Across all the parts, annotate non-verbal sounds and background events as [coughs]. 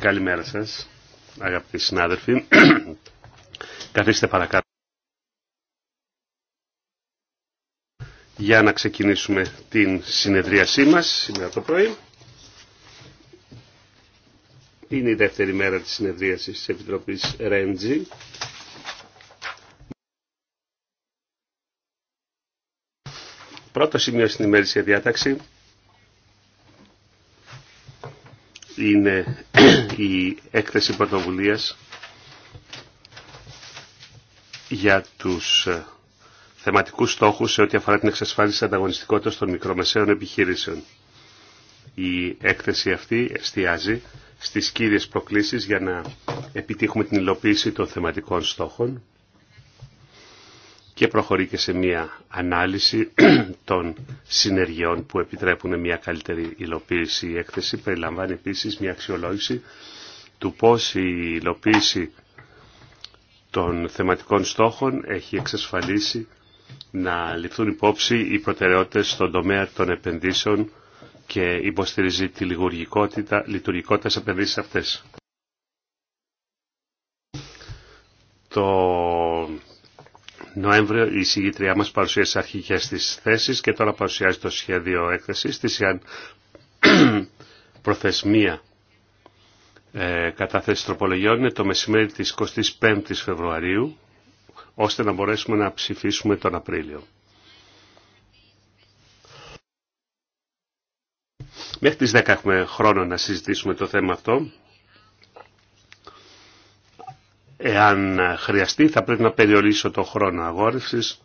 Καλημέρα σας, αγαπητοί συνάδελφοι. [coughs] Καθίστε παρακάτω. Για να ξεκινήσουμε την συνεδρίασή μας σήμερα το πρωί. Είναι η δεύτερη μέρα της συνεδρίασης της Επιτροπής Ρέντζι. Πρώτο σημείο στην ημέρησια διάταξη είναι η έκθεση πρωτοβουλία για τους ε, θεματικούς στόχους σε ό,τι αφορά την εξασφάλιση ανταγωνιστικότητας των μικρομεσαίων επιχειρήσεων. Η έκθεση αυτή εστιάζει στις κύριες προκλήσεις για να επιτύχουμε την υλοποίηση των θεματικών στόχων και προχωρεί και σε μια ανάλυση [clears throat] των συνεργειών που επιτρέπουν μια καλύτερη υλοποίηση. Η έκθεση περιλαμβάνει επίσης μια αξιολόγηση του πώς η υλοποίηση των θεματικών στόχων έχει εξασφαλίσει να ληφθούν υπόψη οι προτεραιότητες στον τομέα των επενδύσεων και υποστηρίζει τη λειτουργικότητα, λειτουργικότητα σε επενδύσεις αυτές. Το Νοέμβριο η συγγήτριά μας παρουσίασε αρχικές της θέσεις και τώρα παρουσιάζει το σχέδιο έκθεσης της αν [clears throat] προθεσμία ε, κατάθεση τροπολογιών είναι το μεσημέρι της 25ης Φεβρουαρίου ώστε να μπορέσουμε να ψηφίσουμε τον Απρίλιο. Μέχρι τις 10 έχουμε χρόνο να συζητήσουμε το θέμα αυτό. Εάν χρειαστεί θα πρέπει να περιορίσω το χρόνο αγόρευσης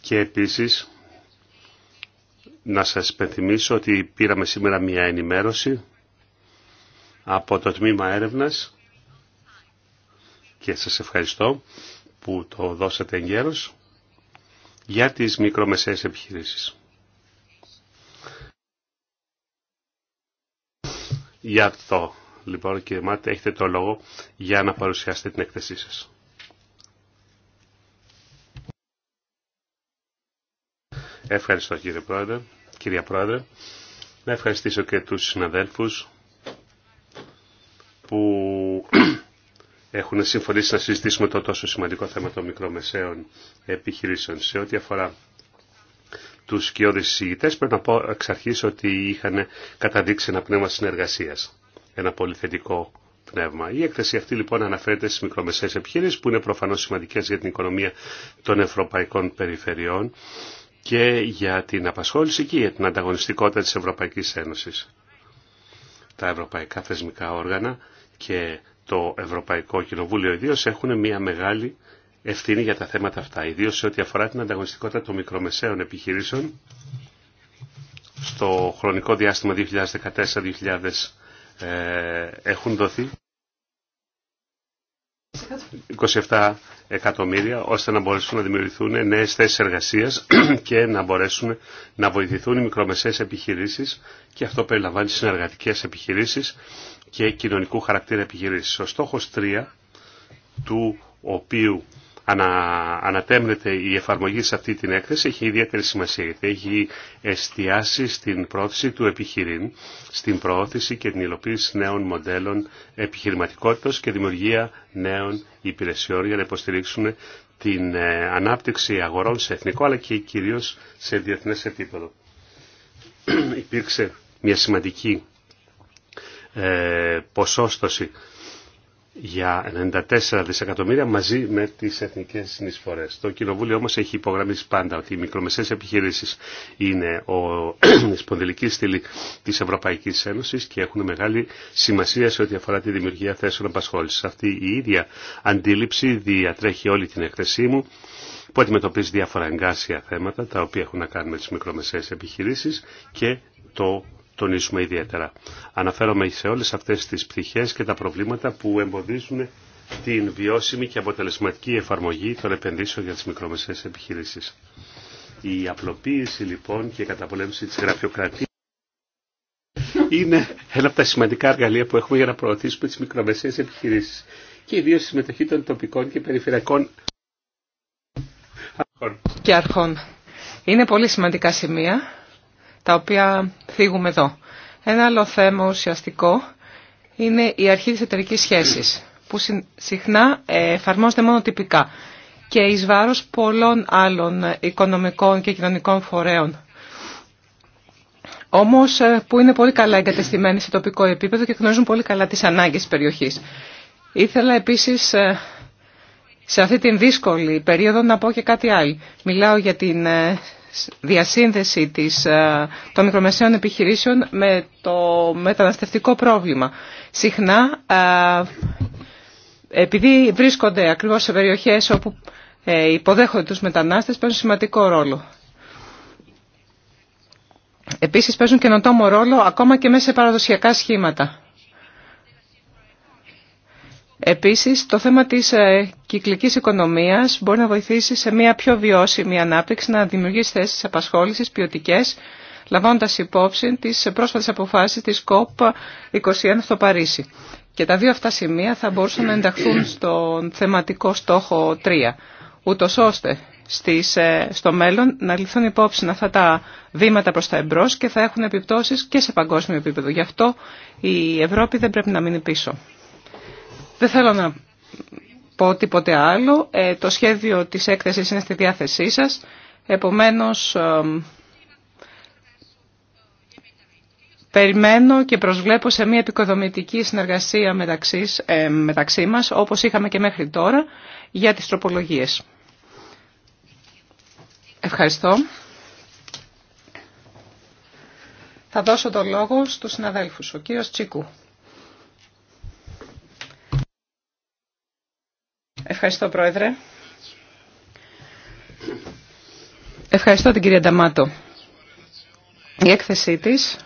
και επίσης να σας υπενθυμίσω ότι πήραμε σήμερα μια ενημέρωση από το Τμήμα Έρευνας και σας ευχαριστώ που το δώσατε εγκαίρως για τις μικρομεσαίες επιχειρήσεις. Για το Λοιπόν, κύριε Μάτ, έχετε το λόγο για να παρουσιάσετε την έκθεσή σας. Ευχαριστώ κύριε Πρόεδρε, κυρία Πρόεδρε. Να ευχαριστήσω και τους συναδέλφους που [clears throat] έχουν συμφωνήσει να συζητήσουμε το τόσο σημαντικό θέμα των μικρομεσαίων επιχειρήσεων. Σε ό,τι αφορά τους κοιόδες συζητητές πρέπει να πω εξ αρχής ότι είχαν καταδείξει ένα πνεύμα συνεργασίας ένα πολύ θετικό πνεύμα. Η έκθεση αυτή λοιπόν αναφέρεται στις μικρομεσαίες επιχειρήσεις που είναι προφανώς σημαντικές για την οικονομία των ευρωπαϊκών περιφερειών και για την απασχόληση και για την ανταγωνιστικότητα της Ευρωπαϊκής Ένωσης. Τα ευρωπαϊκά θεσμικά όργανα και το Ευρωπαϊκό Κοινοβούλιο ιδίω έχουν μια μεγάλη ευθύνη για τα θέματα αυτά, ιδίω σε ό,τι αφορά την ανταγωνιστικότητα των μικρομεσαίων επιχειρήσεων στο χρονικό διάστημα 2014-2020 ε, έχουν δοθεί 27 εκατομμύρια ώστε να μπορέσουν να δημιουργηθούν νέες θέσεις εργασίας [clears throat] και να μπορέσουν να βοηθηθούν οι μικρομεσαίες επιχειρήσεις και αυτό περιλαμβάνει συνεργατικές επιχειρήσεις και κοινωνικού χαρακτήρα επιχειρήσεις. Ο στόχος 3 του οποίου ανα, ανατέμνεται η εφαρμογή σε αυτή την έκθεση έχει ιδιαίτερη σημασία γιατί έχει εστιάσει στην πρόθεση του επιχειρήν, στην πρόθεση και την υλοποίηση νέων μοντέλων επιχειρηματικότητας και δημιουργία νέων υπηρεσιών για να υποστηρίξουν την ε, ανάπτυξη αγορών σε εθνικό αλλά και κυρίως σε διεθνές επίπεδο. Υπήρξε μια σημαντική ε, ποσόστοση για 94 δισεκατομμύρια μαζί με τις εθνικές συνεισφορές. Το Κοινοβούλιο όμως έχει υπογραμμίσει πάντα ότι οι μικρομεσαίες επιχειρήσεις είναι ο, [clears throat] η σπονδυλική στήλη της Ευρωπαϊκής Ένωσης και έχουν μεγάλη σημασία σε ό,τι αφορά τη δημιουργία θέσεων απασχόλησης. Αυτή η ίδια αντίληψη διατρέχει όλη την έκθεσή μου που αντιμετωπίζει διάφορα εγκάσια θέματα τα οποία έχουν να κάνουν με τις μικρομεσαίες επιχειρήσεις και το τονίσουμε ιδιαίτερα. Αναφέρομαι σε όλες αυτές τις πτυχές και τα προβλήματα που εμποδίζουν την βιώσιμη και αποτελεσματική εφαρμογή των επενδύσεων για τις μικρομεσαίες επιχειρήσεις. Η απλοποίηση λοιπόν και η καταπολέμηση της γραφειοκρατίας είναι ένα από τα σημαντικά εργαλεία που έχουμε για να προωθήσουμε τις μικρομεσαίες επιχειρήσεις και ιδίως τη συμμετοχή των τοπικών και περιφερειακών και αρχών. Είναι πολύ σημαντικά σημεία τα οποία θίγουμε εδώ. Ένα άλλο θέμα ουσιαστικό είναι η αρχή της εταιρικής σχέσης, που συχνά ε, εφαρμόζεται μόνο τυπικά και εις βάρος πολλών άλλων οικονομικών και κοινωνικών φορέων. Όμως ε, που είναι πολύ καλά εγκατεστημένοι σε τοπικό επίπεδο και γνωρίζουν πολύ καλά τις ανάγκες της περιοχής. Ήθελα επίσης ε, σε αυτή την δύσκολη περίοδο να πω και κάτι άλλο. Μιλάω για την διασύνδεση της, ε, των μικρομεσαίων επιχειρήσεων με το μεταναστευτικό πρόβλημα. Συχνά, ε, επειδή βρίσκονται ακριβώς σε περιοχές όπου ε, υποδέχονται τους μετανάστες, παίζουν σημαντικό ρόλο. Επίσης παίζουν καινοτόμο ρόλο ακόμα και μέσα σε παραδοσιακά σχήματα. Επίσης, το θέμα της ε, κυκλικής οικονομίας μπορεί να βοηθήσει σε μια πιο βιώσιμη ανάπτυξη, να δημιουργήσει θέσεις απασχόλησης ποιοτικέ, λαμβάνοντας υπόψη τις πρόσφατες αποφάσεις της COP21 στο Παρίσι. Και τα δύο αυτά σημεία θα μπορούσαν να ενταχθούν στον θεματικό στόχο 3, ούτως ώστε στις, ε, στο μέλλον να ληφθούν υπόψη αυτά τα βήματα προς τα εμπρός και θα έχουν επιπτώσεις και σε παγκόσμιο επίπεδο. Γι' αυτό η Ευρώπη δεν πρέπει να μείνει πίσω. Δεν θέλω να πω τίποτε άλλο. Ε, το σχέδιο της έκθεσης είναι στη διάθεσή σας. Επομένως, περιμένω και προσβλέπω σε μια επικοδομητική συνεργασία μεταξύ, ε, μεταξύ μας, όπως είχαμε και μέχρι τώρα, για τις τροπολογίες. Ευχαριστώ. Θα δώσω το λόγο στους συναδέλφους. Ο κύριος Τσίκου. Ευχαριστώ, Πρόεδρε. Ευχαριστώ την κυρία Νταμάτο. Η έκθεσή της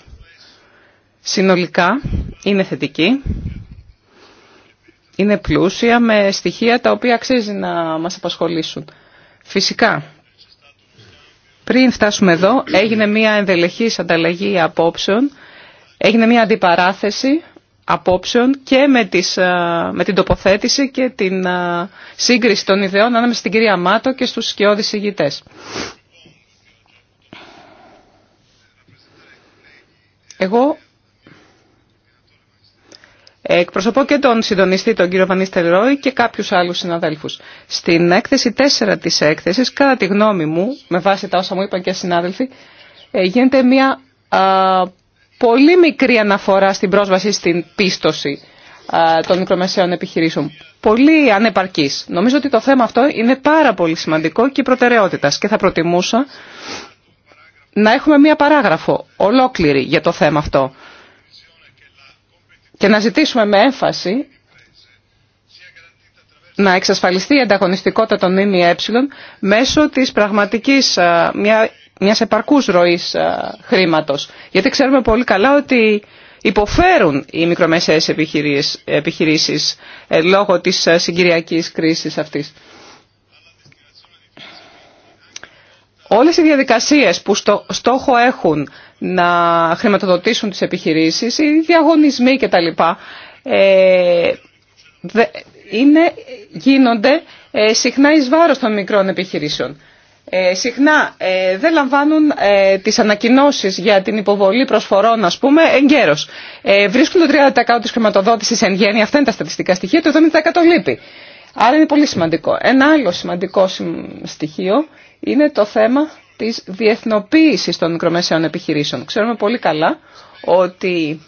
συνολικά είναι θετική. Είναι πλούσια με στοιχεία τα οποία αξίζει να μας απασχολήσουν. Φυσικά, πριν φτάσουμε εδώ, έγινε μια ενδελεχής ανταλλαγή απόψεων, έγινε μια αντιπαράθεση απόψεων και με, τις, ε, με την τοποθέτηση και την ε, σύγκριση των ιδεών ανάμεσα στην κυρία Μάτο και στους σκιώδεις ηγητές. Εγώ εκπροσωπώ και τον συντονιστή, τον κύριο Βανίστερ Ρόι και κάποιους άλλους συναδέλφους. Στην έκθεση 4 της έκθεσης, κατά τη γνώμη μου, με βάση τα όσα μου είπαν και οι συνάδελφοι, ε, γίνεται μια πολύ μικρή αναφορά στην πρόσβαση στην πίστοση των μικρομεσαίων επιχειρήσεων. Πολύ ανεπαρκής. Νομίζω ότι το θέμα αυτό είναι πάρα πολύ σημαντικό και προτεραιότητα. και θα προτιμούσα να έχουμε μία παράγραφο ολόκληρη για το θέμα αυτό και να ζητήσουμε με έμφαση να εξασφαλιστεί η ανταγωνιστικότητα των ΜΜΕ μέσω της πραγματικής, μια μιας επαρκούς ροής χρήματος. Γιατί ξέρουμε πολύ καλά ότι υποφέρουν οι μικρομεσαίες επιχειρήσεις, ε, λόγω της συγκυριακής κρίσης αυτής. Όλες οι διαδικασίες που στο, στόχο έχουν να χρηματοδοτήσουν τις επιχειρήσεις, οι διαγωνισμοί κτλ. Ε, είναι, γίνονται ε, συχνά εις βάρος των μικρών επιχειρήσεων. Ε, συχνά ε, δεν λαμβάνουν ε, τις ανακοινώσεις για την υποβολή προσφορών, ας πούμε, εγκαίρως. βρίσκουν το 30% της χρηματοδότησης εν γέννη, αυτά είναι τα στατιστικά στοιχεία, το 70% λείπει. Άρα είναι πολύ σημαντικό. Ένα άλλο σημαντικό στοιχείο είναι το θέμα της διεθνοποίησης των μικρομεσαίων επιχειρήσεων. Ξέρουμε πολύ καλά ότι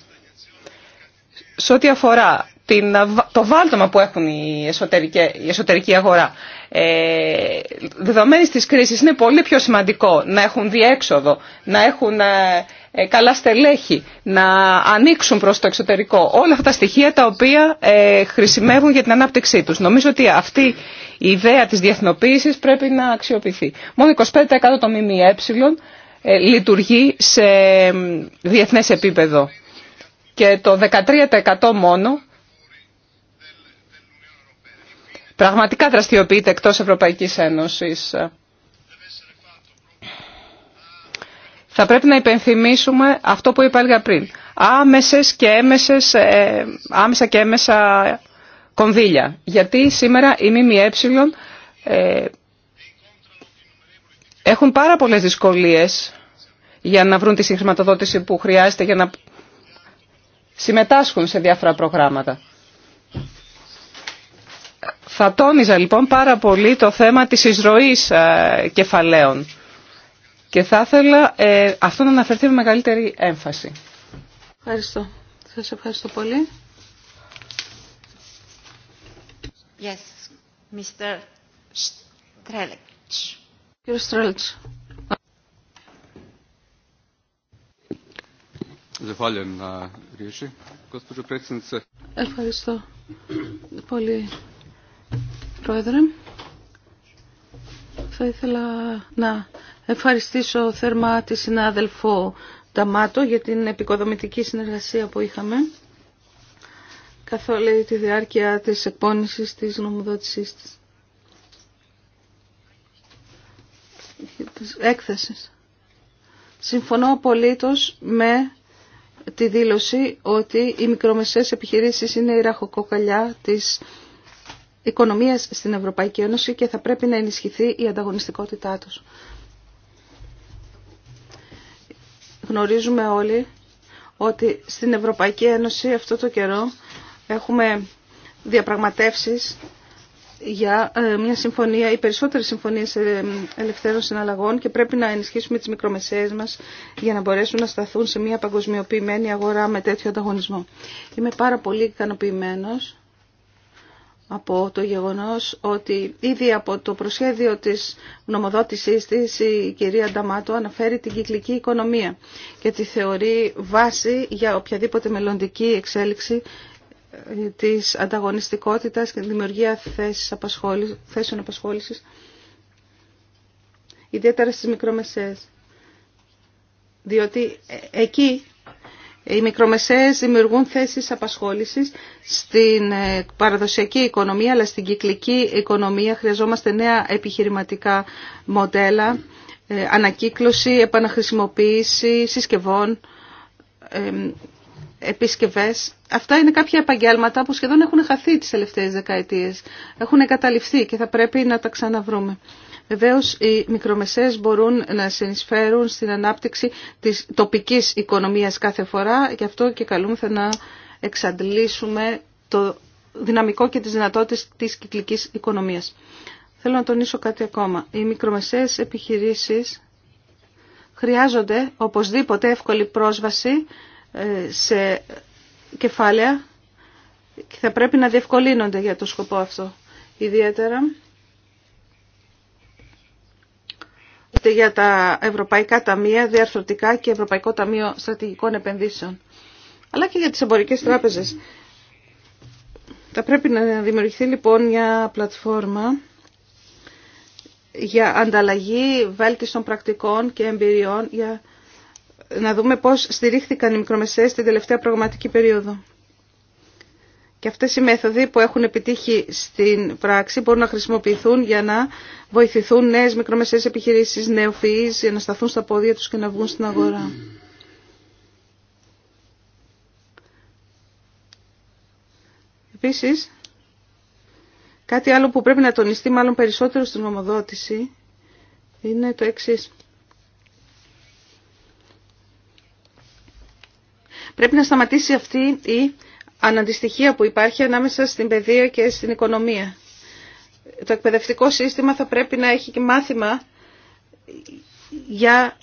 σε ό,τι αφορά την, το βάλτομα που έχουν οι εσωτερική, εσωτερική αγορά ε, δεδομένης της κρίσης είναι πολύ πιο σημαντικό να έχουν διέξοδο, να έχουν ε, ε, καλά στελέχη, να ανοίξουν προς το εξωτερικό. Όλα αυτά τα στοιχεία τα οποία ε, χρησιμεύουν για την ανάπτυξή τους. Νομίζω ότι αυτή η ιδέα της διεθνοποίησης πρέπει να αξιοποιηθεί. Μόνο 25% το ΜΜΕ ε, λειτουργεί σε διεθνές επίπεδο και το 13% μόνο πραγματικά δραστηριοποιείται εκτός Ευρωπαϊκής Ένωσης. Θα πρέπει να υπενθυμίσουμε αυτό που είπα έλεγα πριν. Άμεσες και έμεσες, ε, άμεσα και έμεσα κονδύλια. Γιατί σήμερα οι ΜΜΕ ε, έχουν πάρα πολλές δυσκολίες για να βρουν τη συγχρηματοδότηση που χρειάζεται για να συμμετάσχουν σε διάφορα προγράμματα. Θα τόνιζα λοιπόν πάρα πολύ το θέμα της εισρωής ε, κεφαλαίων και θα ήθελα ε, αυτό να αναφερθεί με μεγαλύτερη έμφαση. Ευχαριστώ. Σας ευχαριστώ πολύ. Yes, Mr. Uh, ευχαριστώ πολύ Πρόεδρε, θα ήθελα να ευχαριστήσω θερμά τη συνάδελφο Ταμάτο για την επικοδομητική συνεργασία που είχαμε καθ' όλη τη διάρκεια της εκπόνησης της νομοδότησής της. Της έκθεσης. Συμφωνώ απολύτως με τη δήλωση ότι οι μικρομεσαίες επιχειρήσεις είναι η ραχοκοκαλιά της οικονομίας στην Ευρωπαϊκή Ένωση και θα πρέπει να ενισχυθεί η ανταγωνιστικότητά τους. Γνωρίζουμε όλοι ότι στην Ευρωπαϊκή Ένωση αυτό το καιρό έχουμε διαπραγματεύσεις για ε, μια συμφωνία ή περισσότερες συμφωνίες ε, ελευθέρων συναλλαγών και πρέπει να ενισχύσουμε τις μικρομεσαίες μας για να μπορέσουν να σταθούν σε μια παγκοσμιοποιημένη αγορά με τέτοιο ανταγωνισμό. Είμαι πάρα πολύ ικανοποιημένος από το γεγονός ότι ήδη από το προσχέδιο της νομοδότησής της η κυρία Νταμάτο αναφέρει την κυκλική οικονομία και τη θεωρεί βάση για οποιαδήποτε μελλοντική εξέλιξη ε, της ανταγωνιστικότητας και τη δημιουργία θέσεων απασχόλησης, ιδιαίτερα στις μικρομεσαίες. Διότι ε, εκεί οι μικρομεσαίες δημιουργούν θέσεις απασχόλησης στην ε, παραδοσιακή οικονομία, αλλά στην κυκλική οικονομία χρειαζόμαστε νέα επιχειρηματικά μοντέλα, ε, ανακύκλωση, επαναχρησιμοποίηση συσκευών, επισκευές. Αυτά είναι κάποια επαγγέλματα που σχεδόν έχουν χαθεί τις τελευταίες δεκαετίες. Έχουν εγκαταληφθεί και θα πρέπει να τα ξαναβρούμε. Βεβαίω, οι μικρομεσαίες μπορούν να συνεισφέρουν στην ανάπτυξη της τοπικής οικονομίας κάθε φορά, γι' αυτό και καλούμεθα να εξαντλήσουμε το δυναμικό και τις δυνατότητες της κυκλικής οικονομίας. Θέλω να τονίσω κάτι ακόμα. Οι μικρομεσαίες επιχειρήσεις χρειάζονται οπωσδήποτε εύκολη πρόσβαση ε, σε κεφάλαια και θα πρέπει να διευκολύνονται για το σκοπό αυτό. Ιδιαίτερα για τα Ευρωπαϊκά Ταμεία Διαρθρωτικά και Ευρωπαϊκό Ταμείο Στρατηγικών Επενδύσεων, αλλά και για τις εμπορικές τράπεζες. Θα πρέπει να δημιουργηθεί λοιπόν μια πλατφόρμα για ανταλλαγή βέλτιστων πρακτικών και εμπειριών για να δούμε πώς στηρίχθηκαν οι μικρομεσαίες την τελευταία προγραμματική περίοδο. Και αυτές οι μέθοδοι που έχουν επιτύχει στην πράξη μπορούν να χρησιμοποιηθούν για να βοηθηθούν νέες μικρομεσαίες επιχειρήσεις, νεοφυείς, για να σταθούν στα πόδια τους και να βγουν στην αγορά. Επίσης, κάτι άλλο που πρέπει να τονιστεί μάλλον περισσότερο στην ομοδότηση είναι το εξή. Πρέπει να σταματήσει αυτή η Αναντιστοιχεία που υπάρχει ανάμεσα στην παιδεία και στην οικονομία. Το εκπαιδευτικό σύστημα θα πρέπει να έχει και μάθημα για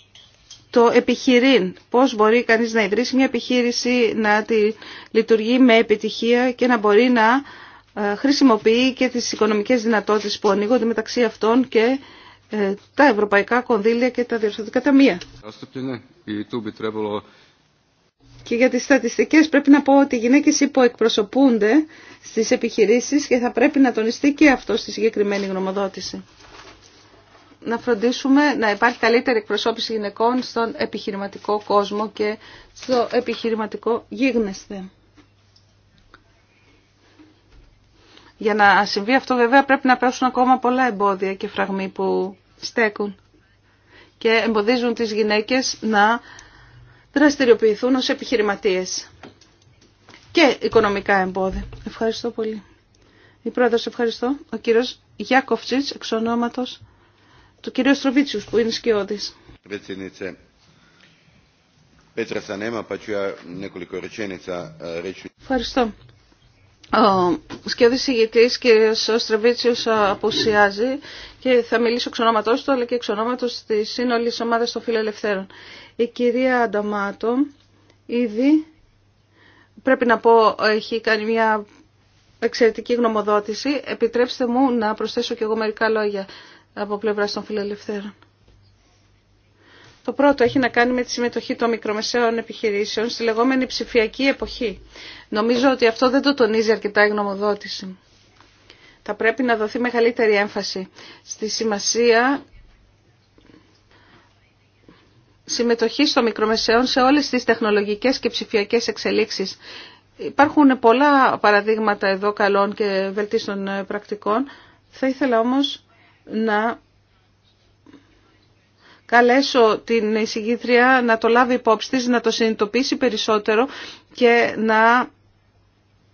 το επιχειρήν. Πώς μπορεί κανείς να ιδρύσει μια επιχείρηση, να τη λειτουργεί με επιτυχία και να μπορεί να ε, χρησιμοποιεί και τις οικονομικές δυνατότητες που ανοίγονται μεταξύ αυτών και ε, τα ευρωπαϊκά κονδύλια και τα διευθυντικά ταμεία. Και για τις στατιστικές πρέπει να πω ότι οι γυναίκες υποεκπροσωπούνται στις επιχειρήσεις και θα πρέπει να τονιστεί και αυτό στη συγκεκριμένη γνωμοδότηση. Να φροντίσουμε να υπάρχει καλύτερη εκπροσώπηση γυναικών στον επιχειρηματικό κόσμο και στο επιχειρηματικό γίγνεσθε. Για να συμβεί αυτό βέβαια πρέπει να πέσουν ακόμα πολλά εμπόδια και φραγμοί που στέκουν και εμποδίζουν τις γυναίκες να δραστηριοποιηθούν ως επιχειρηματίες και οικονομικά εμπόδια. Ευχαριστώ πολύ. Η πρόεδρος ευχαριστώ. Ο κύριος Γιάκοφτσιτς, εξ ονόματος του κυρίου Στροβίτσιους, που είναι σκιώδης. Ε, ευχαριστώ. Ο σκιώδης ηγητής κ. Στρεβίτσιος απουσιάζει και θα μιλήσω εξ ονόματός του αλλά και εξ ονόματος της σύνολης ομάδας των φιλελευθέρων. Η κυρία Ανταμάτο ήδη πρέπει να πω έχει κάνει μια εξαιρετική γνωμοδότηση. Επιτρέψτε μου να προσθέσω και εγώ μερικά λόγια από πλευρά των φιλελευθέρων. Το πρώτο έχει να κάνει με τη συμμετοχή των μικρομεσαίων επιχειρήσεων στη λεγόμενη ψηφιακή εποχή. Νομίζω ότι αυτό δεν το τονίζει αρκετά η γνωμοδότηση. Θα πρέπει να δοθεί μεγαλύτερη έμφαση στη σημασία συμμετοχή των μικρομεσαίων σε όλες τις τεχνολογικές και ψηφιακές εξελίξεις. Υπάρχουν πολλά παραδείγματα εδώ καλών και βελτίστων πρακτικών. Θα ήθελα όμως να καλέσω την εισηγήτρια να το λάβει υπόψη της, να το συνειδητοποιήσει περισσότερο και να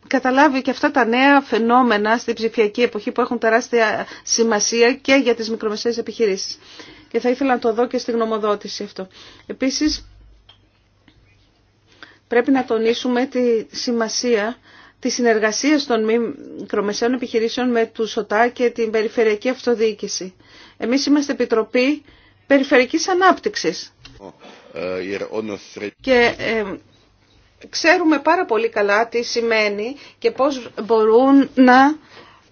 καταλάβει και αυτά τα νέα φαινόμενα στη ψηφιακή εποχή που έχουν τεράστια σημασία και για τις μικρομεσαίες επιχειρήσεις. Και θα ήθελα να το δω και στη γνωμοδότηση αυτό. Επίσης, πρέπει να τονίσουμε τη σημασία της συνεργασίας των μικρομεσαίων επιχειρήσεων με του ΣΟΤΑ και την Περιφερειακή Αυτοδιοίκηση. Εμείς είμαστε Επιτροπή περιφερικής ανάπτυξης. Και ε, ξέρουμε πάρα πολύ καλά τι σημαίνει και πώς μπορούν να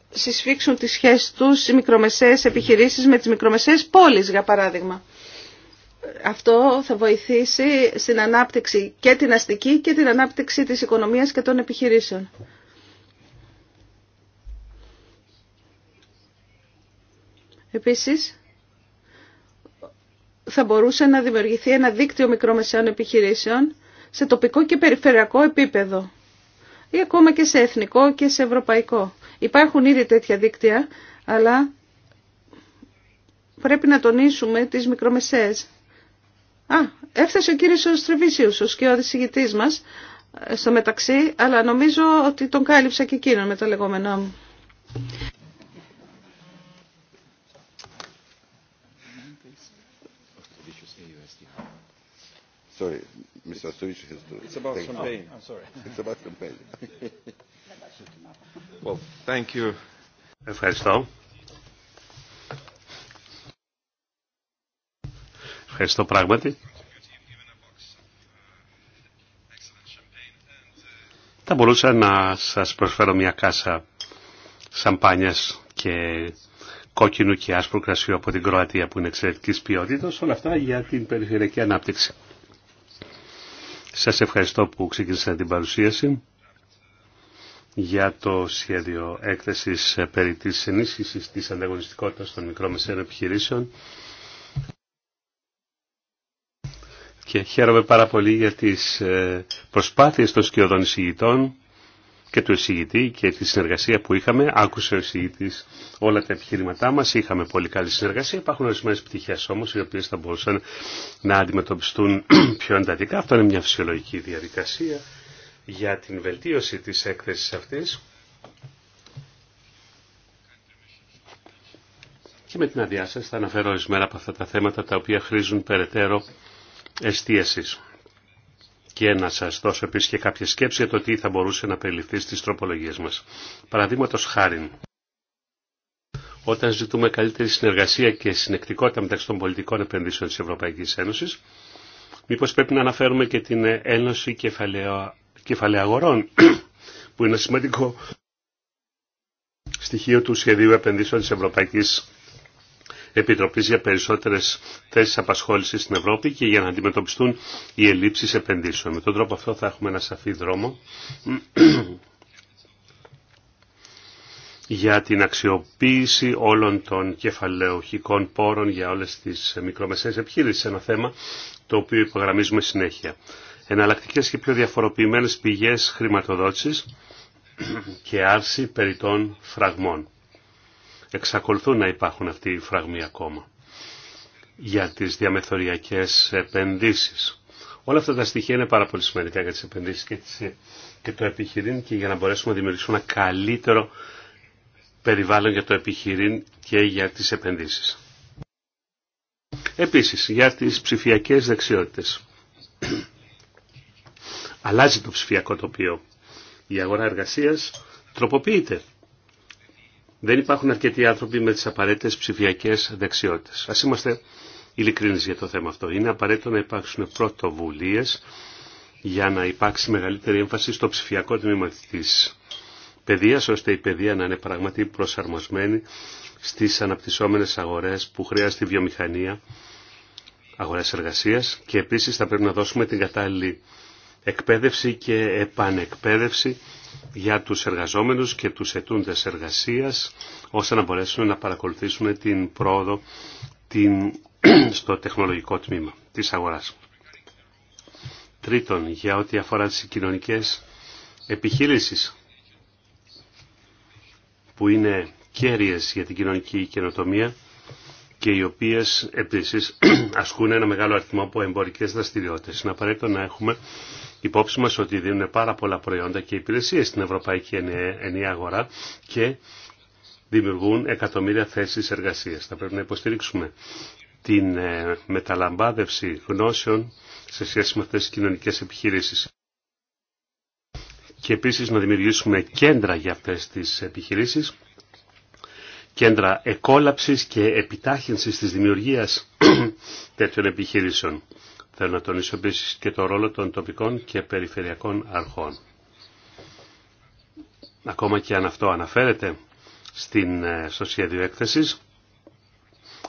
συσφίξουν τις σχέσεις τους οι μικρομεσαίες επιχειρήσεις με τις μικρομεσαίες πόλεις, για παράδειγμα. Αυτό θα βοηθήσει στην ανάπτυξη και την αστική και την ανάπτυξη της οικονομίας και των επιχειρήσεων. Επίσης, θα μπορούσε να δημιουργηθεί ένα δίκτυο μικρομεσαίων επιχειρήσεων σε τοπικό και περιφερειακό επίπεδο ή ακόμα και σε εθνικό και σε ευρωπαϊκό. Υπάρχουν ήδη τέτοια δίκτυα, αλλά πρέπει να τονίσουμε τις μικρομεσαίες. Α, έφτασε ο κύριος Στρεβίσιους, ο σκιώδης ηγητής μας, ε, στο μεταξύ, αλλά νομίζω ότι τον κάλυψα και εκείνον με τα λεγόμενά μου. Sorry, Mr. has oh, [laughs] [laughs] Ευχαριστώ. Ευχαριστώ πράγματι. Θα μπορούσα να σας προσφέρω μια κάσα σαμπάνιας και κόκκινου και άσπρου κρασιού από την Κροατία που είναι εξαιρετικής ποιότητας, όλα αυτά για την περιφερειακή ανάπτυξη. Σας ευχαριστώ που ξεκίνησα την παρουσίαση για το σχέδιο έκθεσης περί της ενίσχυσης της ανταγωνιστικότητας των μεσαίων επιχειρήσεων και χαίρομαι πάρα πολύ για τις ε, προσπάθειες των σκιωδών εισηγητών και του εισηγητή και τη συνεργασία που είχαμε. Άκουσε ο εισηγητή όλα τα επιχειρηματά μα. Είχαμε πολύ καλή συνεργασία. Υπάρχουν ορισμένε πτυχέ όμω οι οποίε θα μπορούσαν να αντιμετωπιστούν [clears throat] πιο εντατικά. Αυτό είναι μια φυσιολογική διαδικασία για την βελτίωση τη έκθεση αυτή. και με την αδειά σας θα αναφέρω ορισμένα από αυτά τα θέματα τα οποία χρήζουν περαιτέρω εστίασης και να σα δώσω επίσης και κάποια σκέψεις για το τι θα μπορούσε να περιληφθεί στις τροπολογίες μας. Παραδείγματο χάρη, όταν ζητούμε καλύτερη συνεργασία και συνεκτικότητα μεταξύ των πολιτικών επενδύσεων τη Ευρωπαϊκή Ένωση, μήπω πρέπει να αναφέρουμε και την Ένωση Αγορών, [clears throat] που είναι σημαντικό στοιχείο του σχεδίου επενδύσεων της Ευρωπαϊκής Επιτροπής για περισσότερες θέσεις απασχόλησης στην Ευρώπη και για να αντιμετωπιστούν οι ελλείψεις επενδύσεων. Με τον τρόπο αυτό θα έχουμε ένα σαφή δρόμο [clears throat] για την αξιοποίηση όλων των κεφαλαιοχικών πόρων για όλες τις μικρομεσαίες επιχείρησεις. Ένα θέμα το οποίο υπογραμμίζουμε συνέχεια. Εναλλακτικέ και πιο διαφοροποιημένες πηγές χρηματοδότησης [clears throat] και άρση περιττών φραγμών εξακολουθούν να υπάρχουν αυτοί οι φραγμοί ακόμα για τις διαμεθοριακές επενδύσεις. Όλα αυτά τα στοιχεία είναι πάρα πολύ σημαντικά για τις επενδύσεις και, και το επιχειρήν και για να μπορέσουμε να δημιουργήσουμε ένα καλύτερο περιβάλλον για το επιχειρήν και για τις επενδύσεις. Επίσης, για τις ψηφιακές δεξιότητες. Αλλάζει το ψηφιακό τοπίο. Η αγορά εργασίας τροποποιείται δεν υπάρχουν αρκετοί άνθρωποι με τις απαραίτητες ψηφιακές δεξιότητες. Ας είμαστε ειλικρινείς για το θέμα αυτό. Είναι απαραίτητο να υπάρξουν πρωτοβουλίε για να υπάρξει μεγαλύτερη έμφαση στο ψηφιακό τμήμα της παιδείας, ώστε η παιδεία να είναι πραγματικά προσαρμοσμένη στις αναπτυσσόμενες αγορές που χρειάζεται η βιομηχανία, αγορές εργασίας και επίσης θα πρέπει να δώσουμε την κατάλληλη εκπαίδευση και επανεκπαίδευση για τους εργαζόμενους και τους ετούντες εργασίας ώστε να μπορέσουν να παρακολουθήσουν την πρόοδο την, [clears throat] στο τεχνολογικό τμήμα της αγοράς. Τρίτον, για ό,τι αφορά τις κοινωνικές επιχείρησεις που είναι κέρυες για την κοινωνική καινοτομία και οι οποίες επίσης [clears throat] ασκούν ένα μεγάλο αριθμό από εμπορικές δραστηριότητες. Είναι απαραίτητο να έχουμε υπόψη μας ότι δίνουν πάρα πολλά προϊόντα και υπηρεσίες στην Ευρωπαϊκή ενία Αγορά και δημιουργούν εκατομμύρια θέσεις εργασίας. Θα πρέπει να υποστηρίξουμε την ε, μεταλαμπάδευση γνώσεων σε σχέση με αυτές τις κοινωνικές επιχειρήσεις. Και επίσης να δημιουργήσουμε κέντρα για αυτές τις επιχειρήσεις, κέντρα εκόλαψης και επιτάχυνσης της δημιουργίας [clears throat] τέτοιων επιχειρήσεων. Θέλω να τονίσω επίση και το ρόλο των τοπικών και περιφερειακών αρχών. Ακόμα και αν αυτό αναφέρεται στην, ε, στο σχέδιο έκθεσης,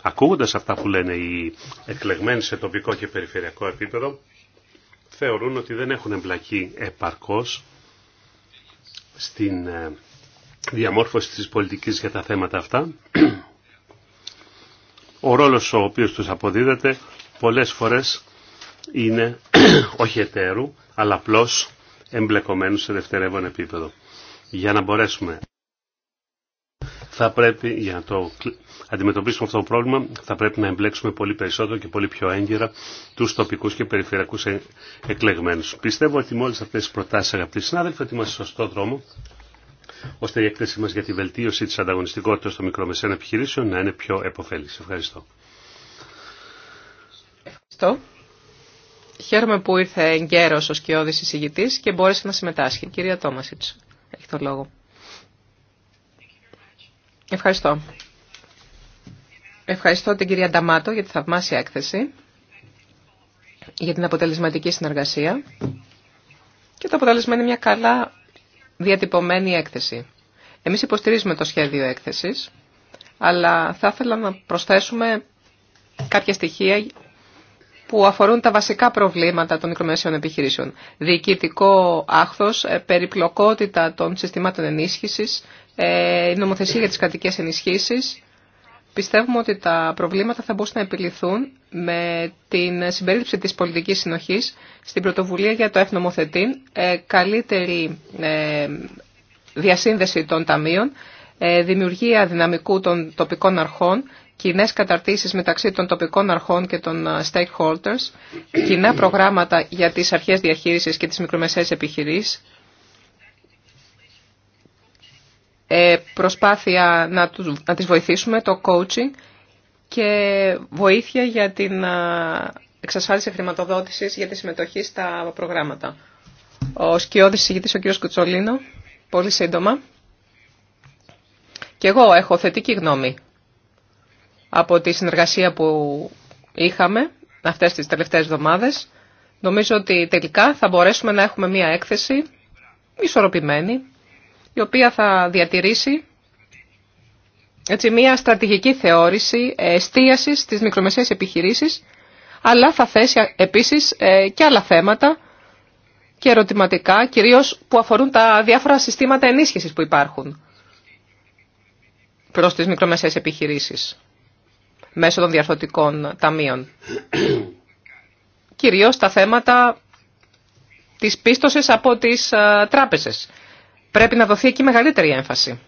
ακούγοντας αυτά που λένε οι εκλεγμένοι σε τοπικό και περιφερειακό επίπεδο, θεωρούν ότι δεν έχουν εμπλακεί επαρκώς στην ε, διαμόρφωση της πολιτικής για τα θέματα αυτά. Ο ρόλος ο οποίος τους αποδίδεται πολλές φορές είναι [clears throat] όχι εταίρου, αλλά απλώ εμπλεκομένου σε δευτερεύον επίπεδο. Για να μπορέσουμε θα πρέπει, για να το αντιμετωπίσουμε αυτό το πρόβλημα, θα πρέπει να εμπλέξουμε πολύ περισσότερο και πολύ πιο έγκυρα τους τοπικούς και περιφερειακούς ε, εκλεγμένους. Πιστεύω ότι με όλες αυτές τις προτάσεις, αγαπητοί συνάδελφοι, ότι είμαστε στο σωστό δρόμο, ώστε η έκθεση μας για τη βελτίωση της ανταγωνιστικότητας των μικρομεσαίων επιχειρήσεων να είναι πιο επωφέλης. Ευχαριστώ. Χαίρομαι που ήρθε εγκαίρος ο σκιώδη εισηγητής και μπόρεσε να συμμετάσχει. Κυρία Τόμασιτς, έχει το λόγο. Ευχαριστώ. Ευχαριστώ την κυρία Νταμάτο για τη θαυμάσια έκθεση, για την αποτελεσματική συνεργασία και το αποτέλεσμα είναι μια καλά διατυπωμένη έκθεση. Εμείς υποστηρίζουμε το σχέδιο έκθεσης, αλλά θα ήθελα να προσθέσουμε κάποια στοιχεία που αφορούν τα βασικά προβλήματα των μικρομεσαίων επιχειρήσεων. Διοικητικό άχθος, ε, περιπλοκότητα των συστημάτων ενίσχυσης, ε, νομοθεσία για τις κρατικές ενισχύσεις. Πιστεύουμε ότι τα προβλήματα θα μπορούσαν να επιληθούν με την συμπερίληψη της πολιτικής συνοχής στην πρωτοβουλία για το ευνομοθετήν, ε, καλύτερη διασύνδεση των ταμείων, δημιουργία δυναμικού των τοπικών αρχών κοινέ καταρτήσεις μεταξύ των τοπικών αρχών και των ε, stakeholders, κοινά προγράμματα για τις αρχές διαχείρισης και τις μικρομεσαίες επιχειρήσεις, ε, προσπάθεια να, τους, να τις βοηθήσουμε, το coaching και βοήθεια για την ε, εξασφάλιση χρηματοδότησης για τη συμμετοχή στα προγράμματα. Ο σκιώδης συγητής ο κ. Κουτσολίνο, πολύ σύντομα. Και εγώ έχω θετική γνώμη από τη συνεργασία που είχαμε αυτές τις τελευταίες εβδομάδες. Νομίζω ότι τελικά θα μπορέσουμε να έχουμε μία έκθεση ισορροπημένη, η οποία θα διατηρήσει έτσι, μία στρατηγική θεώρηση ε, εστίασης στις μικρομεσαίες επιχειρήσεις, αλλά θα θέσει επίσης ε, και άλλα θέματα και ερωτηματικά, κυρίως που αφορούν τα διάφορα συστήματα ενίσχυσης που υπάρχουν προς τις μικρομεσαίες επιχειρήσεις μέσω των διαρθωτικών ταμείων. Κυρίως τα θέματα της πίστοσης από τις ε, τράπεζες. Πρέπει να δοθεί εκεί μεγαλύτερη έμφαση.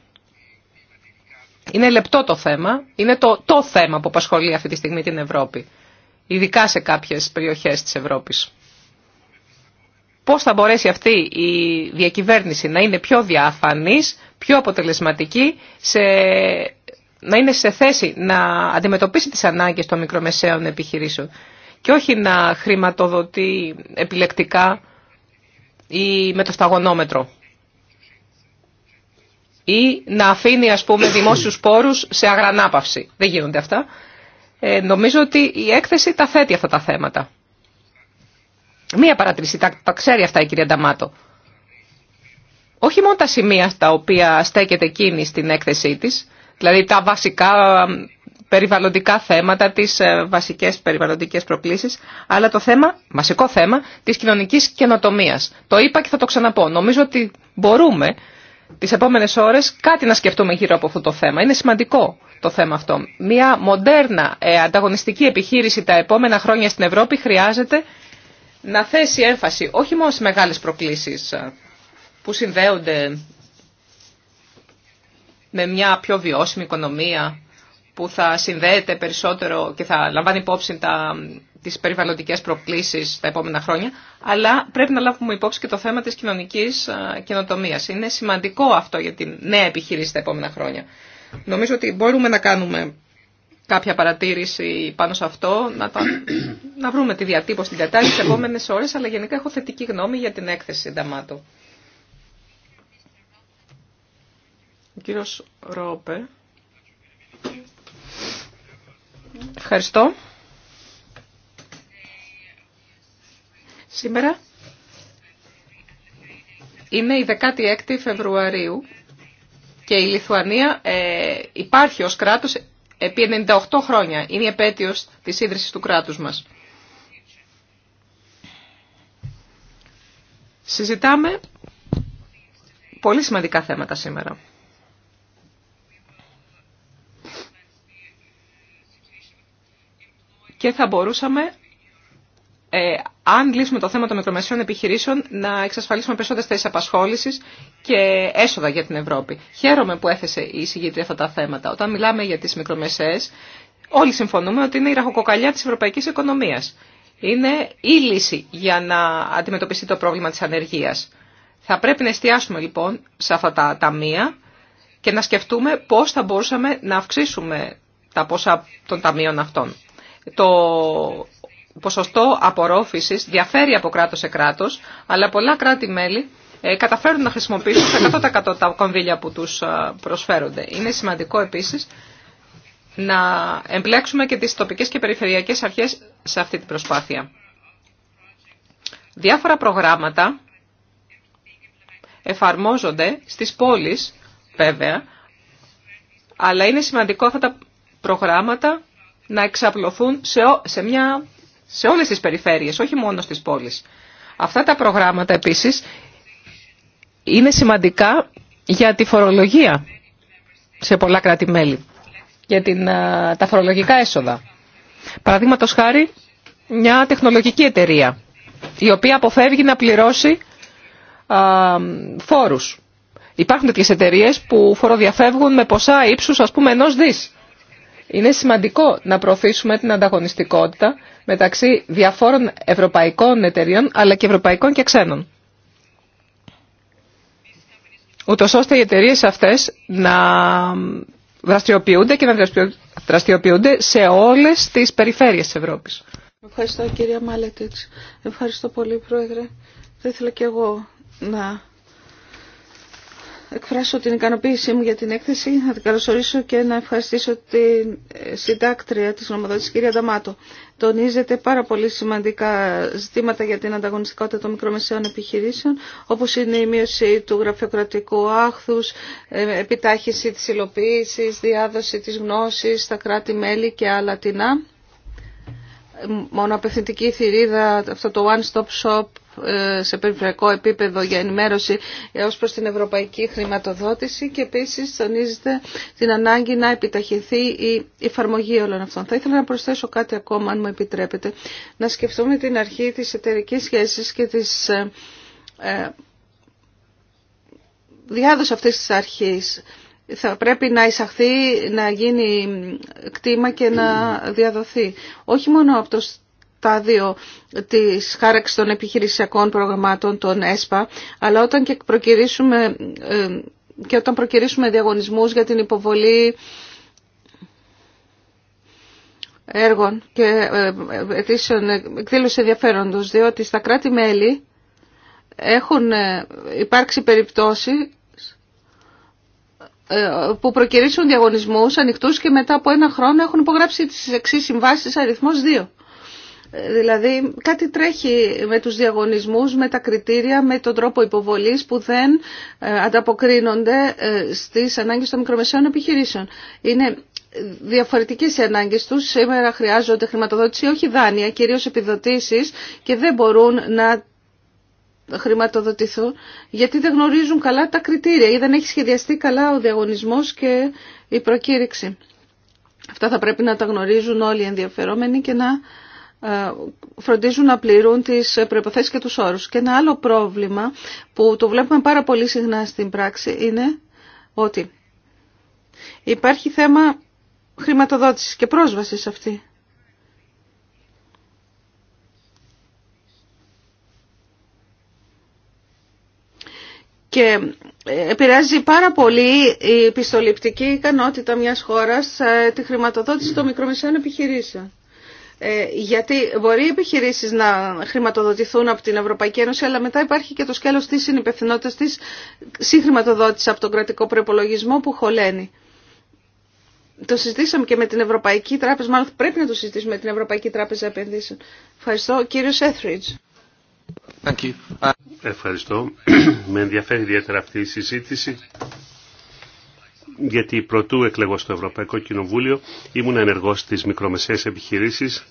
Είναι λεπτό το θέμα, είναι το, το θέμα που απασχολεί αυτή τη στιγμή την Ευρώπη, ειδικά σε κάποιες περιοχές της Ευρώπης. Πώς θα μπορέσει αυτή η διακυβέρνηση να είναι πιο διαφανής, πιο αποτελεσματική σε να είναι σε θέση να αντιμετωπίσει τις ανάγκες των μικρομεσαίων επιχειρήσεων και όχι να χρηματοδοτεί επιλεκτικά ή με το σταγονόμετρο ή να αφήνει ας πούμε δημόσιους πόρους σε αγρανάπαυση. Δεν γίνονται αυτά. Ε, νομίζω ότι η έκθεση τα θέτει αυτά τα θέματα. Μία παρατηρήση, τα, τα ξέρει αυτά η κυρία Νταμάτο. Όχι μόνο τα σημεία στα οποία στέκεται εκείνη στην έκθεσή της, δηλαδή τα βασικά ε, περιβαλλοντικά θέματα, τις ε, βασικές περιβαλλοντικές προκλήσεις, αλλά το θέμα, βασικό θέμα της κοινωνικής καινοτομία. Το είπα και θα το ξαναπώ. Νομίζω ότι μπορούμε τις επόμενες ώρες κάτι να σκεφτούμε γύρω από αυτό το θέμα. Είναι σημαντικό το θέμα αυτό. Μια μοντέρνα ε, ανταγωνιστική επιχείρηση τα επόμενα χρόνια στην Ευρώπη χρειάζεται να θέσει έμφαση όχι μόνο σε μεγάλες προκλήσεις που συνδέονται με μια πιο βιώσιμη οικονομία που θα συνδέεται περισσότερο και θα λαμβάνει υπόψη τα, τις περιβαλλοντικές προκλήσεις τα επόμενα χρόνια, αλλά πρέπει να λάβουμε υπόψη και το θέμα της κοινωνικής καινοτομίας. Είναι σημαντικό αυτό για την νέα επιχείρηση τα επόμενα χρόνια. Νομίζω ότι μπορούμε να κάνουμε κάποια παρατήρηση πάνω σε αυτό, να, να βρούμε τη διατύπωση, την κατάσταση στις επόμενες ώρες, αλλά γενικά έχω θετική γνώμη για την έκθεση συνταμάτων. κύριος Ρόπε. Ευχαριστώ. Σήμερα είναι η 16η Φεβρουαρίου και η Λιθουανία ε, υπάρχει ως κράτος επί 98 χρόνια. Είναι η επέτειος της ίδρυσης του κράτους μας. Συζητάμε πολύ σημαντικά θέματα σήμερα. και θα μπορούσαμε, ε, αν λύσουμε το θέμα των μικρομεσαίων επιχειρήσεων, να εξασφαλίσουμε περισσότερε θέσει απασχόληση και έσοδα για την Ευρώπη. Χαίρομαι που έθεσε η συγκήτρια αυτά τα θέματα. Όταν μιλάμε για τι μικρομεσαίε, όλοι συμφωνούμε ότι είναι η ραχοκοκαλιά τη ευρωπαϊκή οικονομία. Είναι η λύση για να αντιμετωπιστεί το πρόβλημα τη ανεργία. Θα πρέπει να εστιάσουμε λοιπόν σε αυτά τα ταμεία και να σκεφτούμε πώς θα μπορούσαμε να αυξήσουμε τα ποσά των ταμείων αυτών το ποσοστό απορρόφησης διαφέρει από κράτος σε κράτος, αλλά πολλά κράτη-μέλη ε, καταφέρουν να χρησιμοποιήσουν 100% τα κονδύλια που τους ε, προσφέρονται. Είναι σημαντικό επίσης να εμπλέξουμε και τις τοπικές και περιφερειακές αρχές σε αυτή την προσπάθεια. Διάφορα προγράμματα εφαρμόζονται στις πόλεις, βέβαια, αλλά είναι σημαντικό αυτά τα προγράμματα να εξαπλωθούν σε, σε, μια, σε όλες τις περιφέρειες, όχι μόνο στις πόλεις. Αυτά τα προγράμματα επίσης είναι σημαντικά για τη φορολογία σε πολλά κράτη-μέλη, για την, τα φορολογικά έσοδα. Παραδείγματος χάρη, μια τεχνολογική εταιρεία, η οποία αποφεύγει να πληρώσει α, φόρους. Υπάρχουν τέτοιες εταιρείες που φοροδιαφεύγουν με ποσά ύψους, ας πούμε, ενός δις. Είναι σημαντικό να προωθήσουμε την ανταγωνιστικότητα μεταξύ διαφόρων ευρωπαϊκών εταιρείων, αλλά και ευρωπαϊκών και ξένων. Ούτως ώστε οι εταιρείε αυτές να δραστηριοποιούνται και να δραστηριοποιούνται σε όλες τις περιφέρειες της Ευρώπης. Ευχαριστώ κυρία Μάλετιτς. Ευχαριστώ πολύ πρόεδρε. Θα ήθελα και εγώ να εκφράσω την ικανοποίησή μου για την έκθεση, να την καλωσορίσω και να ευχαριστήσω την συντάκτρια της νομοδότησης, κυρία Νταμάτο. Τονίζεται πάρα πολύ σημαντικά ζητήματα για την ανταγωνιστικότητα των μικρομεσαίων επιχειρήσεων, όπως είναι η μείωση του γραφειοκρατικού άχθους, ε, επιτάχυση της υλοποίησης, διάδοση της γνώσης στα κράτη-μέλη και άλλα τεινά απευθυντική θηρίδα, αυτό το one-stop shop ε, σε περιφερειακό επίπεδο για ενημέρωση έως προ την ευρωπαϊκή χρηματοδότηση και επίσης τονίζεται την ανάγκη να επιταχυνθεί η εφαρμογή όλων αυτών. Θα ήθελα να προσθέσω κάτι ακόμα, αν μου επιτρέπετε, να σκεφτούμε την αρχή της εταιρικής σχέσης και της ε, ε, διάδοση αυτής της αρχής θα πρέπει να εισαχθεί, να γίνει κτήμα και να διαδοθεί. Όχι μόνο από το στάδιο της χάραξης των επιχειρησιακών προγραμμάτων, των ΕΣΠΑ, αλλά όταν και προκυρήσουμε, ε, και όταν προκυρήσουμε διαγωνισμούς για την υποβολή έργων και ε, εκδήλωση ενδιαφέροντος, διότι στα κράτη-μέλη έχουν ε, υπάρξει περιπτώσει ε, που προκυρήσουν διαγωνισμούς ανοιχτούς και μετά από ένα χρόνο έχουν υπογράψει τις εξής συμβάσεις αριθμός 2. Ε, δηλαδή κάτι τρέχει με τους διαγωνισμούς, με τα κριτήρια, με τον τρόπο υποβολής που δεν ε, ανταποκρίνονται στις ανάγκες των μικρομεσαίων επιχειρήσεων. Είναι διαφορετικές οι ανάγκες τους. Σήμερα χρειάζονται χρηματοδότηση, όχι δάνεια, κυρίως επιδοτήσεις και δεν μπορούν να χρηματοδοτηθούν, γιατί δεν γνωρίζουν καλά τα κριτήρια ή δεν έχει σχεδιαστεί καλά ο διαγωνισμός και η προκήρυξη. Αυτά θα πρέπει να τα γνωρίζουν όλοι οι ενδιαφερόμενοι και να ε, φροντίζουν να πληρούν τις προϋποθέσεις και τους όρους. Και ένα άλλο πρόβλημα που το βλέπουμε πάρα πολύ συχνά στην πράξη είναι ότι υπάρχει θέμα χρηματοδότησης και πρόσβασης αυτή. και ε, επηρεάζει πάρα πολύ η πιστοληπτική ικανότητα μιας χώρας ε, τη χρηματοδότηση των μικρομεσαίων επιχειρήσεων. Ε, γιατί μπορεί οι επιχειρήσεις να χρηματοδοτηθούν από την Ευρωπαϊκή Ένωση, αλλά μετά υπάρχει και το σκέλος της συνυπευθυνότητας της συγχρηματοδότηση από τον κρατικό προπολογισμό που χωλαίνει. Το συζητήσαμε και με την Ευρωπαϊκή Τράπεζα, μάλλον πρέπει να το συζητήσουμε με την Ευρωπαϊκή Τράπεζα Επενδύσεων. Ευχαριστώ. Κύριος Έθριτζ. Ευχαριστώ. [clears throat] Με ενδιαφέρει ιδιαίτερα αυτή η συζήτηση γιατί πρωτού εκλεγώ στο Ευρωπαϊκό Κοινοβούλιο ήμουν ενεργός στις μικρομεσαίες επιχειρήσεις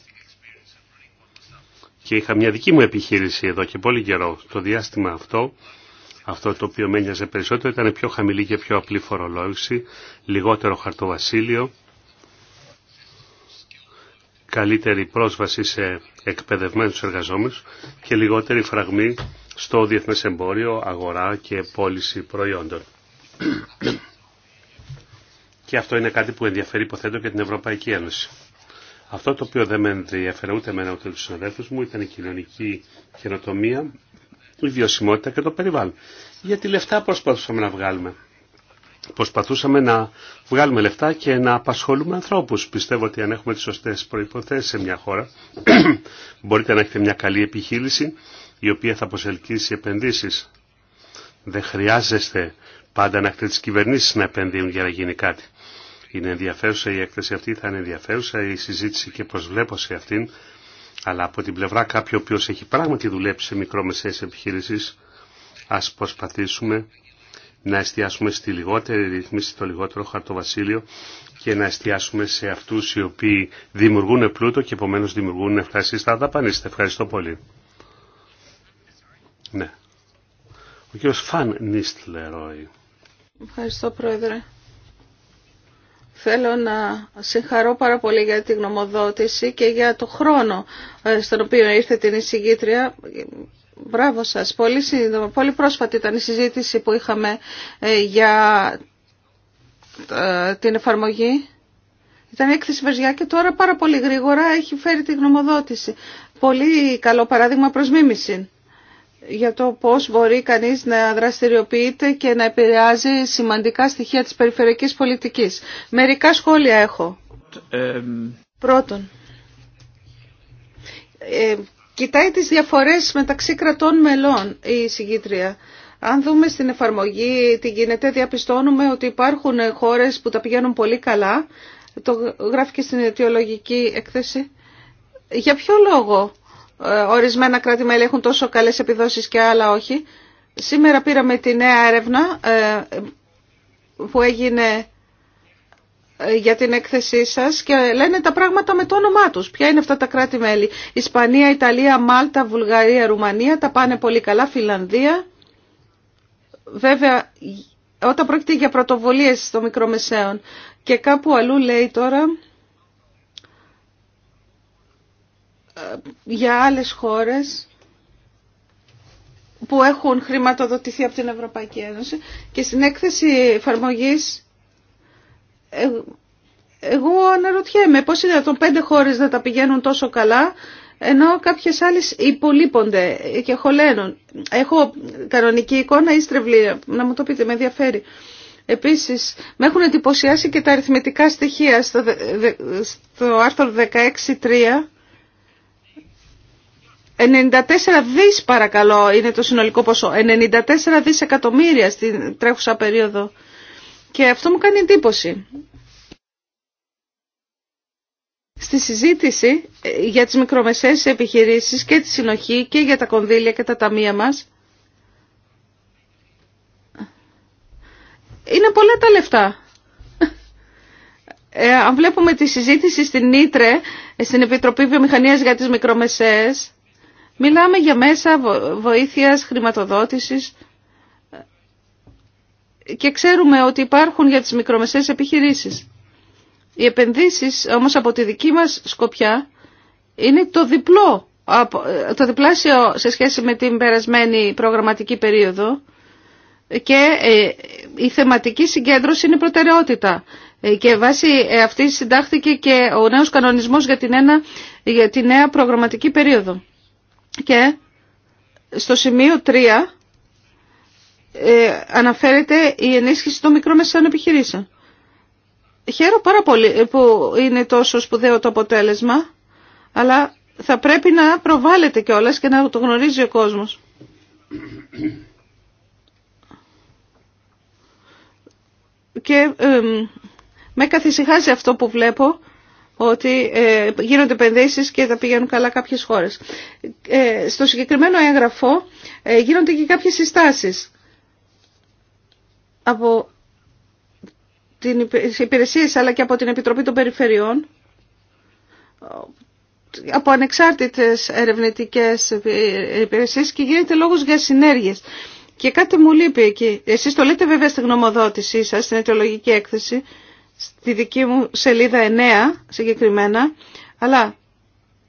και είχα μια δική μου επιχείρηση εδώ και πολύ καιρό. Το διάστημα αυτό, αυτό το οποίο με περισσότερο ήταν πιο χαμηλή και πιο απλή φορολόγηση, λιγότερο χαρτοβασίλειο καλύτερη πρόσβαση σε εκπαιδευμένους εργαζόμενους και λιγότερη φραγμή στο διεθνές εμπόριο, αγορά και πώληση προϊόντων. [clears throat] και αυτό είναι κάτι που ενδιαφέρει υποθέτω και την Ευρωπαϊκή Ένωση. Αυτό το οποίο δεν με ενδιαφέρε ούτε εμένα ούτε τους συναδέλφους μου ήταν η κοινωνική καινοτομία, η βιωσιμότητα και το περιβάλλον. Γιατί λεφτά προσπαθούσαμε να βγάλουμε προσπαθούσαμε να βγάλουμε λεφτά και να απασχολούμε ανθρώπους. Πιστεύω ότι αν έχουμε τις σωστές προϋποθέσεις σε μια χώρα, [clears throat] μπορείτε να έχετε μια καλή επιχείρηση η οποία θα προσελκύσει επενδύσεις. Δεν χρειάζεστε πάντα να έχετε τις κυβερνήσεις να επενδύουν για να γίνει κάτι. Είναι ενδιαφέρουσα η έκθεση αυτή, θα είναι ενδιαφέρουσα η συζήτηση και προσβλέπω σε αυτήν, αλλά από την πλευρά κάποιου ο οποίος έχει πράγματι δουλέψει σε μικρομεσαίες επιχείρησεις, ας προσπαθήσουμε να εστιάσουμε στη λιγότερη ρύθμιση, στο λιγότερο χαρτοβασίλειο και να εστιάσουμε σε αυτούς οι οποίοι δημιουργούν πλούτο και επομένως δημιουργούν τα δαπανίστε. Ευχαριστώ πολύ. Ναι. Ο κύριος Φαν Νίστλεροι. Ευχαριστώ Πρόεδρε. Θέλω να συγχαρώ πάρα πολύ για την γνωμοδότηση και για το χρόνο ε, στον οποίο ήρθε την εισηγήτρια Μπράβο σας. Πολύ Πολύ πρόσφατη ήταν η συζήτηση που είχαμε ε, για ε, την εφαρμογή. Ήταν η έκθεση Βεζιά και τώρα πάρα πολύ γρήγορα έχει φέρει τη γνωμοδότηση. Πολύ καλό παράδειγμα προς μίμηση για το πώς μπορεί κανείς να δραστηριοποιείται και να επηρεάζει σημαντικά στοιχεία της περιφερειακής πολιτικής. Μερικά σχόλια έχω. Ε, Πρώτον, Κοιτάει τις διαφορές μεταξύ κρατών μελών η συγκήτρια. Αν δούμε στην εφαρμογή τι γίνεται, διαπιστώνουμε ότι υπάρχουν χώρες που τα πηγαίνουν πολύ καλά. Το γράφει και στην αιτιολογική έκθεση. Για ποιο λόγο ε, ορισμένα κράτη-μέλη έχουν τόσο καλές επιδόσεις και άλλα όχι. Σήμερα πήραμε τη νέα έρευνα ε, που έγινε ε, για την έκθεσή σας και λένε τα πράγματα με το όνομά τους. Ποια είναι αυτά τα κράτη-μέλη. Ισπανία, Ιταλία, Μάλτα, Βουλγαρία, Ρουμανία, τα πάνε πολύ καλά, Φιλανδία. Βέβαια, όταν πρόκειται για πρωτοβολίες στο μικρομεσαίων και κάπου αλλού λέει τώρα ε, για άλλες χώρες που έχουν χρηματοδοτηθεί από την Ευρωπαϊκή Ένωση και στην έκθεση εφαρμογής ε, εγώ αναρωτιέμαι πώς είναι των πέντε χώρες να τα πηγαίνουν τόσο καλά ενώ κάποιες άλλες υπολείπονται και χωλένουν. Έχω κανονική εικόνα ή στρεβλή, να μου το πείτε, με ενδιαφέρει. Επίσης, με έχουν εντυπωσιάσει και τα αριθμητικά στοιχεία στο, στο άρθρο 16.3. 94 δις παρακαλώ είναι το συνολικό ποσό, 94 εκατομμύρια στην τρέχουσα περίοδο. Και αυτό μου κάνει εντύπωση. Στη συζήτηση ε, για τις μικρομεσαίες επιχειρήσεις και τη συνοχή και για τα κονδύλια και τα ταμεία μας, είναι πολλά τα λεφτά. [laughs] Ε, αν βλέπουμε τη συζήτηση στην Ήτρε, στην Επιτροπή Βιομηχανίας για τις Μικρομεσαίες, μιλάμε για μέσα βοήθειας, χρηματοδότησης και ξέρουμε ότι υπάρχουν για τις μικρομεσαίες επιχειρήσεις. Οι επενδύσεις όμως από τη δική μας σκοπιά είναι το διπλό, το διπλάσιο σε σχέση με την περασμένη προγραμματική περίοδο και ε, η θεματική συγκέντρωση είναι προτεραιότητα. Ε, και βάσει ε, αυτή συντάχθηκε και ο νέος κανονισμός για την, ένα, για τη νέα προγραμματική περίοδο. Και στο σημείο 3 ε, αναφέρεται η ενίσχυση των μικρομεσαίων επιχειρήσεων. Χαίρομαι πάρα πολύ που είναι τόσο σπουδαίο το αποτέλεσμα, αλλά θα πρέπει να προβάλλεται κιόλα και να το γνωρίζει ο κόσμος. Και με καθησυχάζει αυτό που βλέπω ότι ε, γίνονται επενδύσεις και θα πηγαίνουν καλά κάποιες χώρες. Ε, στο συγκεκριμένο έγγραφο γίνονται και κάποιες συστάσεις από την υπηρεσίες αλλά και από την Επιτροπή των Περιφερειών από ανεξάρτητες ερευνητικές υπηρεσίες και γίνεται λόγος για συνέργειες. Και κάτι μου λείπει εκεί. Εσείς το λέτε βέβαια στη γνωμοδότησή σας, στην αιτιολογική έκθεση, στη δική μου σελίδα 9 συγκεκριμένα, αλλά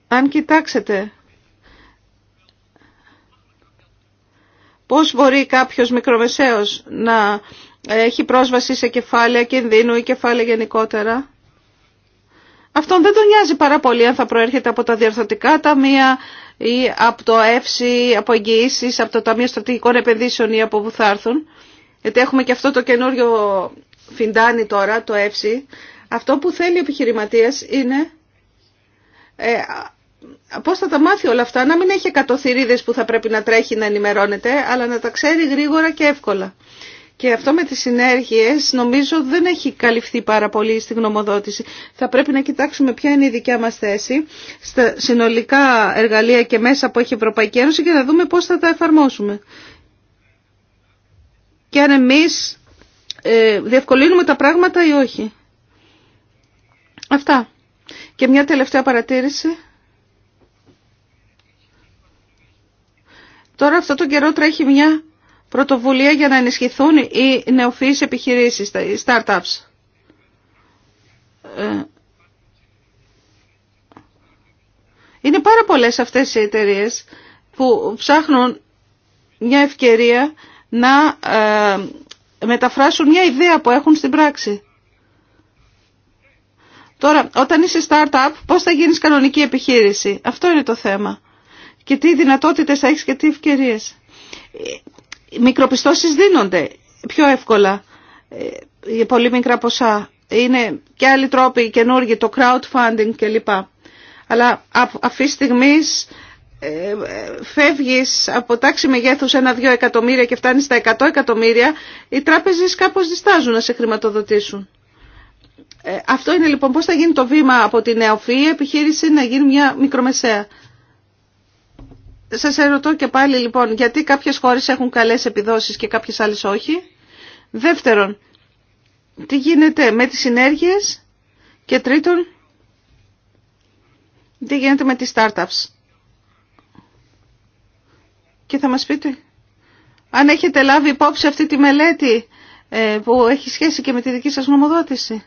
αν κοιτάξετε Πώς μπορεί κάποιος μικρομεσαίος να έχει πρόσβαση σε κεφάλαια κινδύνου ή κεφάλαια γενικότερα. Αυτόν δεν τον νοιάζει πάρα πολύ αν θα προέρχεται από τα διορθωτικά ταμεία ή από το ΕΦΣΙ, από εγγυήσει, από το Ταμείο Στρατηγικών Επενδύσεων ή από που θα έρθουν. Γιατί έχουμε και αυτό το καινούριο φιντάνι τώρα, το ΕΦΣΙ. Αυτό που θέλει ο επιχειρηματίας είναι ε, Πώ θα τα μάθει όλα αυτά, να μην έχει εκατοθυρίδε που θα πρέπει να τρέχει να ενημερώνεται, αλλά να τα ξέρει γρήγορα και εύκολα. Και αυτό με τις συνέργειες νομίζω δεν έχει καλυφθεί πάρα πολύ στη γνωμοδότηση. Θα πρέπει να κοιτάξουμε ποια είναι η δικιά μας θέση στα συνολικά εργαλεία και μέσα που έχει η Ευρωπαϊκή Ένωση και να δούμε πώς θα τα εφαρμόσουμε. Και αν εμείς ε, διευκολύνουμε τα πράγματα ή όχι. Αυτά. Και μια τελευταία παρατήρηση Τώρα αυτό τον καιρό τρέχει μια πρωτοβουλία για να ενισχυθούν οι νεοφυείς επιχειρήσεις, οι startups. Ε, είναι πάρα πολλές αυτές οι εταιρείε που ψάχνουν μια ευκαιρία να ε, μεταφράσουν μια ιδέα που έχουν στην πράξη. Τώρα, όταν είσαι startup, πώς θα γίνεις κανονική επιχείρηση. Αυτό είναι το θέμα και τι δυνατότητες θα έχεις και τι ευκαιρίες. Οι μικροπιστώσεις δίνονται πιο εύκολα για ε, πολύ μικρά ποσά. Είναι και άλλοι τρόποι καινούργοι, το crowdfunding κλπ. Αλλά αυτή τη στιγμή ε, φεύγεις από τάξη μεγέθους 1-2 εκατομμύρια και φτάνεις στα 100 εκατομμύρια, οι τράπεζες κάπως διστάζουν να σε χρηματοδοτήσουν. Ε, αυτό είναι λοιπόν πώς θα γίνει το βήμα από τη νεοφυή επιχείρηση να γίνει μια μικρομεσαία. Σα ερωτώ και πάλι λοιπόν, γιατί κάποιες χώρες έχουν καλές επιδόσεις και κάποιες άλλες όχι. Δεύτερον, τι γίνεται με τις συνέργειε και τρίτον, τι γίνεται με τις startups. Και θα μας πείτε, αν έχετε λάβει υπόψη αυτή τη μελέτη ε, που έχει σχέση και με τη δική σας νομοδότηση.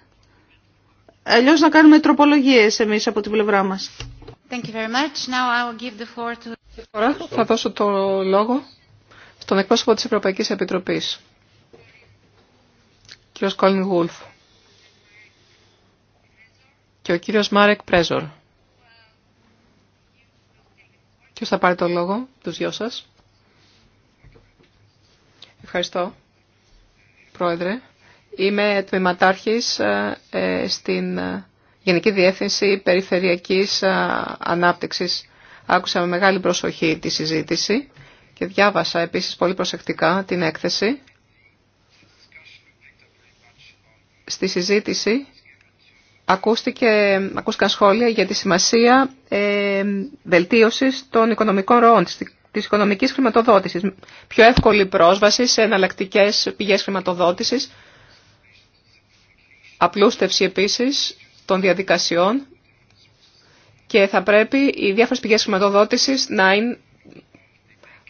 Αλλιώ να κάνουμε τροπολογίες εμείς από την πλευρά μας. Τώρα θα δώσω το λόγο στον εκπρόσωπο της Ευρωπαϊκής Επιτροπής, κύριος Κόλιν Γουλφ και ο κύριος Μάρεκ Πρέζορ. Ποιο θα πάρει το λόγο, τους δυο σας. Ευχαριστώ, Πρόεδρε. Είμαι τμήματάρχης ε, ε, στην ε, Γενική Διεύθυνση Περιφερειακής Ανάπτυξης Άκουσα με μεγάλη προσοχή τη συζήτηση και διάβασα επίσης πολύ προσεκτικά την έκθεση. Στη συζήτηση ακούστηκε, ακούστηκαν σχόλια για τη σημασία ε, βελτίωσης των οικονομικών ροών, της, της οικονομικής χρηματοδότησης. Πιο εύκολη πρόσβαση σε εναλλακτικέ πηγές χρηματοδότησης. Απλούστευση επίσης των διαδικασιών και θα πρέπει οι διάφορες πηγές χρηματοδότησης να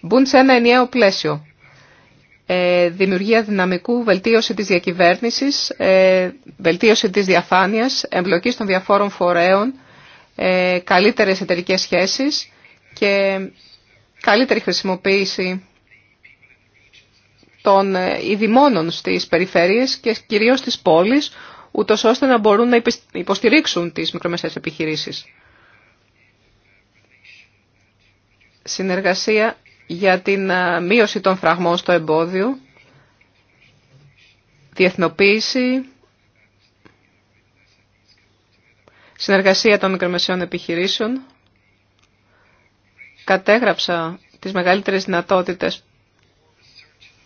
μπουν σε ένα ενιαίο πλαίσιο. Ε, δημιουργία δυναμικού, βελτίωση της διακυβέρνησης, ε, βελτίωση της διαφάνειας, εμπλοκή των διαφόρων φορέων, ε, καλύτερες εταιρικέ σχέσεις και καλύτερη χρησιμοποίηση των ε, ειδημόνων στις περιφέρειες και κυρίως στις πόλεις, ούτως ώστε να μπορούν να υποστηρίξουν τις μικρομεσαίες επιχειρήσεις. συνεργασία για την ε, μείωση των φραγμών στο εμπόδιο, διεθνοποίηση, συνεργασία των μικρομεσαίων επιχειρήσεων. Κατέγραψα τις μεγαλύτερες δυνατότητες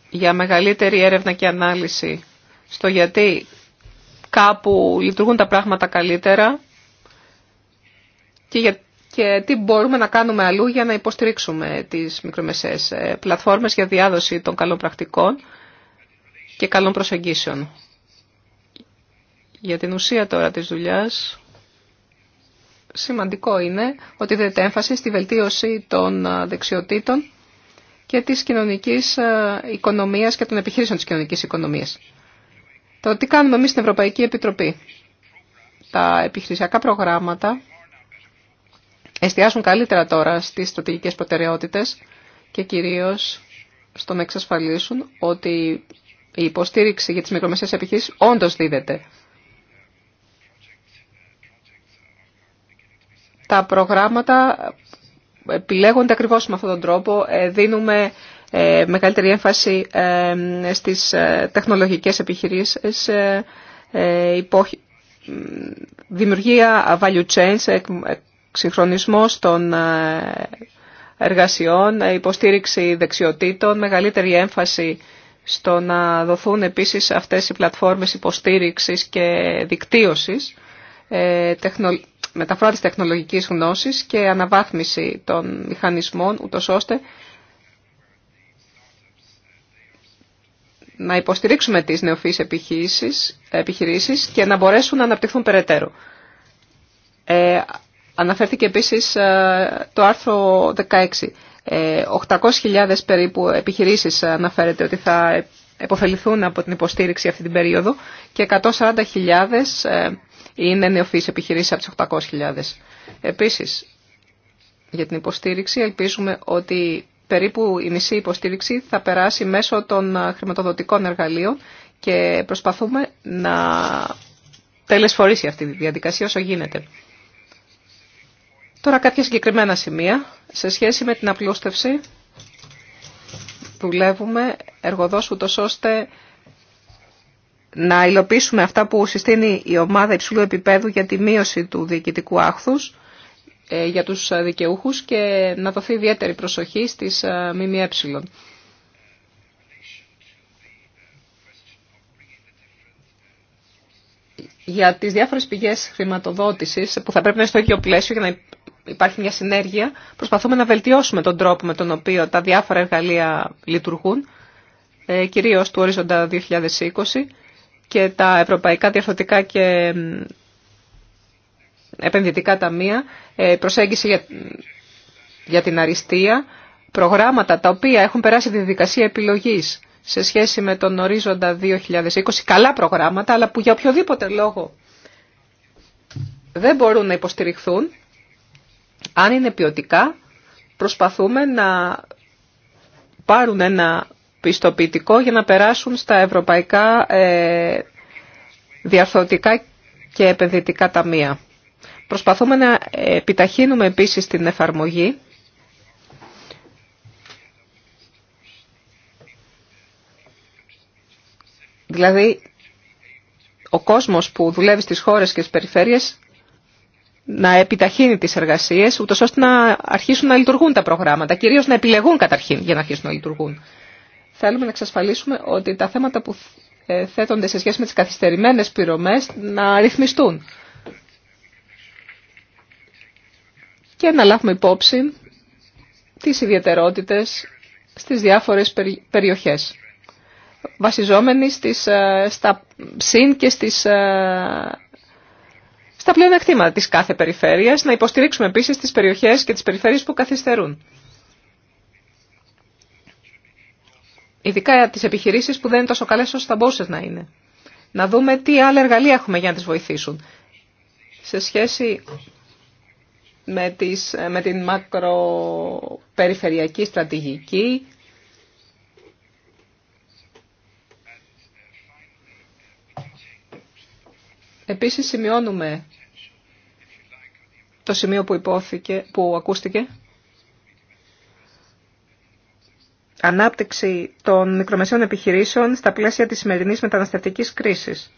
για μεγαλύτερη έρευνα και ανάλυση στο γιατί κάπου λειτουργούν τα πράγματα καλύτερα και για και τι μπορούμε να κάνουμε αλλού για να υποστηρίξουμε τις μικρομεσαίες ε, πλατφόρμες για διάδοση των καλών πρακτικών και καλών προσεγγίσεων. Για την ουσία τώρα της δουλειάς, σημαντικό είναι ότι δίνεται έμφαση στη βελτίωση των ε, δεξιοτήτων και της κοινωνικής ε, οικονομίας και των επιχειρήσεων της κοινωνικής οικονομίας. Το τι κάνουμε εμείς στην Ευρωπαϊκή Επιτροπή. Τα επιχειρησιακά προγράμματα εστιάσουν καλύτερα τώρα στις στρατηγικές προτεραιότητες και κυρίως στο να εξασφαλίσουν ότι η υποστήριξη για τις μικρομεσαίες επιχείρησεις όντως δίδεται. Τα προγράμματα επιλέγονται ακριβώς με αυτόν τον τρόπο. Ε, δίνουμε ε, μεγαλύτερη έμφαση ε, στις τεχνολογικές επιχειρήσεις, δημιουργία value chains, ξυγχρονισμός των ε, εργασιών, υποστήριξη δεξιοτήτων, μεγαλύτερη έμφαση στο να δοθούν επίσης αυτές οι πλατφόρμες υποστήριξης και δικτύωσης, ε, μεταφορά της τεχνολογικής γνώσης και αναβάθμιση των μηχανισμών, ούτως ώστε να υποστηρίξουμε τις νεοφύης επιχειρήσεις, επιχειρήσεις και να μπορέσουν να αναπτυχθούν περαιτέρω. Ε, Αναφέρθηκε επίσης ε, το άρθρο 16. 800.000 ε, περίπου επιχειρήσεις αναφέρεται ότι θα επωφεληθούν από την υποστήριξη αυτή την περίοδο και 140.000 ε, είναι νεοφύης επιχειρήσεις από τις 800.000. Επίσης, για την υποστήριξη ελπίζουμε ότι περίπου η μισή υποστήριξη θα περάσει μέσω των χρηματοδοτικών εργαλείων και προσπαθούμε να τελεσφορήσει αυτή τη διαδικασία όσο γίνεται. Τώρα κάποια συγκεκριμένα σημεία σε σχέση με την απλούστευση. Δουλεύουμε εργοδός ούτως ώστε να υλοποιήσουμε αυτά που συστήνει η ομάδα υψηλού επίπεδου για τη μείωση του διοικητικού άχθους ε, για τους δικαιούχους και να δοθεί ιδιαίτερη προσοχή στις ε, ΜΜΕ. Για τις διάφορες πηγές χρηματοδότησης που θα πρέπει να είναι στο ίδιο πλαίσιο για να υπάρχει μια συνέργεια. Προσπαθούμε να βελτιώσουμε τον τρόπο με τον οποίο τα διάφορα εργαλεία λειτουργούν, ε, κυρίως του ορίζοντα 2020 και τα ευρωπαϊκά διαρθωτικά και επενδυτικά ταμεία, ε, προσέγγιση για, για την αριστεία, προγράμματα τα οποία έχουν περάσει τη διαδικασία επιλογής σε σχέση με τον ορίζοντα 2020, καλά προγράμματα, αλλά που για οποιοδήποτε λόγο δεν μπορούν να υποστηριχθούν αν είναι ποιοτικά, προσπαθούμε να πάρουν ένα πιστοποιητικό για να περάσουν στα ευρωπαϊκά ε, και επενδυτικά ταμεία. Προσπαθούμε να επιταχύνουμε επίσης την εφαρμογή Δηλαδή, ο κόσμος που δουλεύει στις χώρες και στις περιφέρειες να επιταχύνει τις εργασίες, ούτως ώστε να αρχίσουν να λειτουργούν τα προγράμματα, κυρίως να επιλεγούν καταρχήν για να αρχίσουν να λειτουργούν. Θέλουμε να εξασφαλίσουμε ότι τα θέματα που ε, θέτονται σε σχέση με τις καθυστερημένες πληρωμές να ρυθμιστούν. Και να λάβουμε υπόψη τις ιδιαιτερότητες στις διάφορες περιοχές, βασιζόμενοι στις, ε, στα ΣΥΝ και στις ε, στα πλεονεκτήματα της κάθε περιφέρειας, να υποστηρίξουμε επίσης τις περιοχές και τις περιφέρειες που καθυστερούν. Ειδικά τις επιχειρήσεις που δεν είναι τόσο καλές όσο θα μπορούσε να είναι. Να δούμε τι άλλα εργαλεία έχουμε για να τις βοηθήσουν. Σε σχέση με, τις, με την μακροπεριφερειακή στρατηγική, Επίσης σημειώνουμε το σημείο που, υπόθηκε, που ακούστηκε. Ανάπτυξη των μικρομεσαίων επιχειρήσεων στα πλαίσια της σημερινής μεταναστευτικής κρίσης.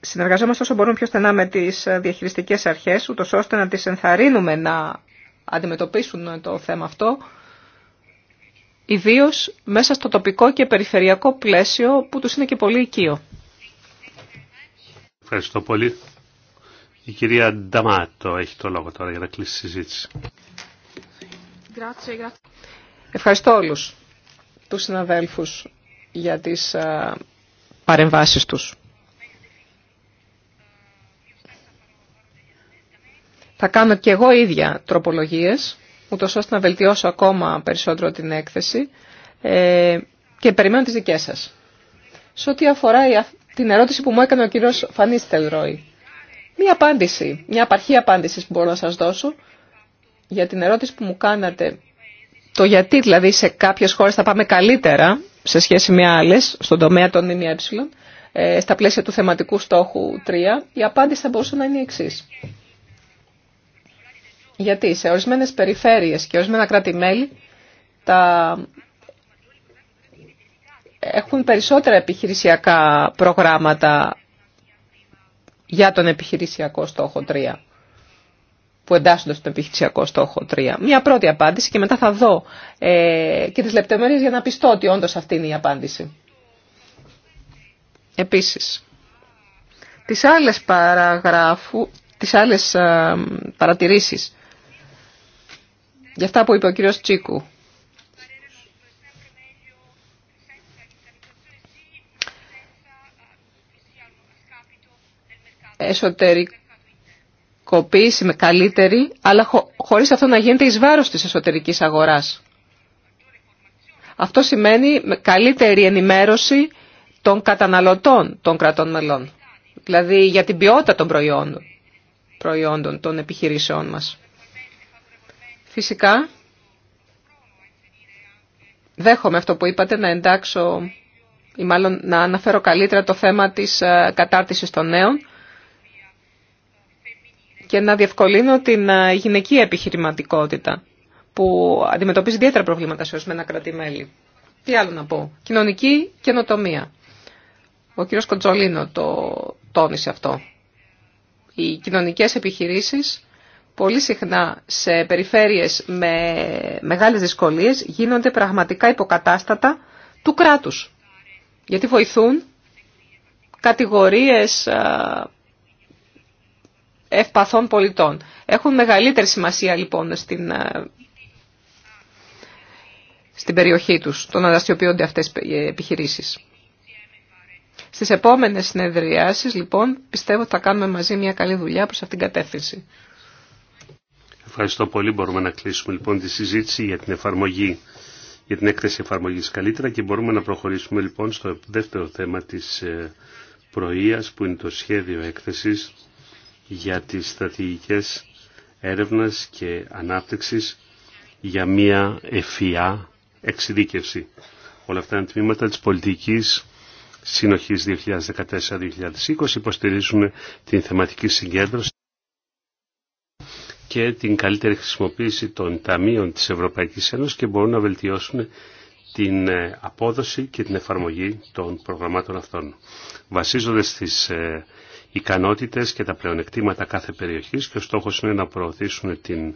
Συνεργαζόμαστε όσο μπορούμε πιο στενά με τις διαχειριστικές αρχές, ούτως ώστε να τις ενθαρρύνουμε να αντιμετωπίσουν το θέμα αυτό, ιδίως μέσα στο τοπικό και περιφερειακό πλαίσιο που τους είναι και πολύ οικείο. Ευχαριστώ πολύ. Η κυρία Νταμάτο έχει το λόγο τώρα για να κλείσει τη συζήτηση. Ευχαριστώ όλους τους συναδέλφους για τις παρεμβάσεις τους. Θα κάνω και εγώ ίδια τροπολογίες, ούτως ώστε να βελτιώσω ακόμα περισσότερο την έκθεση ε, και περιμένω τις δικές σας. Σε ό,τι αφορά την ερώτηση που μου έκανε ο κύριος Φανίστελρόι. Ρόι. μια απαρχή απάντηση που μπορώ να σας δώσω για την ερώτηση που μου κάνατε. Το γιατί δηλαδή σε κάποιες χώρες θα πάμε καλύτερα σε σχέση με άλλες στον τομέα των ΜΜΕ ε, στα πλαίσια του θεματικού στόχου 3, η απάντηση θα μπορούσε να είναι η εξή. Γιατί σε ορισμένες περιφέρειες και ορισμένα κράτη-μέλη τα έχουν περισσότερα επιχειρησιακά προγράμματα για τον επιχειρησιακό στόχο 3 που εντάσσονται στον επιχειρησιακό στόχο 3. Μια πρώτη απάντηση και μετά θα δω ε, και τις λεπτομέρειες για να πιστώ ότι όντως αυτή είναι η απάντηση. Επίσης, τις άλλες παραγράφου, τις άλλες ε, παρατηρήσεις για αυτά που είπε ο κύριος Τσίκου εσωτερικοποίηση με καλύτερη, αλλά χω, χωρίς αυτό να γίνεται εις βάρος της εσωτερικής αγοράς. Αυτό σημαίνει καλύτερη ενημέρωση των καταναλωτών των κρατών μελών, δηλαδή για την ποιότητα των προϊόντων, προϊόντων των επιχειρήσεών μας. Φυσικά, δέχομαι αυτό που είπατε να εντάξω ή μάλλον να αναφέρω καλύτερα το θέμα της ε, κατάρτισης των νέων και να διευκολύνω την ε, γυναική επιχειρηματικότητα που αντιμετωπίζει ιδιαίτερα προβλήματα σε ορισμένα κρατημέλη. Τι άλλο να πω. Κοινωνική καινοτομία. Ο κύριος Κοντζολίνο το τόνισε αυτό. Οι κοινωνικές επιχειρήσεις πολύ συχνά σε περιφέρειες με μεγάλες δυσκολίες γίνονται πραγματικά υποκατάστατα του κράτους. Γιατί βοηθούν κατηγορίες ε, ευπαθών πολιτών. Έχουν μεγαλύτερη σημασία λοιπόν στην, ε, στην περιοχή τους, το να δραστηριοποιούνται αυτές οι επιχειρήσεις. Στις επόμενες συνεδριάσεις, λοιπόν, πιστεύω ότι θα κάνουμε μαζί μια καλή δουλειά προς αυτήν την κατεύθυνση. Ευχαριστώ πολύ. Μπορούμε να κλείσουμε λοιπόν τη συζήτηση για την εφαρμογή, για την έκθεση εφαρμογής καλύτερα και μπορούμε να προχωρήσουμε λοιπόν στο δεύτερο θέμα της ε, πρωίας που είναι το σχέδιο έκθεσης για τις στρατηγικές έρευνας και ανάπτυξης για μια ευφυά εξειδίκευση. Όλα αυτά είναι τμήματα της πολιτικής συνοχής 2014-2020, υποστηρίζουν την θεματική συγκέντρωση και την καλύτερη χρησιμοποίηση των ταμείων της Ευρωπαϊκής Ένωσης και μπορούν να βελτιώσουν την ε, απόδοση και την εφαρμογή των προγραμμάτων αυτών. Βασίζονται στις ε, ικανότητες και τα πλεονεκτήματα κάθε περιοχής και ο στόχος είναι να προωθήσουν την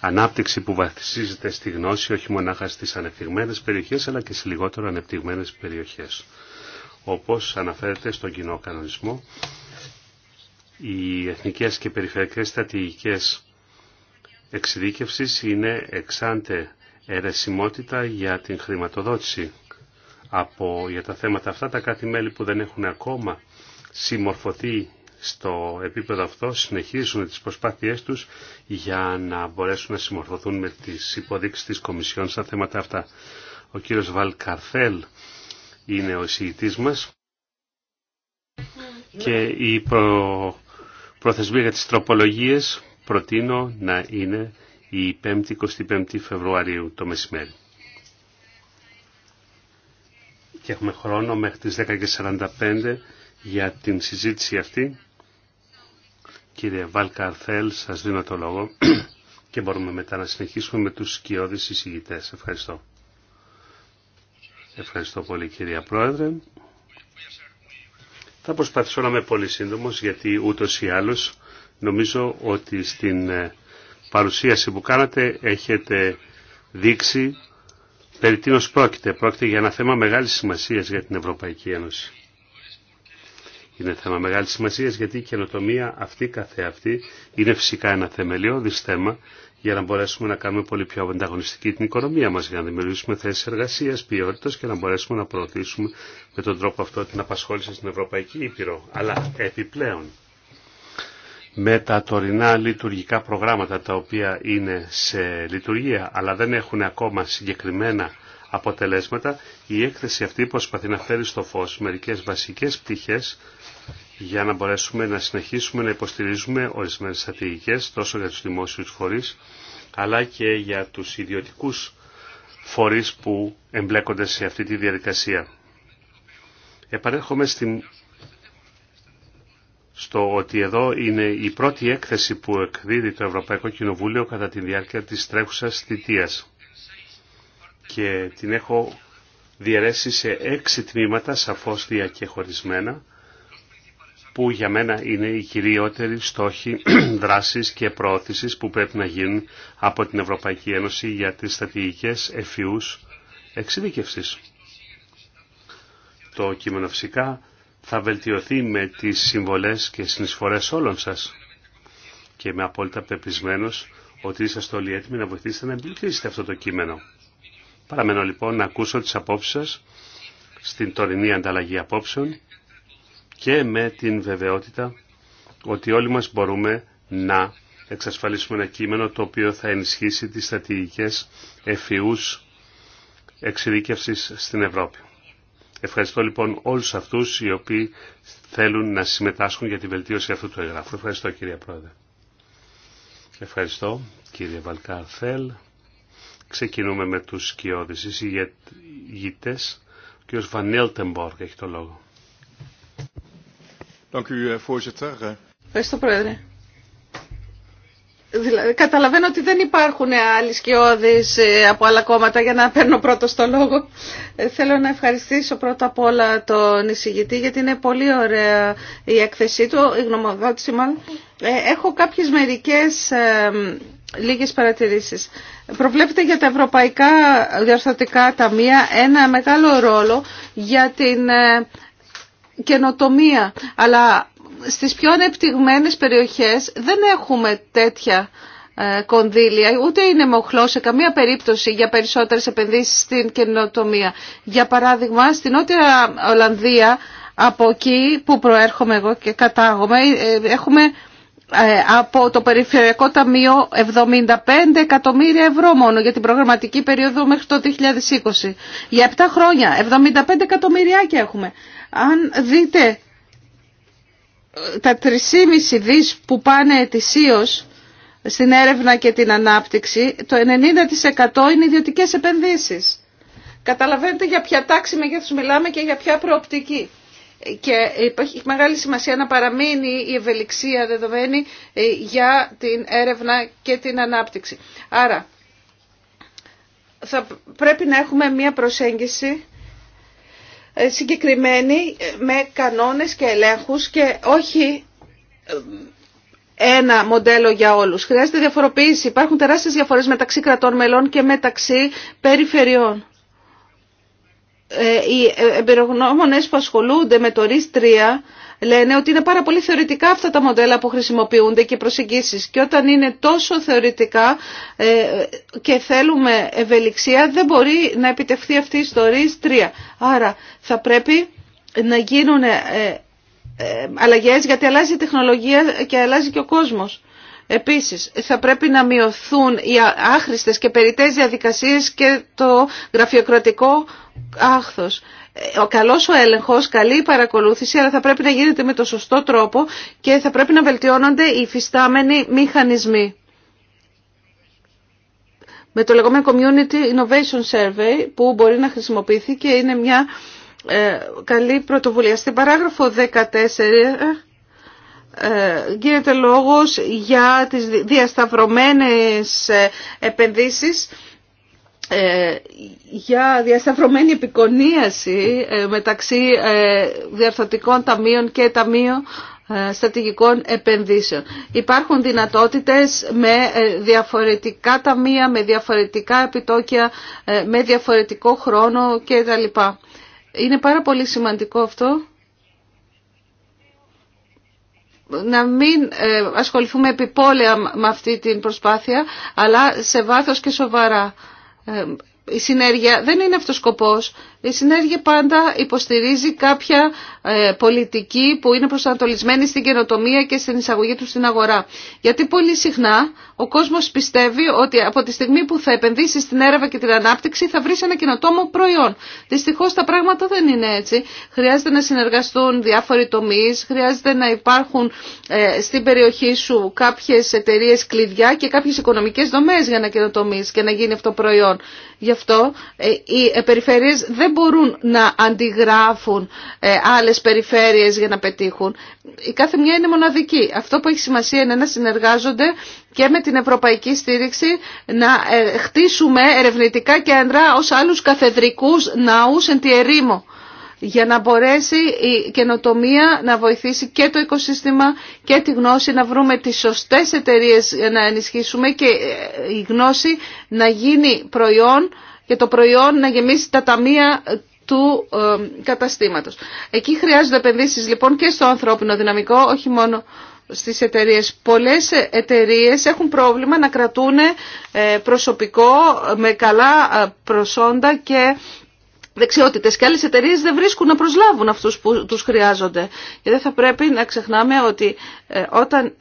ανάπτυξη που βασίζεται στη γνώση όχι μονάχα στις ανεπτυγμένες περιοχές αλλά και σε λιγότερο ανεπτυγμένες περιοχές. Όπως αναφέρεται στον κοινό κανονισμό, οι εθνικές και περιφερειακές στρατηγικές εξειδίκευσης είναι εξάντε αιρεσιμότητα για την χρηματοδότηση από, για τα θέματα αυτά. Τα κάτι μέλη που δεν έχουν ακόμα συμμορφωθεί στο επίπεδο αυτό, συνεχίζουν τις προσπάθειές τους για να μπορέσουν να συμμορφωθούν με τις υποδείξεις της Κομισιόν στα θέματα αυτά. Ο κύριος Βαλκαρθέλ είναι ο εισηγητής μας και η προ... προθεσμία για τις τροπολογίες προτείνω να είναι η 5η 25η Φεβρουαρίου το μεσημέρι. Και έχουμε χρόνο μέχρι τις 10.45 για την συζήτηση αυτή. Κύριε Βαλκαρθέλ, σας δίνω το λόγο [clears throat] και μπορούμε μετά να συνεχίσουμε με τους σκιώδεις εισηγητές. Ευχαριστώ. Ευχαριστώ πολύ κυρία Πρόεδρε. Θα προσπαθήσω να είμαι πολύ σύντομος γιατί ούτως ή άλλως νομίζω ότι στην ε, παρουσίαση που κάνατε έχετε δείξει περί τίνος πρόκειται. Πρόκειται για ένα θέμα μεγάλης σημασίας για την Ευρωπαϊκή Ένωση. Είναι θέμα μεγάλη σημασίας γιατί η καινοτομία αυτή καθεαυτή είναι φυσικά ένα θεμελιώδης θέμα για να μπορέσουμε να κάνουμε πολύ πιο ανταγωνιστική την οικονομία μας, για να δημιουργήσουμε θέσεις εργασίας, ποιότητας και να μπορέσουμε να προωθήσουμε με τον τρόπο αυτό την απασχόληση στην Ευρωπαϊκή Ήπειρο. Αλλά επιπλέον, με τα τωρινά λειτουργικά προγράμματα τα οποία είναι σε λειτουργία αλλά δεν έχουν ακόμα συγκεκριμένα αποτελέσματα, η έκθεση αυτή προσπαθεί να φέρει στο φως μερικές βασικές πτυχές για να μπορέσουμε να συνεχίσουμε να υποστηρίζουμε ορισμένες στρατηγικές τόσο για τους δημόσιους φορείς αλλά και για τους ιδιωτικούς φορείς που εμπλέκονται σε αυτή τη διαδικασία. Επανέρχομαι στο ότι εδώ είναι η πρώτη έκθεση που εκδίδει το Ευρωπαϊκό Κοινοβούλιο κατά τη διάρκεια της τρέχουσας θητείας και την έχω διαιρέσει σε έξι τμήματα σαφώς διακεχωρισμένα που για μένα είναι οι κυριότεροι στόχοι [clears throat] δράσης και προώθησης που πρέπει να γίνουν από την Ευρωπαϊκή Ένωση για τις στρατηγικές εφιούς εξειδικευσής. Το κείμενο φυσικά θα βελτιωθεί με τις συμβολές και συνεισφορές όλων σας και με απόλυτα πεπισμένος ότι είσαστε όλοι έτοιμοι να βοηθήσετε να εμπλουτίσετε αυτό το κείμενο. Παραμένω λοιπόν να ακούσω τις απόψεις σας στην τωρινή ανταλλαγή απόψεων και με την βεβαιότητα ότι όλοι μας μπορούμε να εξασφαλίσουμε ένα κείμενο το οποίο θα ενισχύσει τις στρατηγικές εφιούς εξειδίκευσης στην Ευρώπη. Ευχαριστώ λοιπόν όλους αυτούς οι οποίοι θέλουν να συμμετάσχουν για τη βελτίωση αυτού του εγγράφου. Ευχαριστώ κύριε Πρόεδρε. Ευχαριστώ κύριε Βαλκάρθελ. Ξεκινούμε με τους σκιώδεις εισηγητές. Ο κύριος Βανίλτεμπορκ έχει το λόγο. Eh, eh, Ευχαριστώ, Πρόεδρε. Δηλαδή, καταλαβαίνω ότι δεν υπάρχουν ε, άλλοι σκιώδεις ε, από άλλα κόμματα για να παίρνω πρώτο το λόγο. Ε, θέλω να ευχαριστήσω πρώτα απ' όλα τον εισηγητή γιατί είναι πολύ ωραία η έκθεσή του, η γνωμοδότηση μάλλον. Έχω κάποιες μερικές λίγες παρατηρήσεις. Προβλέπεται για τα ευρωπαϊκά διορθωτικά ταμεία ένα μεγάλο ρόλο για την καινοτομία. Αλλά στις πιο ανεπτυγμένες περιοχές δεν έχουμε τέτοια ε, κονδύλια, ούτε είναι μοχλό σε καμία περίπτωση για περισσότερες επενδύσεις στην καινοτομία. Για παράδειγμα, στην Νότια Ολλανδία, από εκεί που προέρχομαι εγώ και κατάγομαι, ε, έχουμε ε, από το Περιφερειακό Ταμείο 75 εκατομμύρια ευρώ μόνο για την προγραμματική περίοδο μέχρι το 2020. Για 7 χρόνια 75 εκατομμυριάκια έχουμε. Αν δείτε ε, τα 3,5 δις που πάνε ετησίως στην έρευνα και την ανάπτυξη, το 90% είναι ιδιωτικές επενδύσεις. Καταλαβαίνετε για ποια τάξη μεγέθους μιλάμε και για ποια προοπτική και υπάρχει μεγάλη σημασία να παραμείνει η ευελιξία δεδομένη ε, για την έρευνα και την ανάπτυξη. Άρα θα πρέπει να έχουμε μία προσέγγιση ε, συγκεκριμένη ε, με κανόνες και ελέγχους και όχι ένα μοντέλο για όλους. Χρειάζεται διαφοροποίηση. Υπάρχουν τεράστιες διαφορές μεταξύ κρατών μελών και μεταξύ περιφερειών. Ε, οι ε, εμπειρογνώμονες που ασχολούνται με το RIS 3 λένε ότι είναι πάρα πολύ θεωρητικά αυτά τα μοντέλα που χρησιμοποιούνται και προσεγγίσεις και όταν είναι τόσο θεωρητικά ε, και θέλουμε ευελιξία δεν μπορεί να επιτευχθεί αυτή η ιστορία 3. Άρα θα πρέπει να γίνουν αλλαγές γιατί αλλάζει η τεχνολογία και αλλάζει και ο κόσμος. Επίσης, θα πρέπει να μειωθούν οι άχρηστες και περιττές διαδικασίες και το γραφειοκρατικό άχθος. Ε, ο καλός ο έλεγχος, καλή η παρακολούθηση, αλλά θα πρέπει να γίνεται με το σωστό τρόπο και θα πρέπει να βελτιώνονται οι φυστάμενοι μηχανισμοί. Με το λεγόμενο Community Innovation Survey που μπορεί να χρησιμοποιηθεί και είναι μια ε, καλή πρωτοβουλία. Στην παράγραφο 14 ε, γίνεται λόγος για τις διασταυρωμένες ε, επενδύσεις ε, για διασταυρωμένη επικονίαση μεταξύ διαρθωτικών ταμείων και ταμείων στρατηγικών επενδύσεων. Υπάρχουν δυνατότητες με διαφορετικά ταμεία, με διαφορετικά επιτόκια, με διαφορετικό χρόνο κτλ. Είναι πάρα πολύ σημαντικό αυτό να μην ε, ασχοληθούμε επιπόλαια με αυτή την προσπάθεια, αλλά σε βάθος και σοβαρά. Ε, η συνέργεια δεν είναι αυτός σκοπός. Η συνέργεια πάντα υποστηρίζει κάποια ε, πολιτική που είναι προσανατολισμένη στην καινοτομία και στην εισαγωγή του στην αγορά. Γιατί πολύ συχνά ο κόσμος πιστεύει ότι από τη στιγμή που θα επενδύσει στην έρευνα και την ανάπτυξη θα βρει ένα καινοτόμο προϊόν. Δυστυχώς τα πράγματα δεν είναι έτσι. Χρειάζεται να συνεργαστούν διάφοροι τομείς, χρειάζεται να υπάρχουν ε, στην περιοχή σου κάποιες εταιρείε κλειδιά και κάποιες οικονομικές δομές για να καινοτομείς και να γίνει αυτό προϊόν. Γι' αυτό ε, οι περιφέρειες δεν δεν μπορούν να αντιγράφουν ε, άλλες περιφέρειες για να πετύχουν. Η κάθε μια είναι μοναδική. Αυτό που έχει σημασία είναι να συνεργάζονται και με την ευρωπαϊκή στήριξη να ε, χτίσουμε ερευνητικά κέντρα ως άλλους καθεδρικούς ναούς εν τη ερήμο για να μπορέσει η καινοτομία να βοηθήσει και το οικοσύστημα και τη γνώση να βρούμε τις σωστές εταιρείες να ενισχύσουμε και ε, η γνώση να γίνει προϊόν και το προϊόν να γεμίσει τα ταμεία του ε, καταστήματος. Εκεί χρειάζονται επενδύσεις λοιπόν και στο ανθρώπινο δυναμικό, όχι μόνο στις εταιρείες. Πολλές εταιρείες έχουν πρόβλημα να κρατούν ε, προσωπικό με καλά ε, προσόντα και δεξιότητες. Και άλλες εταιρείες δεν βρίσκουν να προσλάβουν αυτούς που τους χρειάζονται. Και δεν θα πρέπει να ξεχνάμε ότι όταν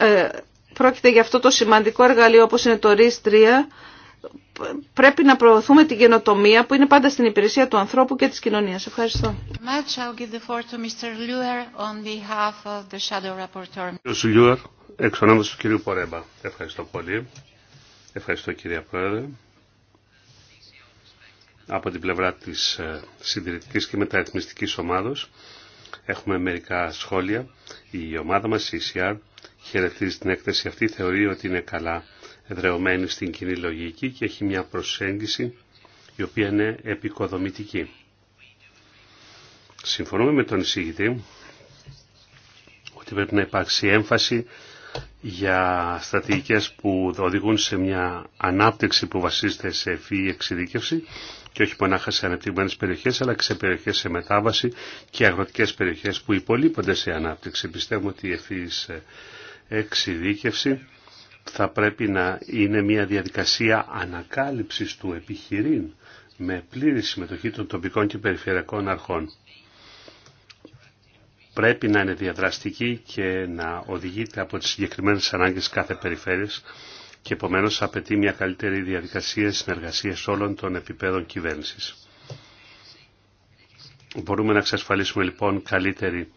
πρόκειται για αυτό το σημαντικό εργαλείο όπως είναι το RIS 3, πρέπει να προωθούμε την καινοτομία που είναι πάντα στην υπηρεσία του ανθρώπου και της κοινωνίας. Ευχαριστώ. του κυρίου Πορέμπα. Ευχαριστώ πολύ. Ευχαριστώ κυρία Πρόεδρε. Από την πλευρά της ε, συντηρητικής και μεταρρυθμιστικής ομάδος έχουμε μερικά σχόλια. Η ομάδα μας, η ECR, χαιρετίζει την έκθεση αυτή, θεωρεί ότι είναι καλά εδρεωμένη στην κοινή λογική και έχει μια προσέγγιση η οποία είναι επικοδομητική. Συμφωνούμε με τον εισηγητή ότι πρέπει να υπάρξει έμφαση για στρατηγικές που οδηγούν σε μια ανάπτυξη που βασίζεται σε ευφύη εξειδίκευση και όχι μονάχα σε ανεπτυγμένε περιοχές αλλά και σε περιοχές σε μετάβαση και αγροτικές περιοχές που υπολείπονται σε ανάπτυξη. Πιστεύουμε ότι η ευφύης ε, εξειδίκευση θα πρέπει να είναι μια διαδικασία ανακάλυψης του επιχειρήν με πλήρη συμμετοχή των τοπικών και περιφερειακών αρχών. Πρέπει να είναι διαδραστική και να οδηγείται από τις συγκεκριμένες ανάγκες κάθε περιφέρειας και επομένως απαιτεί μια καλύτερη διαδικασία συνεργασίας όλων των επιπέδων κυβέρνησης. Μπορούμε να εξασφαλίσουμε λοιπόν καλύτερη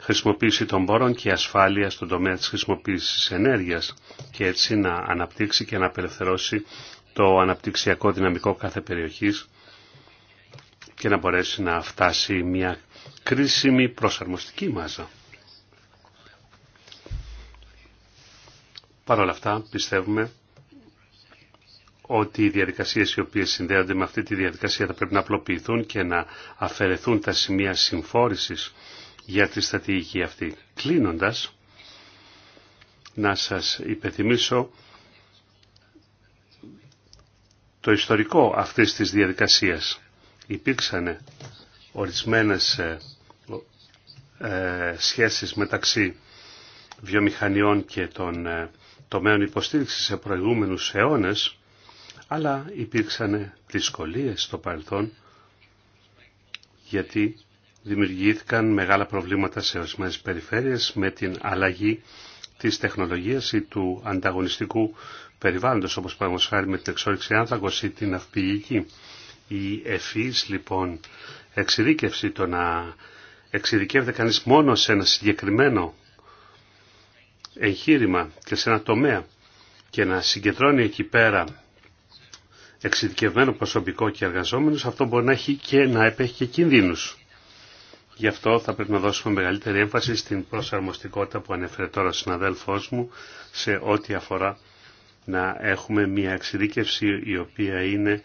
χρησιμοποίηση των πόρων και ασφάλεια στον τομέα της χρησιμοποίησης ενέργειας και έτσι να αναπτύξει και να απελευθερώσει το αναπτυξιακό δυναμικό κάθε περιοχής και να μπορέσει να φτάσει μια κρίσιμη προσαρμοστική μάζα. Παρ' όλα αυτά πιστεύουμε ότι οι διαδικασίες οι οποίες συνδέονται με αυτή τη διαδικασία θα πρέπει να απλοποιηθούν και να αφαιρεθούν τα σημεία συμφόρησης για τη στρατηγική αυτή. Κλείνοντας, να σας υπενθυμίσω το ιστορικό αυτής της διαδικασίας. Υπήρξαν ορισμένες ε, ε, σχέσεις μεταξύ βιομηχανιών και των ε, τομέων υποστήριξης σε προηγούμενους αιώνες, αλλά υπήρξαν δυσκολίες στο παρελθόν, γιατί δημιουργήθηκαν μεγάλα προβλήματα σε ορισμένε περιφέρειες με την αλλαγή της τεχνολογίας ή του ανταγωνιστικού περιβάλλοντος, όπως παραδείγματος χάρη με την εξόριξη άνθρακος ή την αυπηγική. Η ευφύης λοιπόν εξειδίκευση, το να εξειδικεύεται κανείς μόνο σε ένα συγκεκριμένο εγχείρημα και σε ένα τομέα και να συγκεντρώνει εκεί πέρα εξειδικευμένο προσωπικό και εργαζόμενους, αυτό μπορεί να έχει και να επέχει και κινδύνους. Γι' αυτό θα πρέπει να δώσουμε μεγαλύτερη έμφαση στην προσαρμοστικότητα που ανέφερε τώρα ο συναδέλφός μου σε ό,τι αφορά να έχουμε μια εξειδίκευση η οποία είναι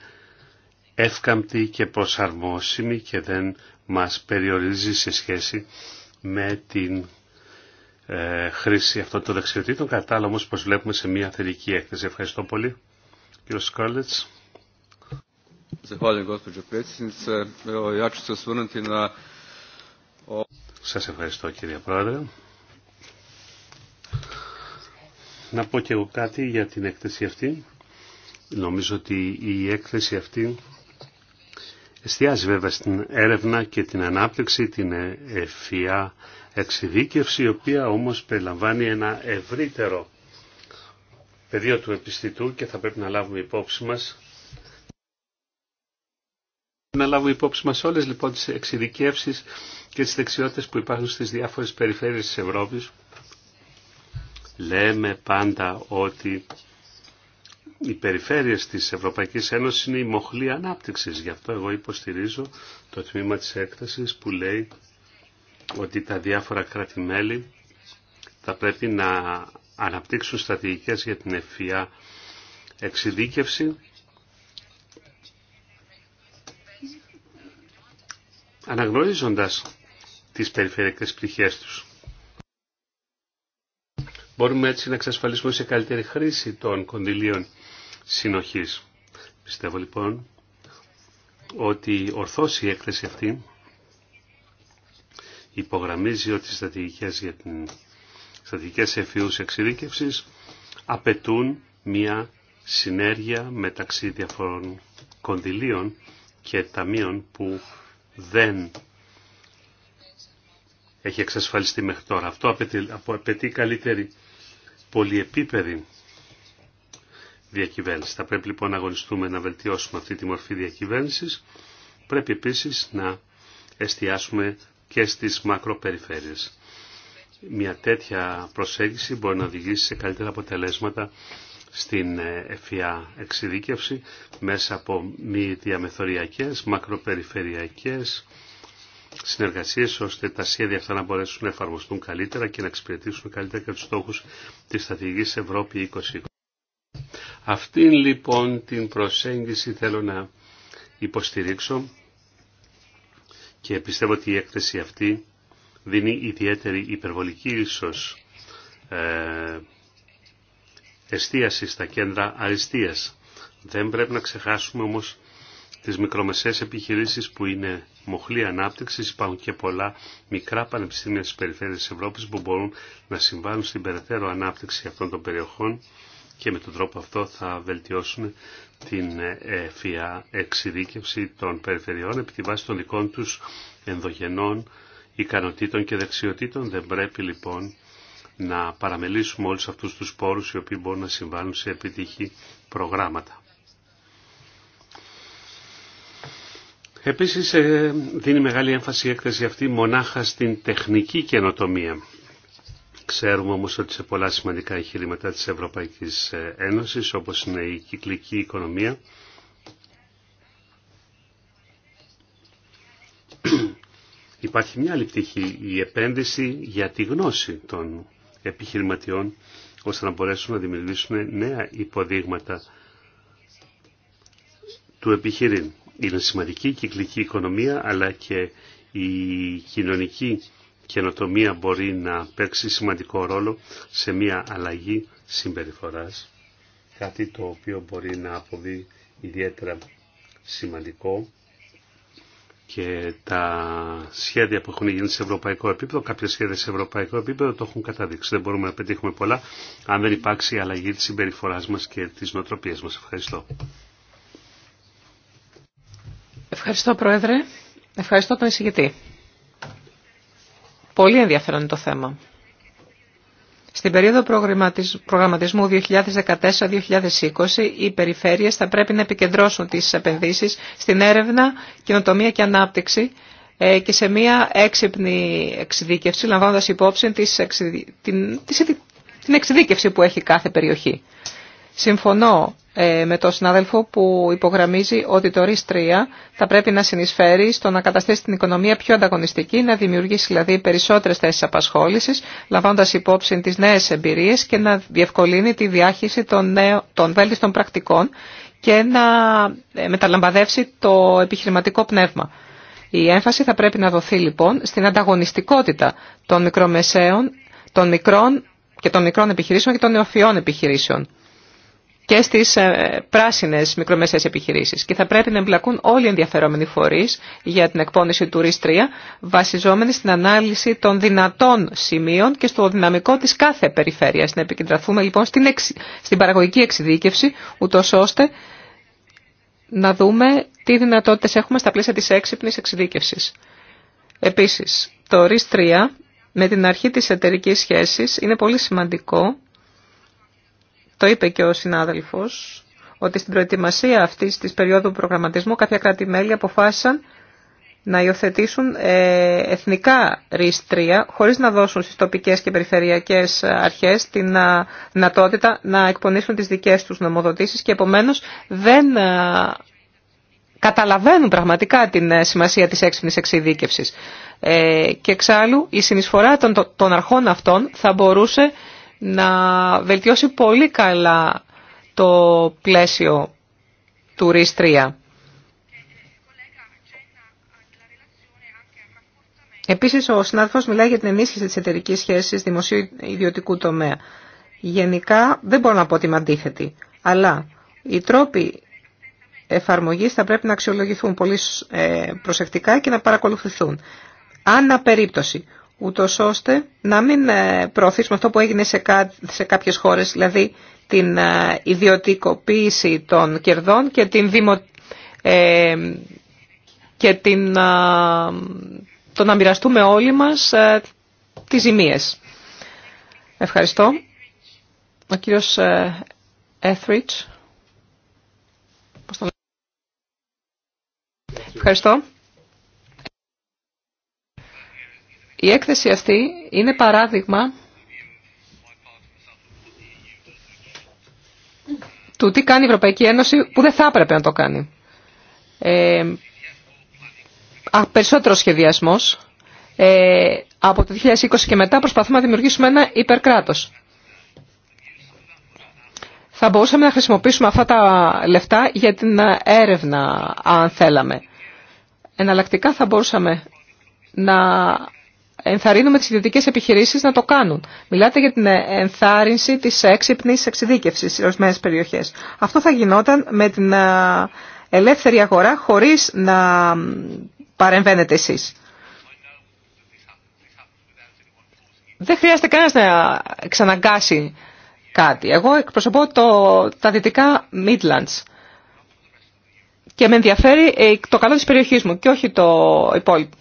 εύκαμπτη και προσαρμόσιμη και δεν μας περιορίζει σε σχέση με την ε, χρήση αυτών των δεξιοτήτων. Κατάλληλα όμως πως βλέπουμε σε μια θετική έκθεση. Ευχαριστώ πολύ. Κύριο σας ευχαριστώ κύριε Πρόεδρε. Να πω και εγώ κάτι για την έκθεση αυτή. Νομίζω ότι η έκθεση αυτή εστιάζει βέβαια στην έρευνα και την ανάπτυξη, την ευφυά εξειδίκευση, η οποία όμως περιλαμβάνει ένα ευρύτερο πεδίο του επιστητού και θα πρέπει να λάβουμε υπόψη μας να λάβουμε υπόψη μας όλες λοιπόν τις εξειδικεύσεις και τις δεξιότητες που υπάρχουν στις διάφορες περιφέρειες της Ευρώπης. Λέμε πάντα ότι οι περιφέρειες της Ευρωπαϊκής Ένωσης είναι η μοχλή ανάπτυξης. Γι' αυτό εγώ υποστηρίζω το τμήμα της έκτασης που λέει ότι τα διάφορα κράτη-μέλη θα πρέπει να αναπτύξουν στρατηγικές για την ευφυά εξειδίκευση αναγνωρίζοντας τις περιφερειακές πτυχές τους. Μπορούμε έτσι να εξασφαλίσουμε σε καλύτερη χρήση των κονδυλίων συνοχής. Πιστεύω λοιπόν ότι ορθώς η έκθεση αυτή υπογραμμίζει ότι οι στρατηγικές για την εφιούς εξειδίκευσης απαιτούν μια συνέργεια μεταξύ διαφορών κονδυλίων και ταμείων που δεν έχει εξασφαλιστεί μέχρι τώρα. Αυτό απαιτεί, καλύτερη πολυεπίπεδη διακυβέρνηση. Θα πρέπει λοιπόν να αγωνιστούμε να βελτιώσουμε αυτή τη μορφή διακυβέρνησης. Πρέπει επίσης να εστιάσουμε και στις μακροπεριφέρειες. Μια τέτοια προσέγγιση μπορεί να οδηγήσει σε καλύτερα αποτελέσματα στην ε, ΕΦΙΑ εξειδίκευση μέσα από μη διαμεθοριακές, μακροπεριφερειακές συνεργασίες ώστε τα σχέδια αυτά να μπορέσουν να εφαρμοστούν καλύτερα και να εξυπηρετήσουν καλύτερα και τους στόχους της στρατηγικής Ευρώπη 2020. Αυτήν λοιπόν την προσέγγιση θέλω να υποστηρίξω και πιστεύω ότι η έκθεση αυτή δίνει ιδιαίτερη υπερβολική ίσως ε, Εστίαση στα κέντρα αριστείας. Δεν πρέπει να ξεχάσουμε όμως τις μικρομεσαίες επιχειρήσεις που είναι μοχλή ανάπτυξης. Υπάρχουν και πολλά μικρά πανεπιστήμια στις περιφέρειες της Ευρώπης που μπορούν να συμβάλλουν στην περαιτέρω ανάπτυξη αυτών των περιοχών και με τον τρόπο αυτό θα βελτιώσουν την εφια εξειδίκευση των περιφερειών επί τη βάση των δικών τους ενδογενών ικανοτήτων και δεξιοτήτων. Δεν πρέπει λοιπόν να παραμελήσουμε όλους αυτούς τους πόρους οι οποίοι μπορούν να συμβάλλουν σε επιτυχή προγράμματα. Επίσης ε, δίνει μεγάλη έμφαση η έκθεση αυτή μονάχα στην τεχνική καινοτομία. Ξέρουμε όμως ότι σε πολλά σημαντικά εγχειρήματα της Ευρωπαϊκής ε, Ένωσης, όπως είναι η κυκλική οικονομία, [clears throat] υπάρχει μια άλλη πτυχή, η επένδυση για τη γνώση των επιχειρηματιών ώστε να μπορέσουν να δημιουργήσουν νέα υποδείγματα του επιχειρήν. Είναι σημαντική η κυκλική οικονομία αλλά και η κοινωνική καινοτομία μπορεί να παίξει σημαντικό ρόλο σε μια αλλαγή συμπεριφοράς. Κάτι το οποίο μπορεί να αποβεί ιδιαίτερα σημαντικό και τα σχέδια που έχουν γίνει σε ευρωπαϊκό επίπεδο, κάποια σχέδια σε ευρωπαϊκό επίπεδο το έχουν καταδείξει. Δεν μπορούμε να πετύχουμε πολλά αν δεν υπάρξει η αλλαγή της συμπεριφοράς μας και της νοοτροπίας μας. Ευχαριστώ. Ευχαριστώ Πρόεδρε. Ευχαριστώ τον εισηγητή. Πολύ ενδιαφέρον είναι το θέμα. Στην περίοδο προγραμματισμού 2014-2020 οι περιφέρειες θα πρέπει να επικεντρώσουν τις επενδύσεις στην έρευνα, κοινοτομία και ανάπτυξη ε, και σε μία έξυπνη εξειδίκευση, λαμβάνοντας υπόψη την εξειδίκευση που έχει κάθε περιοχή. Συμφωνώ ε, με τον συνάδελφο που υπογραμμίζει ότι το RIS 3 θα πρέπει να συνεισφέρει στο να καταστήσει την οικονομία πιο ανταγωνιστική, να δημιουργήσει δηλαδή περισσότερες θέσεις απασχόλησης, λαμβάνοντας υπόψη τις νέες εμπειρίες και να διευκολύνει τη διάχυση των, νέων, των βέλτιστων πρακτικών και να ε, μεταλαμπαδεύσει το επιχειρηματικό πνεύμα. Η έμφαση θα πρέπει να δοθεί λοιπόν στην ανταγωνιστικότητα των μικρομεσαίων, των μικρών και των μικρών επιχειρήσεων και των νεοφυών επιχειρήσεων και στις ε, πράσινε μικρομεσαίες επιχειρήσει και θα πρέπει να εμπλακούν όλοι οι ενδιαφερόμενοι φορεί για την εκπόνηση του RIS 3 βασιζόμενοι στην ανάλυση των δυνατών σημείων και στο δυναμικό τη κάθε περιφέρειας. Να επικεντρωθούμε λοιπόν στην, στην παραγωγική εξειδίκευση ούτω ώστε να δούμε τι δυνατότητε έχουμε στα πλαίσια τη έξυπνη εξειδίκευση. Επίση, το RIS 3 με την αρχή της εταιρική σχέσης είναι πολύ σημαντικό το είπε και ο συνάδελφος, ότι στην προετοιμασία αυτή τη περίοδου προγραμματισμού κάποια κράτη-μέλη αποφάσισαν να υιοθετήσουν ε, εθνικά ρίστρια χωρίς να δώσουν στις τοπικές και περιφερειακές αρχές την ε, δυνατότητα να εκπονήσουν τις δικές τους νομοδοτήσεις και επομένως δεν ε, καταλαβαίνουν πραγματικά την σημασία της έξυπνης εξειδίκευσης. και εξάλλου η συνεισφορά των αρχών αυτών θα μπορούσε να βελτιώσει πολύ καλά το πλαίσιο του ΡΙΣΤΡΙΑ. Επίσης, ο συνάδελφος μιλάει για την ενίσχυση της εταιρικής σχέσης δημοσίου-ιδιωτικού τομέα. Γενικά, δεν μπορώ να πω ότι είμαι αντίθετη, αλλά οι τρόποι εφαρμογής θα πρέπει να αξιολογηθούν πολύ ε, προσεκτικά και να παρακολουθηθούν. Αναπερίπτωση ούτω ώστε να μην ε, προωθήσουμε αυτό που έγινε σε, κά, σε κάποιες χώρες, δηλαδή την ε, ιδιωτικοποίηση των κερδών και την, δημο, ε, και την, το να μοιραστούμε όλοι μας τι τις ζημίες. Ευχαριστώ. Ο κύριος Έθριτς. Ευχαριστώ. Η έκθεση αυτή είναι παράδειγμα του τι κάνει η Ευρωπαϊκή Ένωση που δεν θα έπρεπε να το κάνει. Ε, α, περισσότερο σχεδιασμός. Ε, από το 2020 και μετά προσπαθούμε να δημιουργήσουμε ένα υπερκράτος. Θα μπορούσαμε να χρησιμοποιήσουμε αυτά τα λεφτά για την έρευνα, αν θέλαμε. Εναλλακτικά θα μπορούσαμε να ενθαρρύνουμε τις ιδιωτικές επιχειρήσεις να το κάνουν. Μιλάτε για την ενθάρρυνση της έξυπνης εξειδίκευσης σε ορισμένες περιοχές. Αυτό θα γινόταν με την ελεύθερη αγορά χωρίς να παρεμβαίνετε εσείς. Δεν χρειάζεται κανένα να ξαναγκάσει κάτι. Εγώ εκπροσωπώ το, τα δυτικά Midlands και με ενδιαφέρει ε, το καλό της περιοχής μου και όχι το υπόλοιπο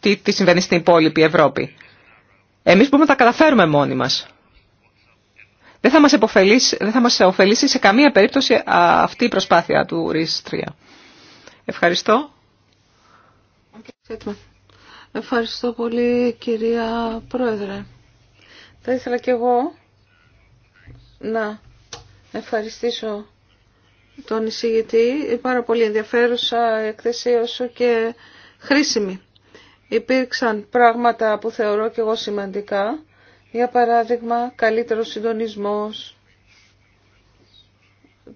τι, τι συμβαίνει στην υπόλοιπη Ευρώπη. Εμείς μπορούμε να τα καταφέρουμε μόνοι μας. Δεν θα μας, δεν θα μας ωφελήσει σε καμία περίπτωση αυτή η προσπάθεια του ΡΙΣ3. Ευχαριστώ. Ευχαριστώ πολύ κυρία Πρόεδρε. Θα ήθελα και εγώ να ευχαριστήσω τον εισηγητή. Πάρα πολύ ενδιαφέρουσα εκθεσία όσο και χρήσιμη υπήρξαν πράγματα που θεωρώ και εγώ σημαντικά. Για παράδειγμα, καλύτερο συντονισμός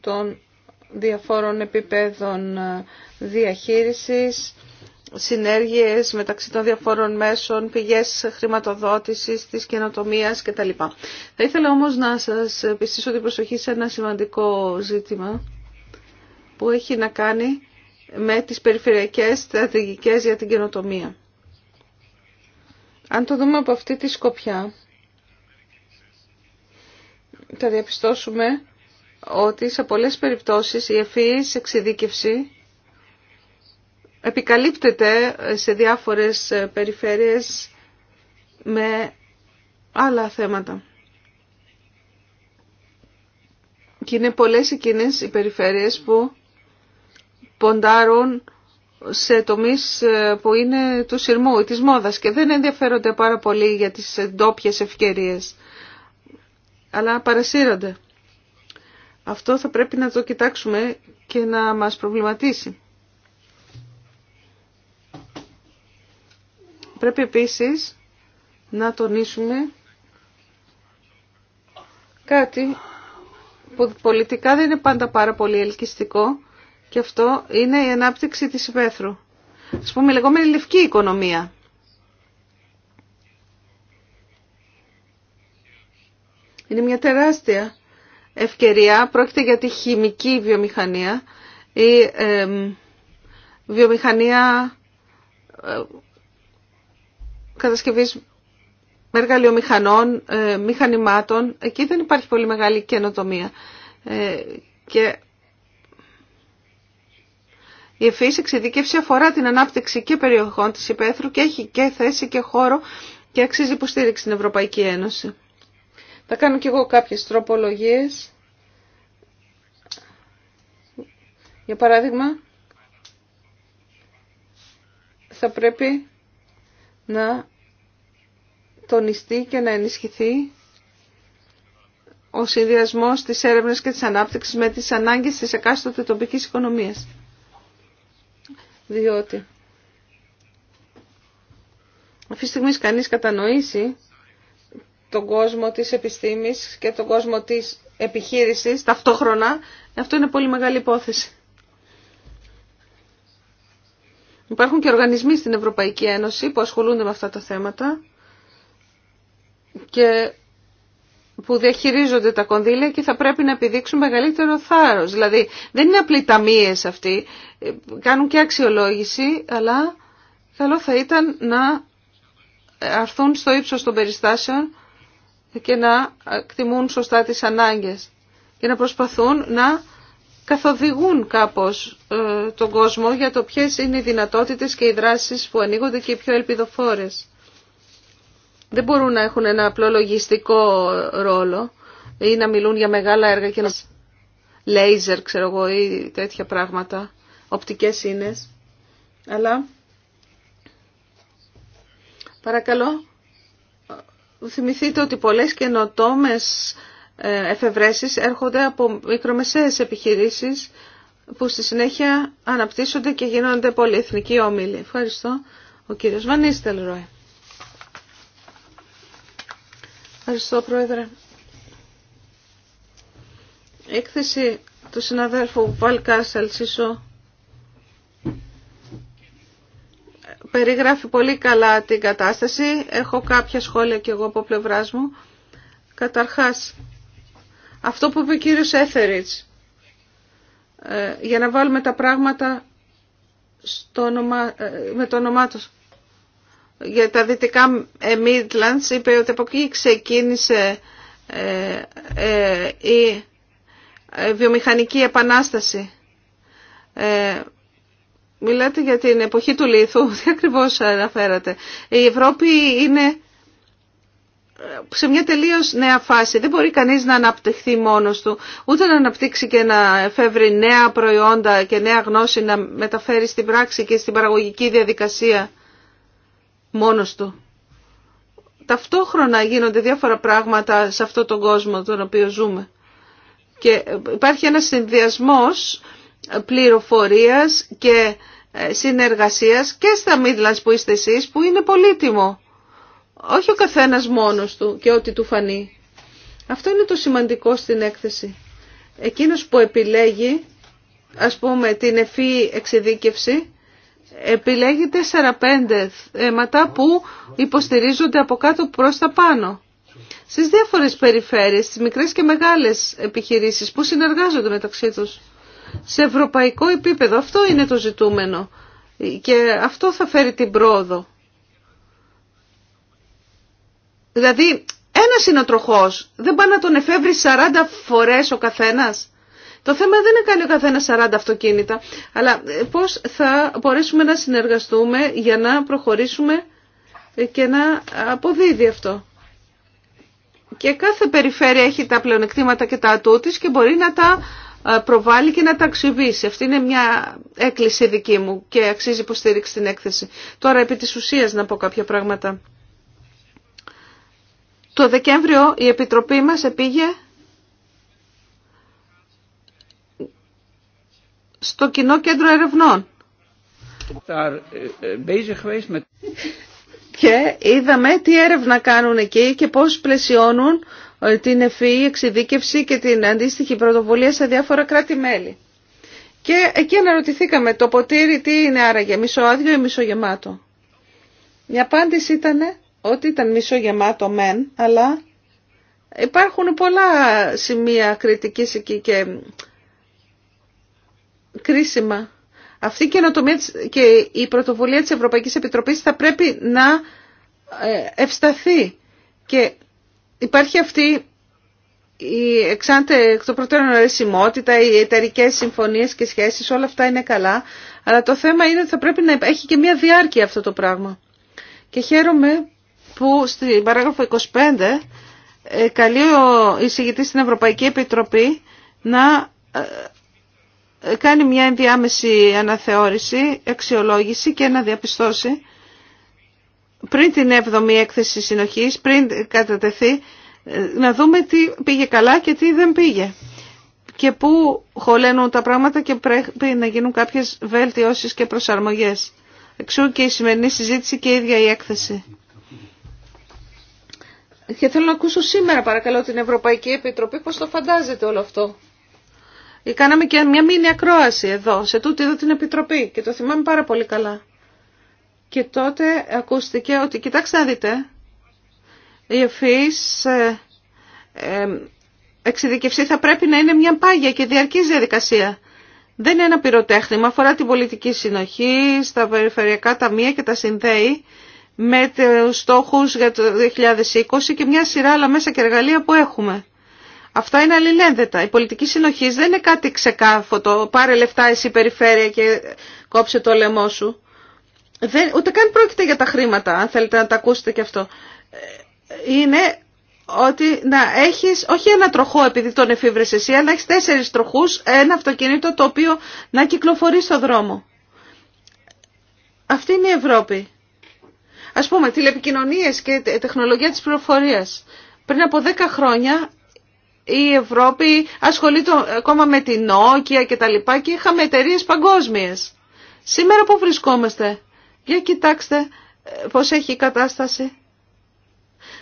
των διαφόρων επιπέδων ε, διαχείρισης, συνέργειες μεταξύ των διαφόρων μέσων, πηγές χρηματοδότησης, της καινοτομίας κτλ. Θα ήθελα όμως να σας πιστήσω την προσοχή σε ένα σημαντικό ζήτημα που έχει να κάνει με τις περιφερειακές στρατηγικές για την καινοτομία. Αν το δούμε από αυτή τη σκοπιά, θα διαπιστώσουμε ότι σε πολλές περιπτώσεις η ευφυής εξειδίκευση επικαλύπτεται σε διάφορες περιφέρειες με άλλα θέματα. Και είναι πολλές εκείνες οι περιφέρειες που ποντάρουν σε τομείς ε, που είναι του σειρμού, της μόδας και δεν ενδιαφέρονται πάρα πολύ για τις ντόπιε ευκαιρίες, αλλά παρασύρονται. Αυτό θα πρέπει να το κοιτάξουμε και να μας προβληματίσει. Πρέπει επίσης να τονίσουμε κάτι που πολιτικά δεν είναι πάντα πάρα πολύ ελκυστικό, και αυτό είναι η ανάπτυξη της υπαίθρου. Α πούμε, η λεγόμενη λευκή οικονομία. Είναι μια τεράστια ευκαιρία. Πρόκειται για τη χημική βιομηχανία ή βιομηχανία ε, κατασκευής εργαλειομηχανών, ε, μηχανημάτων. Εκεί δεν υπάρχει πολύ μεγάλη καινοτομία. Ε, και η ευφύης εξειδίκευση αφορά την ανάπτυξη και περιοχών της υπαίθρου και έχει και θέση και χώρο και αξίζει υποστήριξη στην Ευρωπαϊκή Ένωση. Θα κάνω κι εγώ κάποιες τροπολογίες. Για παράδειγμα, θα πρέπει να τονιστεί και να ενισχυθεί ο συνδυασμός της έρευνας και της ανάπτυξης με τις ανάγκες της εκάστοτε τοπικής οικονομίας διότι αυτή τη στιγμή κανείς κατανοήσει τον κόσμο της επιστήμης και τον κόσμο της επιχείρησης ταυτόχρονα, αυτό είναι πολύ μεγάλη υπόθεση. Υπάρχουν και οργανισμοί στην Ευρωπαϊκή Ένωση που ασχολούνται με αυτά τα θέματα και που διαχειρίζονται τα κονδύλια και θα πρέπει να επιδείξουν μεγαλύτερο θάρρος. Δηλαδή δεν είναι απλοί ταμείες αυτοί, ε, κάνουν και αξιολόγηση, αλλά καλό θα ήταν να αρθούν στο ύψος των περιστάσεων και να εκτιμούν σωστά τις ανάγκες και να προσπαθούν να καθοδηγούν κάπως ε, τον κόσμο για το ποιες είναι οι δυνατότητες και οι δράσεις που ανοίγονται και οι πιο ελπιδοφόρες δεν μπορούν να έχουν ένα απλό λογιστικό ρόλο ή να μιλούν για μεγάλα έργα και να... Λέιζερ, ξέρω εγώ, ή τέτοια πράγματα, οπτικές ίνες. Αλλά, παρακαλώ, θυμηθείτε ότι πολλές καινοτόμες ε, εφευρέσεις έρχονται από μικρομεσαίες επιχειρήσεις που στη συνέχεια αναπτύσσονται και γίνονται πολυεθνικοί όμιλοι. Ευχαριστώ. Ο κύριος Βανίστελ Ρόε. Ευχαριστώ, Πρόεδρε. έκθεση του συναδέλφου Παλκά Σισό περιγράφει πολύ καλά την κατάσταση. Έχω κάποια σχόλια και εγώ από πλευρά μου. Καταρχάς, αυτό που είπε ο κύριος Έθεριτς, ε, για να βάλουμε τα πράγματα στο όνομα, ε, με το όνομά του για τα δυτικά ε, Midlands είπε ότι από εκεί ξεκίνησε ε, ε, η βιομηχανική επανάσταση. Μιλάτε για την εποχή του λίθου, [laughs] τι ακριβώς αναφέρατε. Η Ευρώπη είναι σε μια τελείως νέα φάση. Δεν μπορεί κανείς να αναπτυχθεί μόνος του, ούτε να αναπτύξει και να εφεύρει νέα προϊόντα και νέα γνώση να μεταφέρει στην πράξη και στην παραγωγική διαδικασία μόνος του. Ταυτόχρονα γίνονται διάφορα πράγματα σε αυτόν τον κόσμο τον οποίο ζούμε. Και υπάρχει ένας συνδυασμός πληροφορίας και ε, συνεργασίας και στα Midlands που είστε εσείς που είναι πολύτιμο. Όχι ο καθένας μόνος του και ό,τι του φανεί. Αυτό είναι το σημαντικό στην έκθεση. Εκείνος που επιλέγει, ας πούμε, την ευφύ εξειδίκευση, επιλεγει επιλέγει 45 θέματα που υποστηρίζονται από κάτω προς τα πάνω. Στις διάφορες περιφέρειες, στις μικρές και μεγάλες επιχειρήσεις που συνεργάζονται μεταξύ τους. Σε ευρωπαϊκό επίπεδο αυτό είναι το ζητούμενο και αυτό θα φέρει την πρόοδο. Δηλαδή ένας είναι ο τροχός, δεν πάει να τον εφεύρει 40 φορές ο καθένας. Το θέμα δεν είναι κάνει ο καθένα 40 αυτοκίνητα, αλλά ε, πώς θα μπορέσουμε να συνεργαστούμε για να προχωρήσουμε ε, και να αποδίδει αυτό. Και κάθε περιφέρεια έχει τα πλεονεκτήματα και τα ατού και μπορεί να τα ε, προβάλλει και να τα αξιοποιήσει. Αυτή είναι μια έκκληση δική μου και αξίζει υποστήριξη στην έκθεση. Τώρα επί της ουσίας να πω κάποια πράγματα. Το Δεκέμβριο η Επιτροπή μας επήγε στο κοινό κέντρο ερευνών. Eh, eh, και είδαμε τι έρευνα κάνουν εκεί και πώς πλαισιώνουν ε, την ευφυή εξειδίκευση και την αντίστοιχη πρωτοβουλία σε διάφορα κράτη-μέλη. Και εκεί αναρωτηθήκαμε το ποτήρι τι είναι άραγε, μισοάδιο ή μισογεμάτο. Η απάντηση ήταν ότι ήταν μισογεμάτο μεν, αλλά υπάρχουν πολλά σημεία κριτικής εκεί και κρίσιμα. Αυτή η καινοτομία και η πρωτοβουλία της Ευρωπαϊκής Επιτροπής θα πρέπει να ε, ευσταθεί. Και υπάρχει αυτή η εξάντε εκ των προτέρων αρεσιμότητα, οι εταιρικέ συμφωνίες και σχέσεις, όλα αυτά είναι καλά. Αλλά το θέμα είναι ότι θα πρέπει να έχει και μια διάρκεια αυτό το πράγμα. Και χαίρομαι που στην παράγραφο 25 ε, καλεί ο εισηγητής στην Ευρωπαϊκή Επιτροπή να ε, κάνει μια ενδιάμεση αναθεώρηση, αξιολόγηση και να διαπιστώσει πριν την έβδομη έκθεση συνοχής, πριν κατατεθεί, να δούμε τι πήγε καλά και τι δεν πήγε. Και πού χωλένουν τα πράγματα και πρέπει να γίνουν κάποιες βελτιώσεις και προσαρμογές. Εξού και η σημερινή συζήτηση και η ίδια η έκθεση. Και θέλω να ακούσω σήμερα παρακαλώ την Ευρωπαϊκή Επιτροπή πώς το φαντάζεται όλο αυτό. Ε, κάναμε και μια μήνυ ακρόαση εδώ, σε τούτη εδώ την Επιτροπή και το θυμάμαι πάρα πολύ καλά. Και τότε ακούστηκε ότι, κοιτάξτε να δείτε, η ευφυής ε, ε, εξειδικευσή θα πρέπει να είναι μια πάγια και διαρκής διαδικασία. Δεν είναι ένα πυροτέχνημα, αφορά την πολιτική συνοχή, στα περιφερειακά ταμεία και τα συνδέει με τους στόχους για το 2020 και μια σειρά άλλα μέσα και εργαλεία που έχουμε. Αυτά είναι αλληλένδετα. Η πολιτική συνοχή δεν είναι κάτι ξεκάφωτο. Πάρε λεφτά εσύ περιφέρεια και κόψε το λαιμό σου. Δεν, ούτε καν πρόκειται για τα χρήματα, αν θέλετε να τα ακούσετε και αυτό. Ε, είναι ότι να έχει όχι ένα τροχό επειδή τον εφήβρες εσύ, αλλά έχει τέσσερι τροχού, ένα αυτοκίνητο το οποίο να κυκλοφορεί στο δρόμο. Αυτή είναι η Ευρώπη. Ας πούμε, τηλεπικοινωνίες και τεχνολογία της πληροφορία Πριν από 10 χρόνια η Ευρώπη ασχολείται ακόμα με την Νόκια και τα λοιπά και είχαμε εταιρείε παγκόσμιες. Σήμερα που βρισκόμαστε. Για κοιτάξτε ε, πώς έχει η κατάσταση.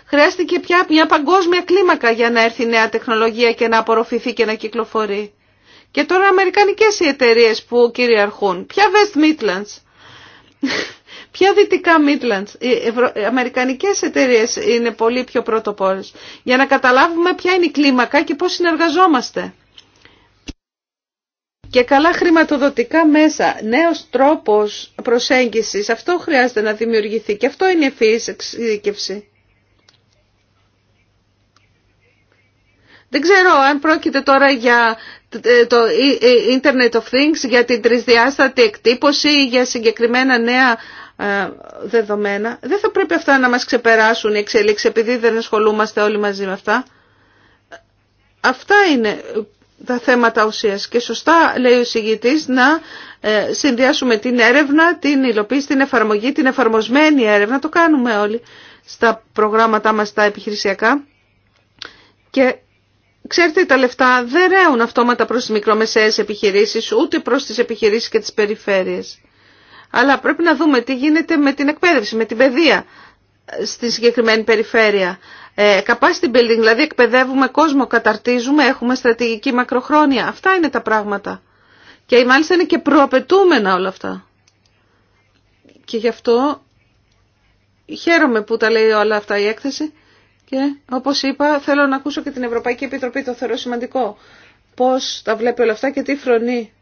Χρειάστηκε πια μια παγκόσμια κλίμακα για να έρθει νέα τεχνολογία και να απορροφηθεί και να κυκλοφορεί. Και τώρα αμερικανικές οι εταιρείε που κυριαρχούν. Πια West Midlands. Ποια δυτικά Midlands, οι ευρω... αμερικανικές εταιρείες είναι πολύ πιο πρωτοπόρες, για να καταλάβουμε ποια είναι η κλίμακα και πώς συνεργαζόμαστε. Και καλά χρηματοδοτικά μέσα, νέος τρόπος προσέγγισης, αυτό χρειάζεται να δημιουργηθεί και αυτό είναι η ευφυής εξειδικευσή. Δεν ξέρω αν πρόκειται τώρα για ε, το ε, ε, Internet of Things, για την τρισδιάστατη εκτύπωση, για συγκεκριμένα νέα ε, δεδομένα. Δεν θα πρέπει αυτά να μας ξεπεράσουν οι εξελίξεις επειδή δεν ασχολούμαστε όλοι μαζί με αυτά. Αυτά είναι τα θέματα ουσίας και σωστά λέει ο συγγητής να ε, συνδυάσουμε την έρευνα, την υλοποίηση, την εφαρμογή, την εφαρμοσμένη έρευνα, το κάνουμε όλοι στα προγράμματά μας τα επιχειρησιακά και Ξέρετε, τα λεφτά δεν ρέουν αυτόματα προς τις μικρομεσαίες επιχειρήσεις, ούτε προς τις επιχειρήσεις και τις περιφέρειες. Αλλά πρέπει να δούμε τι γίνεται με την εκπαίδευση, με την παιδεία ε, στη συγκεκριμένη περιφέρεια. Ε, capacity building, δηλαδή εκπαιδεύουμε κόσμο, καταρτίζουμε, έχουμε στρατηγική μακροχρόνια. Αυτά είναι τα πράγματα. Και μάλιστα είναι και προαπαιτούμενα όλα αυτά. Και γι' αυτό χαίρομαι που τα λέει όλα αυτά η έκθεση. Και όπως είπα θέλω να ακούσω και την Ευρωπαϊκή Επιτροπή, το θεωρώ σημαντικό. Πώς τα βλέπει όλα αυτά και τι φρονεί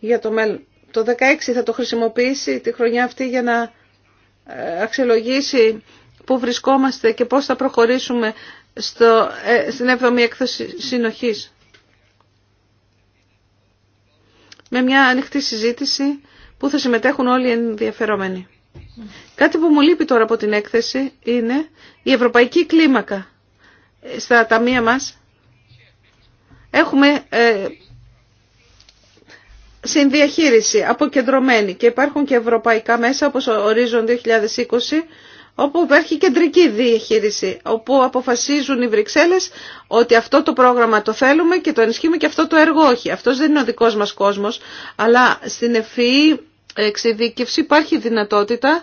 για το μέλλον το 16 θα το χρησιμοποιήσει τη χρονιά αυτή για να ε, αξιολογήσει πού βρισκόμαστε και πώς θα προχωρήσουμε στο, ε, στην 7η έκθεση συνοχής. Με μια ανοιχτή συζήτηση που θα συμμετέχουν όλοι οι ενδιαφερόμενοι. Κάτι που μου λείπει τώρα από την έκθεση είναι η ευρωπαϊκή κλίμακα ε, στα ταμεία μας. Έχουμε συνδιαχείριση αποκεντρωμένη και υπάρχουν και ευρωπαϊκά μέσα όπως ορίζον 2020 όπου υπάρχει κεντρική διαχείριση, όπου αποφασίζουν οι Βρυξέλλες ότι αυτό το πρόγραμμα το θέλουμε και το ενισχύουμε και αυτό το έργο όχι. Αυτός δεν είναι ο δικός μας κόσμος, αλλά στην ευφυή εξειδίκευση υπάρχει δυνατότητα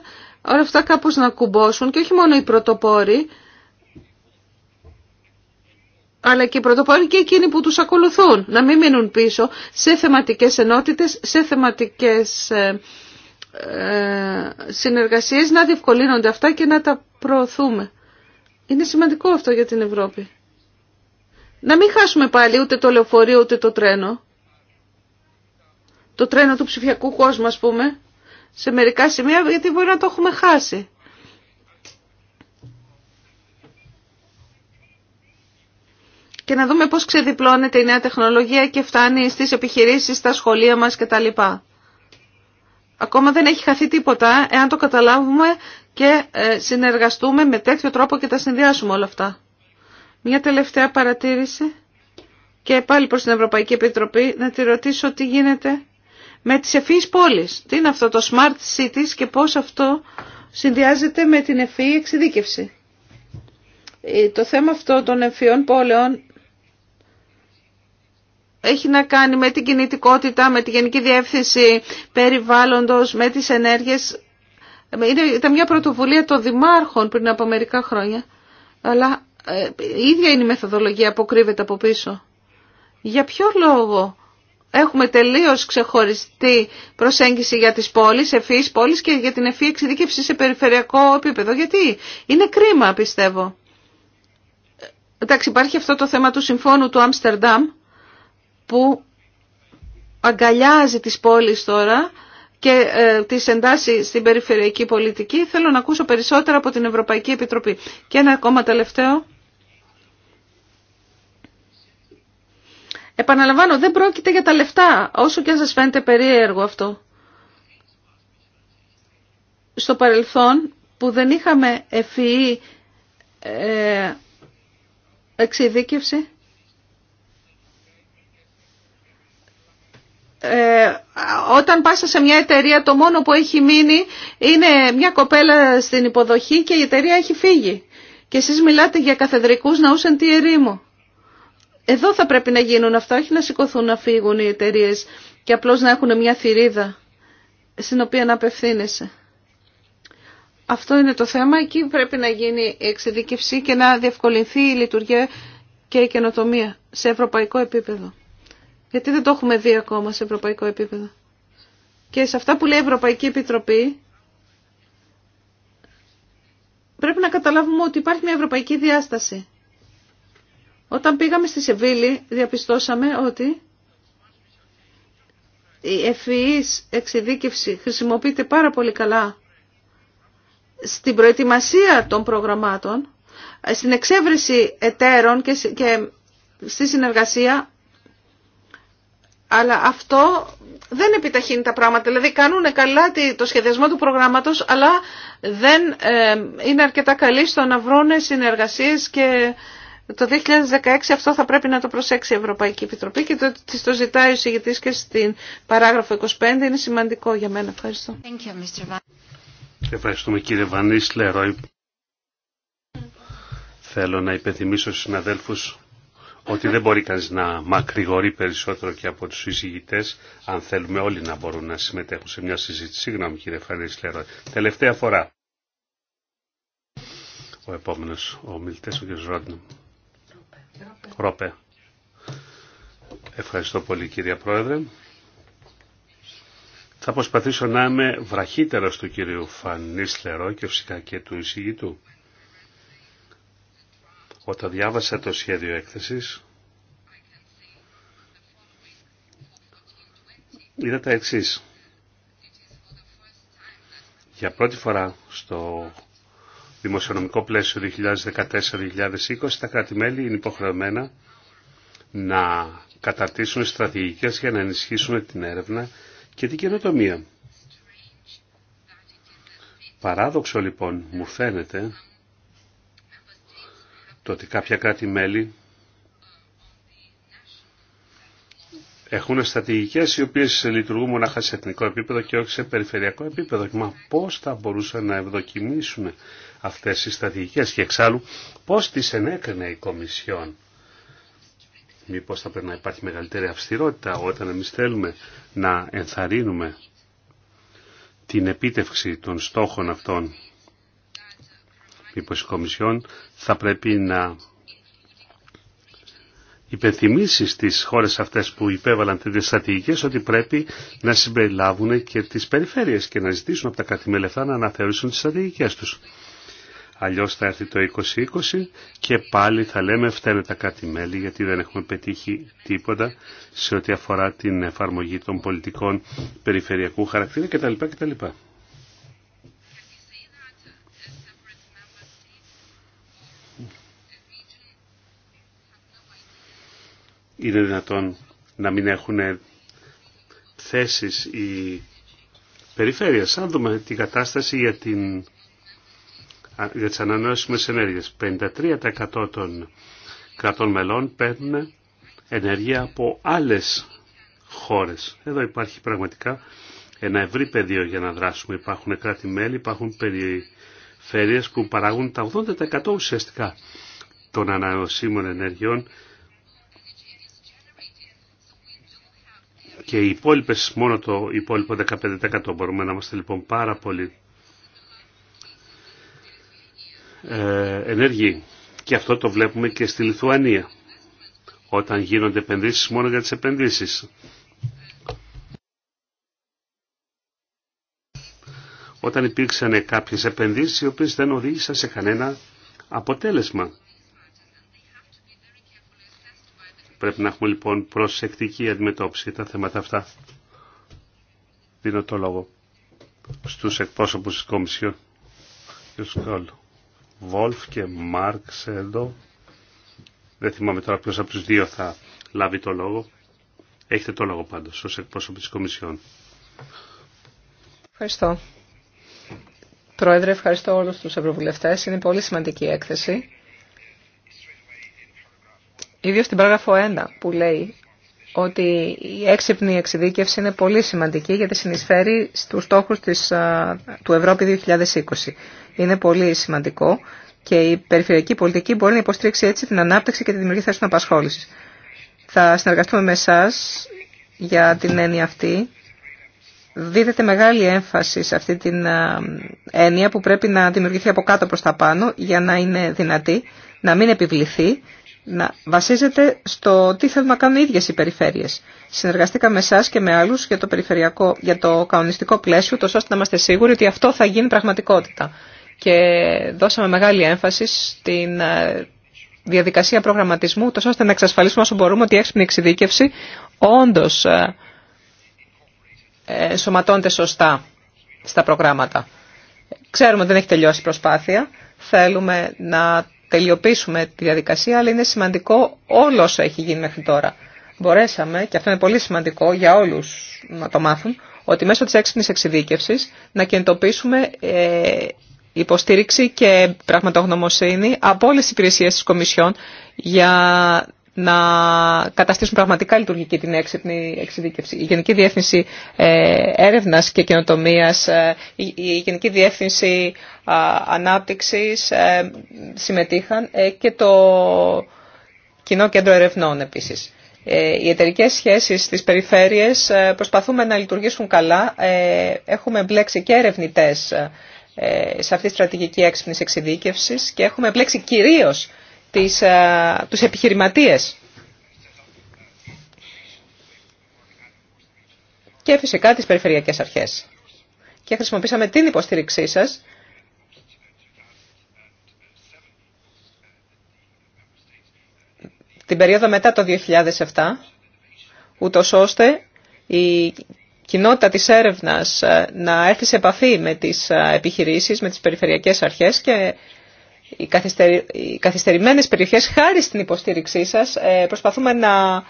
όλα αυτά κάπως να κουμπώσουν και όχι μόνο οι πρωτοπόροι, αλλά και οι πρωτοπόροι και εκείνοι που τους ακολουθούν, να μην μείνουν πίσω σε θεματικές ενότητες, σε θεματικές ε, ε, συνεργασίες, να διευκολύνονται αυτά και να τα προωθούμε. Είναι σημαντικό αυτό για την Ευρώπη. Να μην χάσουμε πάλι ούτε το λεωφορείο ούτε το τρένο. Το τρένο του ψηφιακού κόσμου, ας πούμε, σε μερικά σημεία, γιατί μπορεί να το έχουμε χάσει. και να δούμε πώς ξεδιπλώνεται η νέα τεχνολογία και φτάνει στις επιχειρήσεις, στα σχολεία μας κτλ. Ακόμα δεν έχει χαθεί τίποτα εάν το καταλάβουμε και ε, συνεργαστούμε με τέτοιο τρόπο και τα συνδυάσουμε όλα αυτά. Μια τελευταία παρατήρηση και πάλι προς την Ευρωπαϊκή Επιτροπή να τη ρωτήσω τι γίνεται με τις ευφύης πόλεις. Τι είναι αυτό το smart cities και πώς αυτό συνδυάζεται με την ευφύη εξειδίκευση. Ε, το θέμα αυτό των ευφυών πόλεων έχει να κάνει με την κινητικότητα, με τη Γενική Διεύθυνση Περιβάλλοντος, με τις ενέργειες. Είναι, ήταν μια πρωτοβουλία των δημάρχων πριν από μερικά χρόνια. Αλλά ε, η ίδια είναι η μεθοδολογία που κρύβεται από πίσω. Για ποιο λόγο έχουμε τελείως ξεχωριστή προσέγγιση για τις πόλεις, ευφύης πόλεις και για την ευφύ εξειδίκευση σε περιφερειακό επίπεδο. Γιατί είναι κρίμα πιστεύω. Ε, εντάξει υπάρχει αυτό το θέμα του συμφώνου του Άμστερνταμ που αγκαλιάζει τις πόλεις τώρα και ε, τις εντάσσει στην περιφερειακή πολιτική. Θέλω να ακούσω περισσότερα από την Ευρωπαϊκή Επιτροπή. Και ένα ακόμα τελευταίο. Επαναλαμβάνω, δεν πρόκειται για τα λεφτά, όσο και αν σας φαίνεται περίεργο αυτό. Στο παρελθόν, που δεν είχαμε e, ευφυή εξειδίκευση, Ε, όταν πάσα σε μια εταιρεία το μόνο που έχει μείνει είναι μια κοπέλα στην υποδοχή και η εταιρεία έχει φύγει. Και εσείς μιλάτε για καθεδρικούς να εν τη ερήμο Εδώ θα πρέπει να γίνουν αυτά, όχι να σηκωθούν να φύγουν οι εταιρείε και απλώς να έχουν μια θηρίδα στην οποία να απευθύνεσαι. Αυτό είναι το θέμα. Εκεί πρέπει να γίνει η εξειδικευσή και να διευκολυνθεί η λειτουργία και η καινοτομία σε ευρωπαϊκό επίπεδο. Γιατί δεν το έχουμε δει ακόμα σε ευρωπαϊκό επίπεδο. Και σε αυτά που λέει η Ευρωπαϊκή Επιτροπή, πρέπει να καταλάβουμε ότι υπάρχει μια ευρωπαϊκή διάσταση. Όταν πήγαμε στη Σεβίλη, διαπιστώσαμε ότι η ευφυής εξειδίκευση χρησιμοποιείται πάρα πολύ καλά στην προετοιμασία των προγραμμάτων, στην εξέβρεση εταίρων και στη συνεργασία, αλλά αυτό δεν επιταχύνει τα πράγματα. Δηλαδή κάνουν καλά το σχεδιασμό του προγράμματος, αλλά δεν ε, είναι αρκετά καλή στο να βρουν συνεργασίες και το 2016 αυτό θα πρέπει να το προσέξει η Ευρωπαϊκή Επιτροπή και το, το ζητάει ο συγητής και στην παράγραφο 25 είναι σημαντικό για μένα. Ευχαριστώ. Ευχαριστούμε κύριε Βανίσλε. Θέλω να υπενθυμίσω στους συναδέλφους ότι δεν μπορεί κανείς να μακρηγορεί περισσότερο και από τους εισηγητές αν θέλουμε όλοι να μπορούν να συμμετέχουν σε μια συζήτηση. Συγγνώμη κύριε Φανίσλερο. Λερό. Τελευταία φορά. Ο επόμενος ο μιλτές ο κ. Ρόντνου. Ρόπε. Ευχαριστώ πολύ κύριε Πρόεδρε. Θα προσπαθήσω να είμαι βραχύτερος του κύριου Φανίσλερο και φυσικά και του εισηγητού. Όταν διάβασα το σχέδιο έκθεσης, είδα τα εξής. Για πρώτη φορά στο δημοσιονομικό πλαίσιο 2014-2020 τα κράτη-μέλη είναι υποχρεωμένα να καταρτήσουν στρατηγικές για να ενισχύσουν την έρευνα και την καινοτομία. Παράδοξο λοιπόν μου φαίνεται το ότι κάποια κράτη-μέλη έχουν στρατηγικές οι οποίες λειτουργούν μονάχα σε εθνικό επίπεδο και όχι σε περιφερειακό επίπεδο. Μα πώς θα μπορούσαν να ευδοκιμήσουν αυτές οι στρατηγικές και εξάλλου πώς τις ενέκρινε η Κομισιόν. Μήπως θα πρέπει να υπάρχει μεγαλύτερη αυστηρότητα όταν εμείς θέλουμε να ενθαρρύνουμε την επίτευξη των στόχων αυτών Μήπως η Κομισιόν θα πρέπει να υπενθυμίσει στις χώρες αυτές που υπέβαλαν τέτοιες στρατηγικές ότι πρέπει να συμπεριλάβουν και τις περιφέρειες και να ζητήσουν από τα κατημέλια αυτά να αναθεωρήσουν τις στρατηγικές τους. Αλλιώς θα έρθει το 2020 και πάλι θα λέμε φταίνε τα κάτι μελη γιατί δεν έχουμε πετύχει τίποτα σε ό,τι αφορά την εφαρμογή των πολιτικών περιφερειακού χαρακτήρα κτλ. είναι δυνατόν να μην έχουν θέσεις οι περιφέρεια. Αν δούμε την κατάσταση για, την, για τις ανανεώσιμες ενέργειες. 53% των κρατών μελών παίρνουν ενέργεια από άλλες χώρες. Εδώ υπάρχει πραγματικά ένα ευρύ πεδίο για να δράσουμε. Υπάρχουν κράτη-μέλη, υπάρχουν περιφέρειες που παράγουν τα 80% ουσιαστικά των ανανεωσίμων ενεργειών και οι υπόλοιπε μόνο το υπόλοιπο 15% μπορούμε να είμαστε λοιπόν πάρα πολύ ε, ενεργοί. Και αυτό το βλέπουμε και στη Λιθουανία όταν γίνονται επενδύσεις μόνο για τις επενδύσεις. Όταν υπήρξαν κάποιες επενδύσεις οι οποίες δεν οδήγησαν σε κανένα αποτέλεσμα. Πρέπει να έχουμε λοιπόν προσεκτική αντιμετώπιση τα θέματα αυτά. Δίνω το λόγο στους εκπρόσωπους της Κομισιόν. Βόλφ και Μάρξ εδώ. Δεν θυμάμαι τώρα ποιος από τους δύο θα λάβει το λόγο. Έχετε το λόγο πάντως ως εκπρόσωπο της Κομισιόν. Ευχαριστώ. Πρόεδρε, ευχαριστώ όλους τους ευρωβουλευτές. Είναι πολύ σημαντική έκθεση ίδιο στην παράγραφο 1 που λέει ότι η έξυπνη εξειδίκευση είναι πολύ σημαντική γιατί συνεισφέρει στους στόχους της, του Ευρώπη 2020. Είναι πολύ σημαντικό και η περιφερειακή πολιτική μπορεί να υποστήριξει έτσι την ανάπτυξη και τη δημιουργία θέσεων απασχόλησης. Θα συνεργαστούμε με εσά για την έννοια αυτή. Δίδεται μεγάλη έμφαση σε αυτή την έννοια που πρέπει να δημιουργηθεί από κάτω προς τα πάνω για να είναι δυνατή, να μην επιβληθεί να βασίζεται στο τι θέλουν να κάνουν οι ίδιες οι περιφέρειες. Συνεργαστήκαμε εσά και με άλλους για το, περιφερειακό, για το κανονιστικό πλαίσιο, τόσο ώστε να είμαστε σίγουροι ότι αυτό θα γίνει πραγματικότητα. Και δώσαμε μεγάλη έμφαση στην ε, διαδικασία προγραμματισμού, τόσο ώστε να εξασφαλίσουμε όσο μπορούμε ότι η έξυπνη εξειδίκευση όντως ε, ε, σωματώνεται σωστά στα προγράμματα. Ξέρουμε ότι δεν έχει τελειώσει η προσπάθεια. Θέλουμε να τελειοποιήσουμε τη διαδικασία, αλλά είναι σημαντικό όλο όσο έχει γίνει μέχρι τώρα. Μπορέσαμε, και αυτό είναι πολύ σημαντικό για όλου να το μάθουν, ότι μέσω τη έξυπνη εξειδίκευση να κινητοποιήσουμε ε, υποστήριξη και πραγματογνωμοσύνη από όλε τι υπηρεσίε τη Κομισιόν για να καταστήσουν πραγματικά λειτουργική την έξυπνη εξειδίκευση. Η Γενική Διεύθυνση ε, Έρευνας και Καινοτομίας, ε, η Γενική Διεύθυνση Ανάπτυξης ε, συμμετείχαν και το Κοινό Κέντρο Ερευνών επίσης. Οι εταιρικέ σχέσεις στις περιφέρειες προσπαθούμε να λειτουργήσουν καλά. Έχουμε εμπλέξει και ερευνητές σε αυτή τη στρατηγική έξυπνης εξειδίκευσης και έχουμε εμπλέξει κυρίως τις, α, ε, τους επιχειρηματίες. Και φυσικά τις περιφερειακές αρχές. Και χρησιμοποίησαμε την υποστήριξή σας την περίοδο μετά το 2007, ούτως ώστε η κοινότητα της έρευνας ε, να έρθει σε επαφή με τις ε, επιχειρήσεις, με τις περιφερειακές αρχές και οι, καθυστερη, οι καθυστερημένες περιοχές, χάρη στην υποστήριξή σας, ε, προσπαθούμε να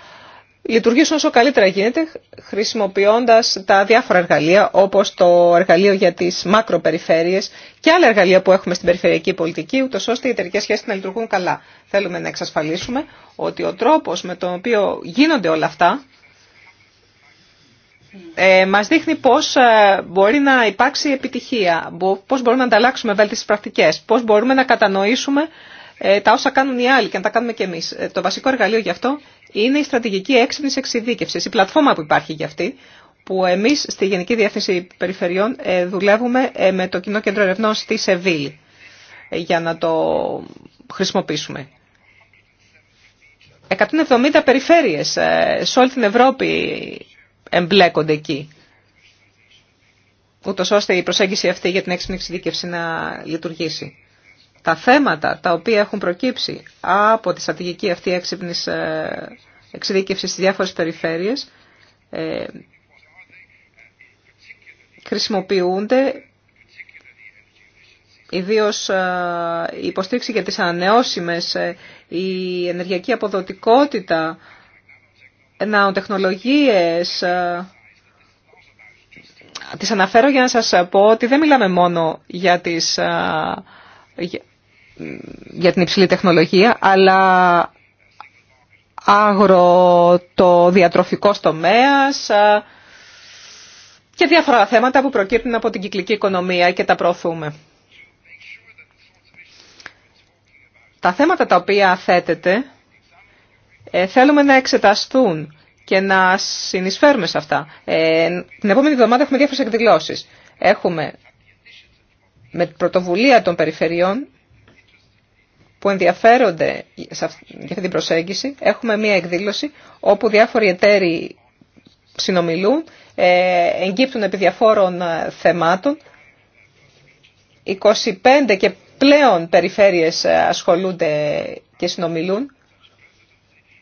λειτουργήσουν όσο καλύτερα γίνεται, χρησιμοποιώντας τα διάφορα εργαλεία, όπως το εργαλείο για τις μακροπεριφέρειες και άλλα εργαλεία που έχουμε στην περιφερειακή πολιτική, ούτως ώστε οι εταιρικές σχέσεις να λειτουργούν καλά. Θέλουμε να εξασφαλίσουμε ότι ο τρόπος με τον οποίο γίνονται όλα αυτά, ε, μας δείχνει πώς ε, μπορεί να υπάρξει επιτυχία, πώς μπορούμε να ανταλλάξουμε βέλτιστες πρακτικές, πώς μπορούμε να κατανοήσουμε ε, τα όσα κάνουν οι άλλοι και να τα κάνουμε και εμείς. Ε, το βασικό εργαλείο γι' αυτό είναι η στρατηγική έξυπνης εξειδίκευσης, η πλατφόρμα που υπάρχει για αυτή, που εμείς στη Γενική Διεύθυνση Περιφερειών δουλεύουμε με το Κοινό Κέντρο Ερευνών στη Σεβίλη για να το χρησιμοποιήσουμε. 170 περιφέρειες σε όλη την Ευρώπη εμπλέκονται εκεί. Ούτως ώστε η προσέγγιση αυτή για την έξυπνη εξειδίκευση να λειτουργήσει. Τα θέματα τα οποία έχουν προκύψει από τη στρατηγική αυτή έξυπνη ε, εξειδίκευση στις διάφορες περιφέρειες ε, χρησιμοποιούνται ιδίως ε, η υποστήριξη για τις ανανεώσιμες, η ενεργειακή αποδοτικότητα, νανοτεχνολογίες ε, τις αναφέρω για να σας πω ότι δεν μιλάμε μόνο για, τις, ε, για την υψηλή τεχνολογία, αλλά διατροφικό τομέα ε, και διάφορα θέματα που προκύπτουν από την κυκλική οικονομία και τα προωθούμε. Τα θέματα τα οποία θέτεται ε, θέλουμε να εξεταστούν και να συνεισφέρουμε σε αυτά. Ε, την επόμενη εβδομάδα έχουμε διάφορες εκδηλώσεις. Έχουμε με πρωτοβουλία των περιφερειών που ενδιαφέρονται για αυτή την προσέγγιση. Έχουμε μία εκδήλωση όπου διάφοροι εταίροι συνομιλούν, ε, εγκύπτουν επί διαφόρων ε, θεμάτων. 25 και πλέον περιφέρειες ε, ασχολούνται και συνομιλούν.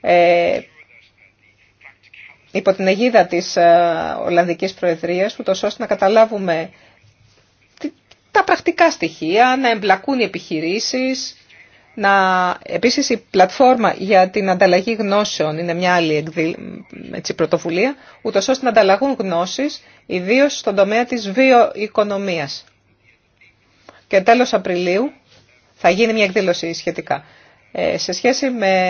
Ε, υπό την αιγίδα της ε, Ολλανδικής Προεδρίας, ούτως ώστε να καταλάβουμε τα πρακτικά στοιχεία, να εμπλακούν οι επιχειρήσεις, να, επίσης η πλατφόρμα για την ανταλλαγή γνώσεων είναι μια άλλη εκδη, έτσι, πρωτοβουλία, ούτως ώστε να ανταλλαγούν γνώσεις, ιδίως στον τομέα της βιοοικονομίας. Και τέλος Απριλίου θα γίνει μια εκδήλωση σχετικά. Ε, σε σχέση με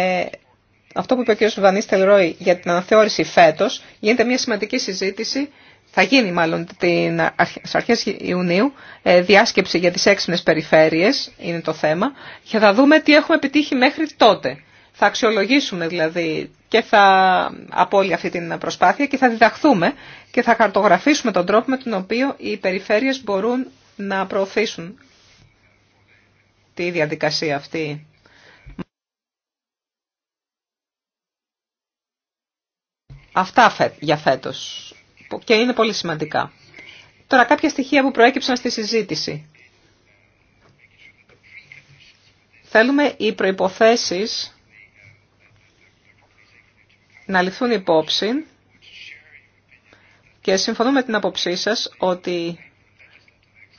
αυτό που είπε ο κ. Βανί Ρόι για την αναθεώρηση φέτος, γίνεται μια σημαντική συζήτηση, θα γίνει μάλλον την, αρχέ αρχές Ιουνίου, ε, διάσκεψη για τις έξυπνες περιφέρειες, είναι το θέμα, και θα δούμε τι έχουμε επιτύχει μέχρι τότε. Θα αξιολογήσουμε δηλαδή και θα από όλη αυτή την προσπάθεια και θα διδαχθούμε και θα χαρτογραφήσουμε τον τρόπο με τον οποίο οι περιφέρειες μπορούν να προωθήσουν τη διαδικασία αυτή Αυτά για φέτος και είναι πολύ σημαντικά. Τώρα κάποια στοιχεία που προέκυψαν στη συζήτηση. Θέλουμε οι προϋποθέσεις να ληφθούν υπόψη και συμφωνούμε με την απόψή σας ότι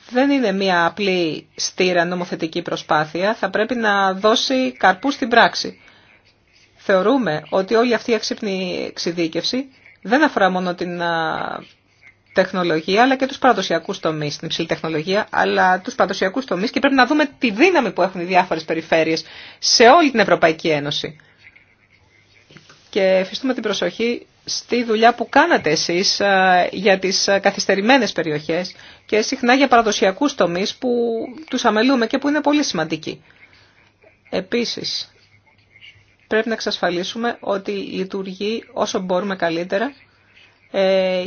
δεν είναι μία απλή στήρα νομοθετική προσπάθεια, θα πρέπει να δώσει καρπού στην πράξη. Θεωρούμε ότι όλη αυτή η έξυπνη εξειδίκευση δεν αφορά μόνο την τεχνολογία αλλά και τους παραδοσιακούς τομείς, την υψηλή τεχνολογία, αλλά τους παραδοσιακούς τομείς και πρέπει να δούμε τη δύναμη που έχουν οι διάφορες περιφέρειες σε όλη την Ευρωπαϊκή Ένωση. Και εφιστούμε την προσοχή στη δουλειά που κάνατε εσείς για τις καθυστερημένες περιοχές και συχνά για παραδοσιακούς τομείς που τους αμελούμε και που είναι πολύ σημαντικοί. Επίσης, πρέπει να εξασφαλίσουμε ότι λειτουργεί όσο μπορούμε καλύτερα ε,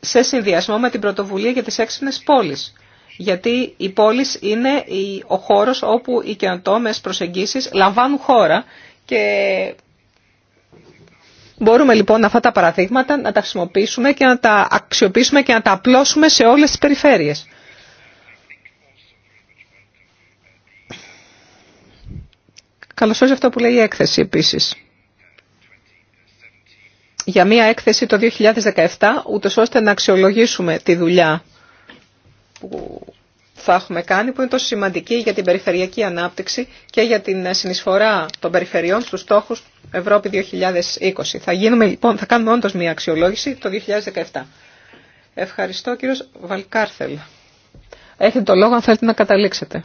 σε συνδυασμό με την πρωτοβουλία για τις έξυπνες πόλεις. Γιατί οι πόλεις είναι ο χώρος όπου οι καινοτόμες προσεγγίσεις λαμβάνουν χώρα και μπορούμε λοιπόν αυτά τα παραδείγματα να τα χρησιμοποιήσουμε και να τα αξιοποιήσουμε και να τα απλώσουμε σε όλες τις περιφέρειες. Καλωσορίζω αυτό που λέει η έκθεση επίσης. Για μία έκθεση το 2017, ούτως ώστε να αξιολογήσουμε τη δουλειά που θα έχουμε κάνει, που είναι τόσο σημαντική για την περιφερειακή ανάπτυξη και για την συνεισφορά των περιφερειών στους στόχους Ευρώπη 2020. Θα, γίνουμε, λοιπόν, θα κάνουμε όντως μία αξιολόγηση το 2017. Ευχαριστώ κύριος Βαλκάρθελ. Έχετε το λόγο αν θέλετε να καταλήξετε.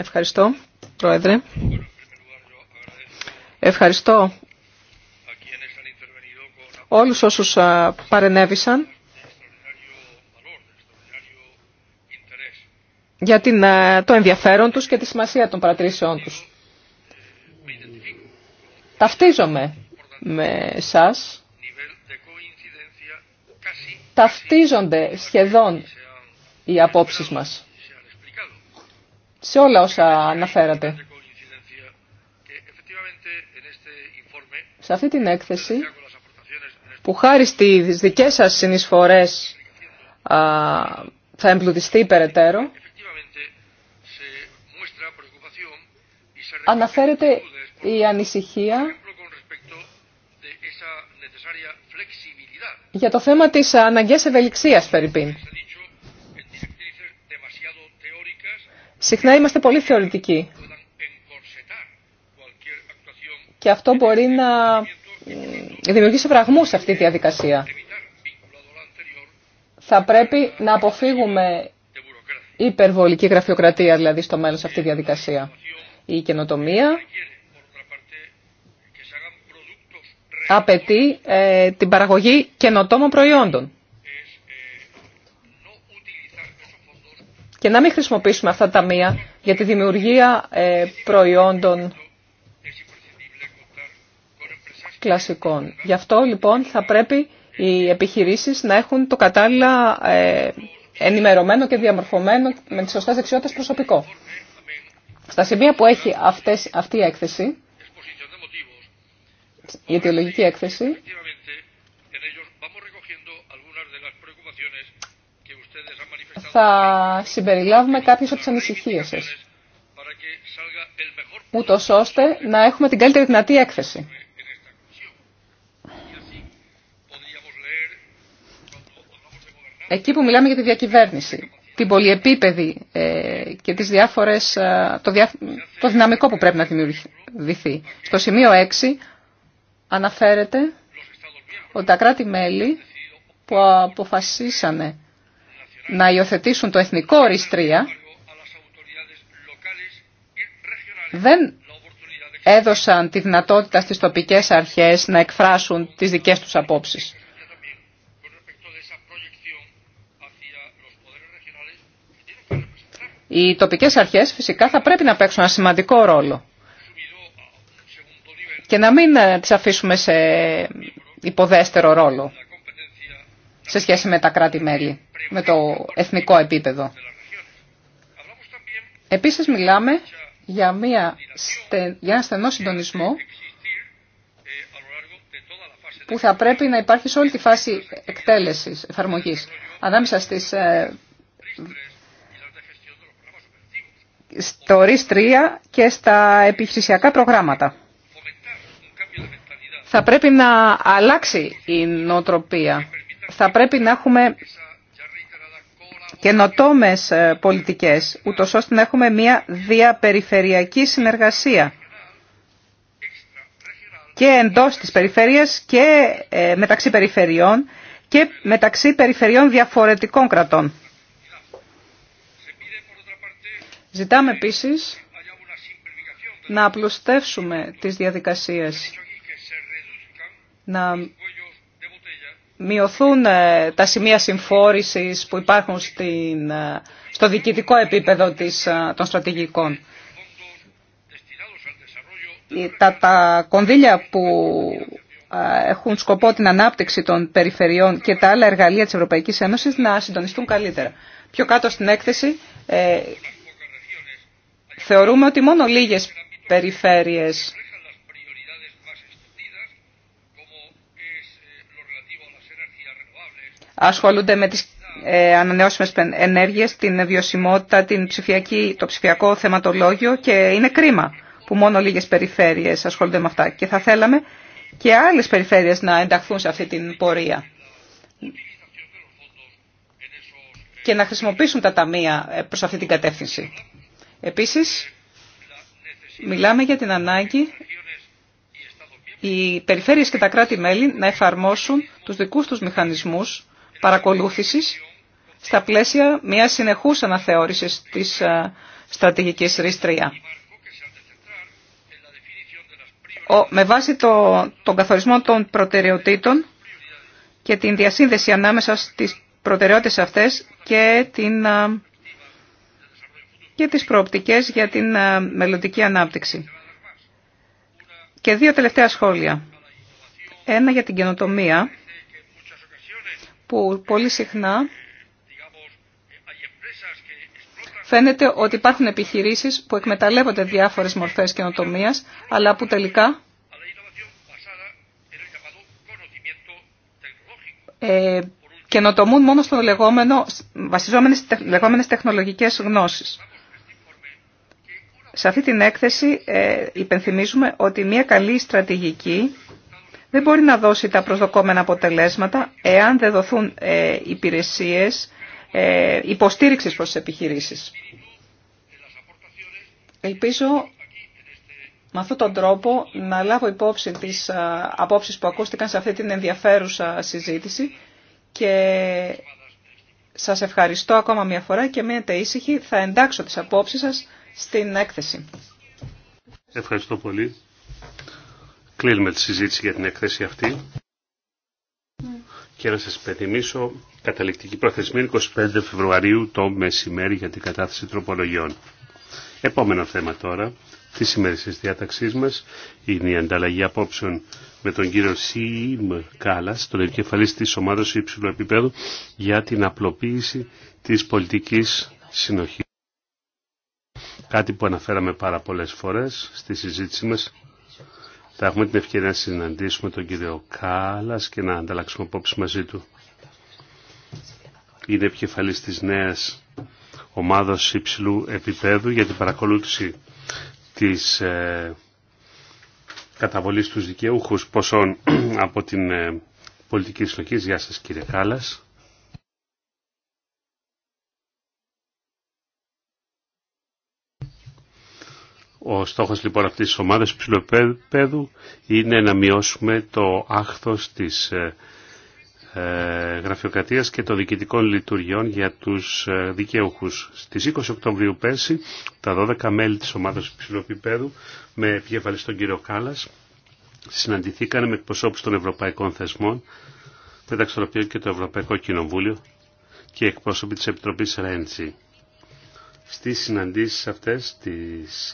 Ευχαριστώ, Πρόεδρε. Ευχαριστώ όλους όσους παρενέβησαν για το ενδιαφέρον τους και τη σημασία των παρατηρήσεών τους. Ταυτίζομαι με σας. Ταυτίζονται σχεδόν οι απόψεις μας σε όλα όσα αναφέρατε. Σε αυτή την έκθεση, που χάρη στις δικές σας συνεισφορές θα εμπλουτιστεί περαιτέρω, αναφέρεται η ανησυχία για το θέμα της αναγκαίας ευελιξίας, Συχνά είμαστε πολύ θεωρητικοί. Και αυτό μπορεί να δημιουργήσει βραγμού σε αυτή τη διαδικασία. Θα πρέπει να αποφύγουμε υπερβολική γραφειοκρατία δηλαδή στο μέλλον σε αυτή τη διαδικασία. Η καινοτομία απαιτεί ε, την παραγωγή καινοτόμων προϊόντων. και να μην χρησιμοποιήσουμε αυτά τα μία για τη δημιουργία ε, προϊόντων κλασικών. Γι' αυτό λοιπόν θα πρέπει οι επιχειρήσεις να έχουν το κατάλληλα ε, ενημερωμένο και διαμορφωμένο με τις σωστές δεξιότητες προσωπικό. Στα σημεία που έχει αυτές, αυτή η έκθεση, η αιτιολογική έκθεση, θα συμπεριλάβουμε κάποιες από τις ανησυχίες σας. Ούτως ώστε να έχουμε την καλύτερη δυνατή έκθεση. Εκεί που μιλάμε για τη διακυβέρνηση, την πολυεπίπεδη ε, και τις διάφορες, ε, το, το δυναμικό που πρέπει να δημιουργηθεί. Στο σημείο 6 αναφέρεται ότι τα κράτη-μέλη που αποφασίσανε να υιοθετήσουν το εθνικό οριστρία, δεν έδωσαν τη δυνατότητα στις τοπικές αρχές να εκφράσουν τις δικές τους απόψεις. Οι τοπικές αρχές φυσικά θα πρέπει να παίξουν ένα σημαντικό ρόλο και να μην ε, τις αφήσουμε σε υποδέστερο ρόλο σε σχέση με τα κράτη-μέλη, με το εθνικό επίπεδο. Επίσης μιλάμε για, μια, για ένα στενό συντονισμό που θα πρέπει να υπάρχει σε όλη τη φάση εκτέλεσης, εφαρμογής, ανάμεσα στις, ε, στο RIS 3 και στα επιχειρησιακά προγράμματα. Θα πρέπει να αλλάξει η νοοτροπία θα πρέπει να έχουμε καινοτόμες ε, πολιτικές, ούτως ώστε να έχουμε μια διαπεριφερειακή συνεργασία και εντός της περιφέρειας και ε, μεταξύ περιφερειών και μεταξύ περιφερειών διαφορετικών κρατών. Ζητάμε επίσης να απλουστεύσουμε τις διαδικασίες, να μειωθούν ε, τα σημεία συμφόρησης που υπάρχουν στην, ε, στο διοικητικό επίπεδο της, ε, των στρατηγικών. Τα, τα κονδύλια που έχουν σκοπό την ανάπτυξη των περιφερειών και τα άλλα εργαλεία της Ευρωπαϊκής Ένωσης να συντονιστούν καλύτερα. Πιο κάτω στην έκθεση θεωρούμε ότι μόνο λίγες περιφέρειες ασχολούνται με τις ε, ανανεώσιμες ενέργειες, την βιωσιμότητα, την το ψηφιακό θεματολόγιο και είναι κρίμα που μόνο λίγες περιφέρειες ασχολούνται με αυτά. Και θα θέλαμε και άλλες περιφέρειες να ενταχθούν σε αυτή την πορεία και να χρησιμοποιήσουν τα ταμεία ε, προς αυτή την κατεύθυνση. Επίσης, μιλάμε για την ανάγκη οι περιφέρειες και τα κράτη-μέλη να εφαρμόσουν τους δικούς τους μηχανισμούς παρακολούθησης στα πλαίσια μιας συνεχούς αναθεώρησης της ε, στρατηγικής ΡΙΣΤΡΙΑ. Με βάση το, τον καθορισμό των προτεραιοτήτων και την διασύνδεση ανάμεσα στις προτεραιότητες αυτές και, την, ε, και τις προοπτικές για την ε, μελλοντική ανάπτυξη. Και δύο τελευταία σχόλια. Ένα για την καινοτομία που πολύ συχνά φαίνεται ότι υπάρχουν επιχειρήσεις που εκμεταλλεύονται διάφορες μορφές καινοτομία, αλλά που τελικά ε, καινοτομούν μόνο στο λεγόμενο, βασιζόμενες στις λεγόμενες τεχνολογικές γνώσεις. Σε αυτή την έκθεση ε, υπενθυμίζουμε ότι μια καλή στρατηγική δεν μπορεί να δώσει τα προσδοκόμενα αποτελέσματα εάν δεν δοθούν ε, υπηρεσίες ε, υποστήριξης προς τις επιχειρήσεις. Ελπίζω με αυτόν τον τρόπο να λάβω υπόψη τις απόψεις που ακούστηκαν σε αυτή την ενδιαφέρουσα συζήτηση και σας ευχαριστώ ακόμα μια φορά και μείνετε ήσυχοι, θα εντάξω τις απόψεις σας στην έκθεση. Ευχαριστώ πολύ. Κλείνουμε τη συζήτηση για την έκθεση αυτή. Ναι. Και να σας υπενθυμίσω καταληκτική προθεσμία 25 Φεβρουαρίου το μεσημέρι για την κατάθεση τροπολογιών. Επόμενο θέμα τώρα τη σημερινή διάταξή μα είναι η ανταλλαγή απόψεων με τον κύριο Σιμ Κάλλα, τον επικεφαλή τη ομάδα υψηλού επίπεδου, για την απλοποίηση τη πολιτική συνοχή. Κάτι που αναφέραμε πάρα πολλέ φορέ στη συζήτησή μα θα έχουμε την ευκαιρία να συναντήσουμε τον κύριο Κάλλας και να ανταλλάξουμε απόψη μαζί του. Είναι επικεφαλής της νέας ομάδας υψηλού επίπεδου για την παρακολούθηση της ε, καταβολής τους δικαιούχους ποσών [clears throat] από την ε, πολιτική συλλογή. Γεια σας κύριε Κάλλας. Ο στόχος λοιπόν αυτής της ομάδας ψηλοπέδου είναι να μειώσουμε το άχθος της ε, ε, γραφειοκρατίας και των διοικητικών λειτουργιών για τους ε, δικαίουχους. Στις 20 Οκτωβρίου πέρσι, τα 12 μέλη της ομάδας ψηλοπιπέδου με επικεφαλή στον κύριο Κάλλας συναντηθήκαν με εκπροσώπους των ευρωπαϊκών θεσμών, μεταξύ των οποίων και το Ευρωπαϊκό Κοινοβούλιο και εκπρόσωποι της Επιτροπής Ρέντσι στις συναντήσεις αυτές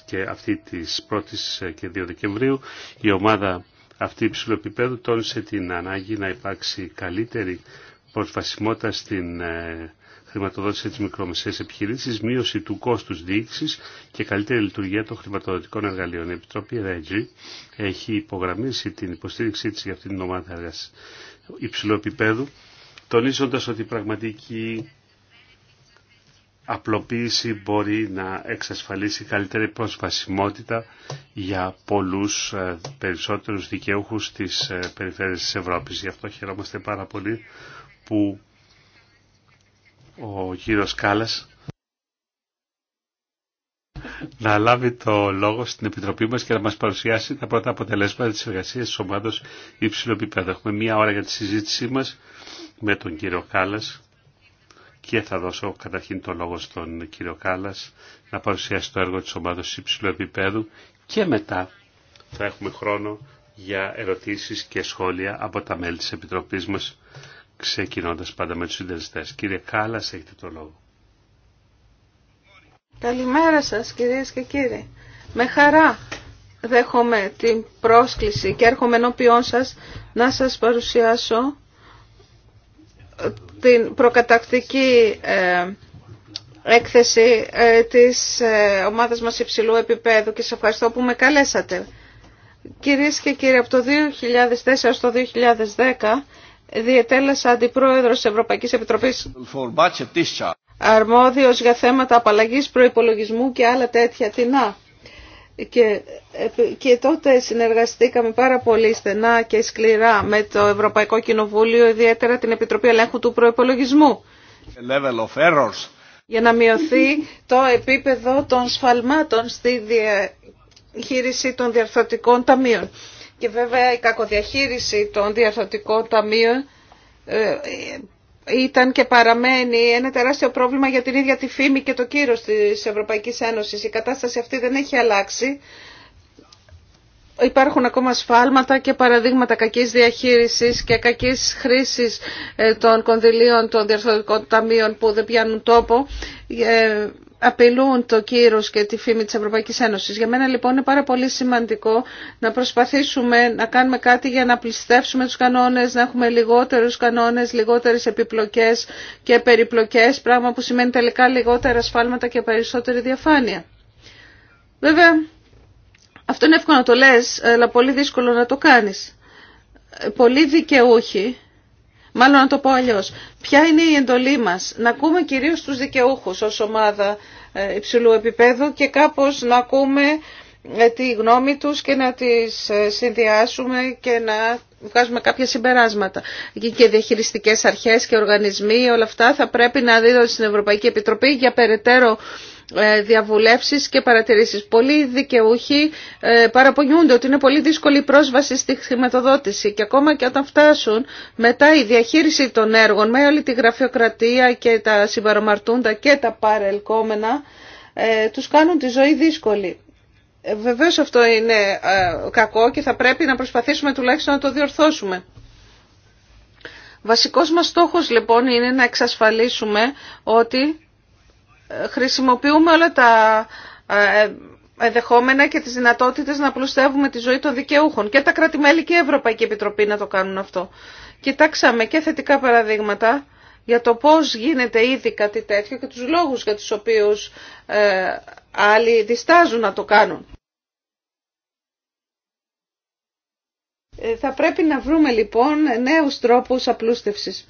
και αυτή της 1ης ε, και 2 Δεκεμβρίου η ομάδα αυτή υψηλού επίπεδου τόνισε την ανάγκη να υπάρξει καλύτερη προσβασιμότητα στην ε, χρηματοδότηση της μικρομεσαίας επιχειρήσης, μείωση του κόστους διοίκησης και καλύτερη λειτουργία των χρηματοδοτικών εργαλείων. Η Επιτροπή ΡΕΓΙ έχει υπογραμμίσει την υποστήριξή της για αυτή την ομάδα υψηλού επίπεδου, τονίζοντας ότι η πραγματική απλοποίηση μπορεί να εξασφαλίσει καλύτερη προσβασιμότητα για πολλούς ε, περισσότερους δικαιούχους της ε, περιφέρειας της Ευρώπης. Γι' αυτό χαιρόμαστε πάρα πολύ που ο κύριος Κάλλας να λάβει το λόγο στην Επιτροπή μας και να μας παρουσιάσει τα πρώτα αποτελέσματα της εργασίας της ομάδος υψηλού επίπεδου. Έχουμε μία ώρα για τη συζήτησή μας με τον κύριο Κάλλας και θα δώσω καταρχήν το λόγο στον κύριο Κάλλας να παρουσιάσει το έργο της ομάδας υψηλού επίπεδου και μετά θα έχουμε χρόνο για ερωτήσεις και σχόλια από τα μέλη της Επιτροπής μας ξεκινώντας πάντα με τους συντελεστές. Κύριε Κάλλας, έχετε το λόγο. Καλημέρα σας κυρίες και κύριοι. Με χαρά δέχομαι την πρόσκληση και έρχομαι ενώπιόν σας να σας παρουσιάσω την προκατακτική ε, έκθεση ε, της ε, ομάδας μας υψηλού επίπεδου και σε ευχαριστώ που με καλέσατε. Κυρίες και κύριοι, από το 2004 στο 2010 διετέλεσα αντιπρόεδρος της Ευρωπαϊκής Επιτροπής αρμόδιος για θέματα απαλλαγής προϋπολογισμού και άλλα τέτοια τεινά. Και, και τότε συνεργαστήκαμε πάρα πολύ στενά και σκληρά με το Ευρωπαϊκό Κοινοβούλιο, ιδιαίτερα την Επιτροπή Ελέγχου του Προϋπολογισμού. Για να μειωθεί το επίπεδο των σφαλμάτων στη διαχείριση των διαρθρωτικών ταμείων. Και βέβαια η κακοδιαχείριση των διαρθρωτικών ταμείων ε, ήταν και παραμένει ένα τεράστιο πρόβλημα για την ίδια τη φήμη και το κύρος της Ευρωπαϊκής Ένωσης. Η κατάσταση αυτή δεν έχει αλλάξει. Υπάρχουν ακόμα σφάλματα και παραδείγματα κακής διαχείρισης και κακής χρήσης ε, των κονδυλίων των διαρθρωτικών ταμείων που δεν πιάνουν τόπο. Ε, απειλούν το κύρος και τη φήμη της Ευρωπαϊκής Ένωσης. Για μένα λοιπόν είναι πάρα πολύ σημαντικό να προσπαθήσουμε να κάνουμε κάτι για να πληστεύσουμε τους κανόνες, να έχουμε λιγότερους κανόνες, λιγότερες επιπλοκές και περιπλοκές, πράγμα που σημαίνει τελικά λιγότερα σφάλματα και περισσότερη διαφάνεια. Βέβαια, αυτό είναι εύκολο να το λες, αλλά πολύ δύσκολο να το κάνεις. Ε, πολλοί δικαιούχοι Μάλλον να το πω αλλιώ. Ποια είναι η εντολή μας. Να ακούμε κυρίως τους δικαιούχου ω ομάδα ε, υψηλού επίπεδου και κάπως να ακούμε ε, τη γνώμη τους και να τις ε, συνδυάσουμε και να βγάζουμε κάποια συμπεράσματα. Και διαχειριστικές αρχές και οργανισμοί, όλα αυτά θα πρέπει να δίδονται στην Ευρωπαϊκή Επιτροπή για περαιτέρω ε, διαβουλεύσεις και παρατηρήσεις. Πολλοί δικαιούχοι ε, παραπονιούνται ότι είναι πολύ δύσκολη η πρόσβαση στη χρηματοδότηση και ακόμα και όταν φτάσουν μετά η διαχείριση των έργων με όλη τη γραφειοκρατία και τα συμπαρομαρτούντα και τα παρελκόμενα ε, τους κάνουν τη ζωή δύσκολη. Βεβαίως αυτό είναι κακό και θα πρέπει να προσπαθήσουμε τουλάχιστον να το διορθώσουμε. Βασικός μας στόχος λοιπόν είναι να εξασφαλίσουμε ότι χρησιμοποιούμε όλα τα εδεχόμενα και τις δυνατότητες να πλουστεύουμε τη ζωή των δικαιούχων. Και τα κρατημέλη και η Ευρωπαϊκή Επιτροπή να το κάνουν αυτό. Κοιτάξαμε και θετικά παραδείγματα για το πώς γίνεται ήδη κάτι τέτοιο και τους λόγους για τους οποίους ε, άλλοι διστάζουν να το κάνουν. Ε, θα πρέπει να βρούμε λοιπόν νέους τρόπους απλούστευσης.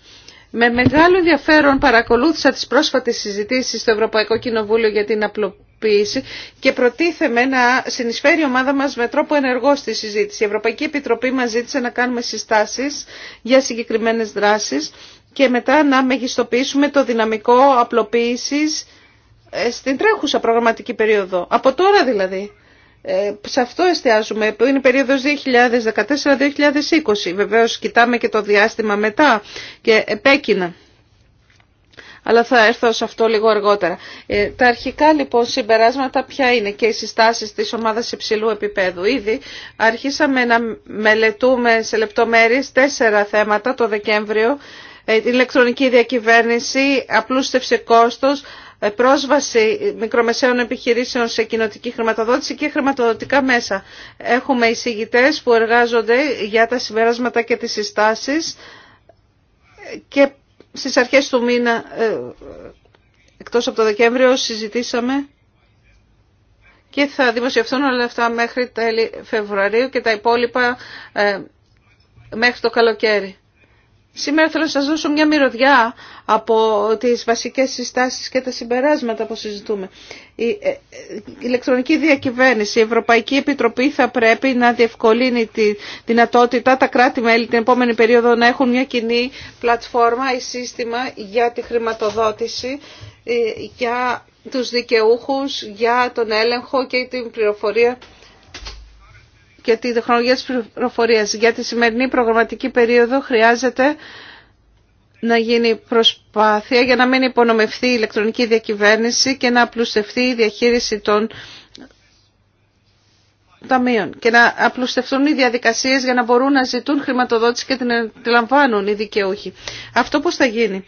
Με μεγάλο ενδιαφέρον παρακολούθησα τις πρόσφατες συζητήσεις στο Ευρωπαϊκό Κοινοβούλιο για την απλοποίηση και προτίθεμαι να συνεισφέρει η ομάδα μας με τρόπο ενεργό στη συζήτηση. Η Ευρωπαϊκή Επιτροπή μας ζήτησε να κάνουμε συστάσεις για συγκεκριμένες δράσεις και μετά να μεγιστοποιήσουμε το δυναμικό απλοποίησης ε, στην τρέχουσα προγραμματική περίοδο. Από τώρα δηλαδή. Ε, σε αυτό εστιάζουμε, που είναι η περίοδος 2014-2020. Βεβαίως κοιτάμε και το διάστημα μετά και επέκεινα. Αλλά θα έρθω σε αυτό λίγο αργότερα. Ε, τα αρχικά λοιπόν συμπεράσματα ποια είναι και οι συστάσεις της ομάδας υψηλού επίπεδου. Ήδη αρχίσαμε να μελετούμε σε λεπτομέρειες τέσσερα θέματα το Δεκέμβριο. Ε, ηλεκτρονική διακυβέρνηση, απλούστευση κόστος, ε, πρόσβαση μικρομεσαίων επιχειρήσεων σε κοινοτική χρηματοδότηση και χρηματοδοτικά μέσα. Έχουμε εισηγητές που εργάζονται για τα συμπεράσματα και τις συστάσεις και στις αρχές του μήνα, ε, εκτός από το Δεκέμβριο, συζητήσαμε και θα δημοσιευθούν όλα αυτά μέχρι τέλη Φεβρουαρίου και τα υπόλοιπα ε, μέχρι το καλοκαίρι. Σήμερα θέλω να σας δώσω μια μυρωδιά από τις βασικές συστάσεις και τα συμπεράσματα που συζητούμε. Ε, η ηλεκτρονική διακυβέρνηση, η Ευρωπαϊκή Επιτροπή θα πρέπει να διευκολύνει τη δυνατότητα τα κράτη-μέλη την επόμενη περίοδο να έχουν μια κοινή πλατφόρμα ή σύστημα για τη χρηματοδότηση, ε, για τους δικαιούχους, για τον έλεγχο και την πληροφορία και τη τεχνολογία της πληροφορίας. Για τη σημερινή προγραμματική περίοδο χρειάζεται να γίνει προσπάθεια για να μην υπονομευθεί η ηλεκτρονική διακυβέρνηση και να απλουστευτεί η διαχείριση των ταμείων και να απλουστευτούν οι διαδικασίες για να μπορούν να ζητούν χρηματοδότηση και την αντιλαμβάνουν οι δικαιούχοι. Αυτό πώς θα γίνει.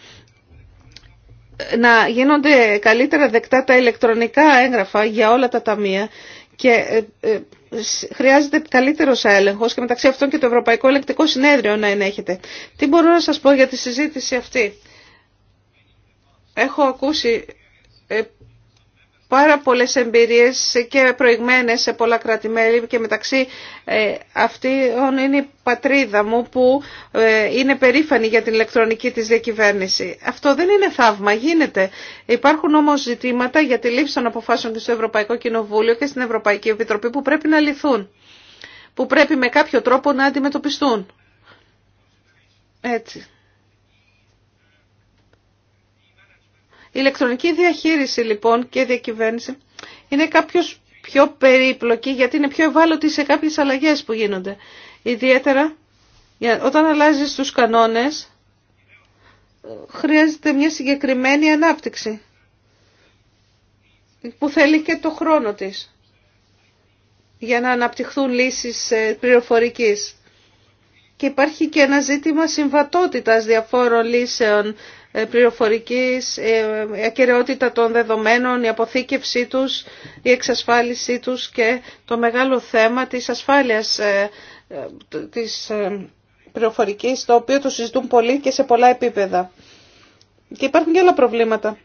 Να γίνονται καλύτερα δεκτά τα ηλεκτρονικά έγγραφα για όλα τα ταμεία και ε, ε, χρειάζεται καλύτερο έλεγχο και μεταξύ αυτών και το Ευρωπαϊκό Ελεκτικό Συνέδριο να ενέχεται. Τι μπορώ να σας πω για τη συζήτηση αυτή. Έχω ακούσει ε, πάρα πολλές εμπειρίες και προηγμένες σε πολλά κρατημέλη και μεταξύ ε, Αυτή είναι η πατρίδα μου που ε, είναι περήφανη για την ηλεκτρονική της διακυβέρνηση. Αυτό δεν είναι θαύμα, γίνεται. Υπάρχουν όμως ζητήματα για τη λήψη των αποφάσεων και στο Ευρωπαϊκό Κοινοβούλιο και στην Ευρωπαϊκή Επιτροπή που πρέπει να λυθούν, που πρέπει με κάποιο τρόπο να αντιμετωπιστούν. Έτσι. Η ηλεκτρονική διαχείριση λοιπόν και διακυβέρνηση είναι κάποιος πιο περίπλοκη γιατί είναι πιο ευάλωτη σε κάποιες αλλαγές που γίνονται. Ιδιαίτερα όταν αλλάζεις τους κανόνες χρειάζεται μια συγκεκριμένη ανάπτυξη που θέλει και το χρόνο της για να αναπτυχθούν λύσεις ε, πληροφορικής. Και υπάρχει και ένα ζήτημα συμβατότητας διαφόρων λύσεων ε, πληροφορικής, ε, η ακαιρεότητα των δεδομένων, η αποθήκευσή τους, η εξασφάλισή τους και το μεγάλο θέμα της ασφάλειας ε, της πληροφορικής, το οποίο το συζητούν πολύ και σε πολλά επίπεδα. Και υπάρχουν και άλλα προβλήματα.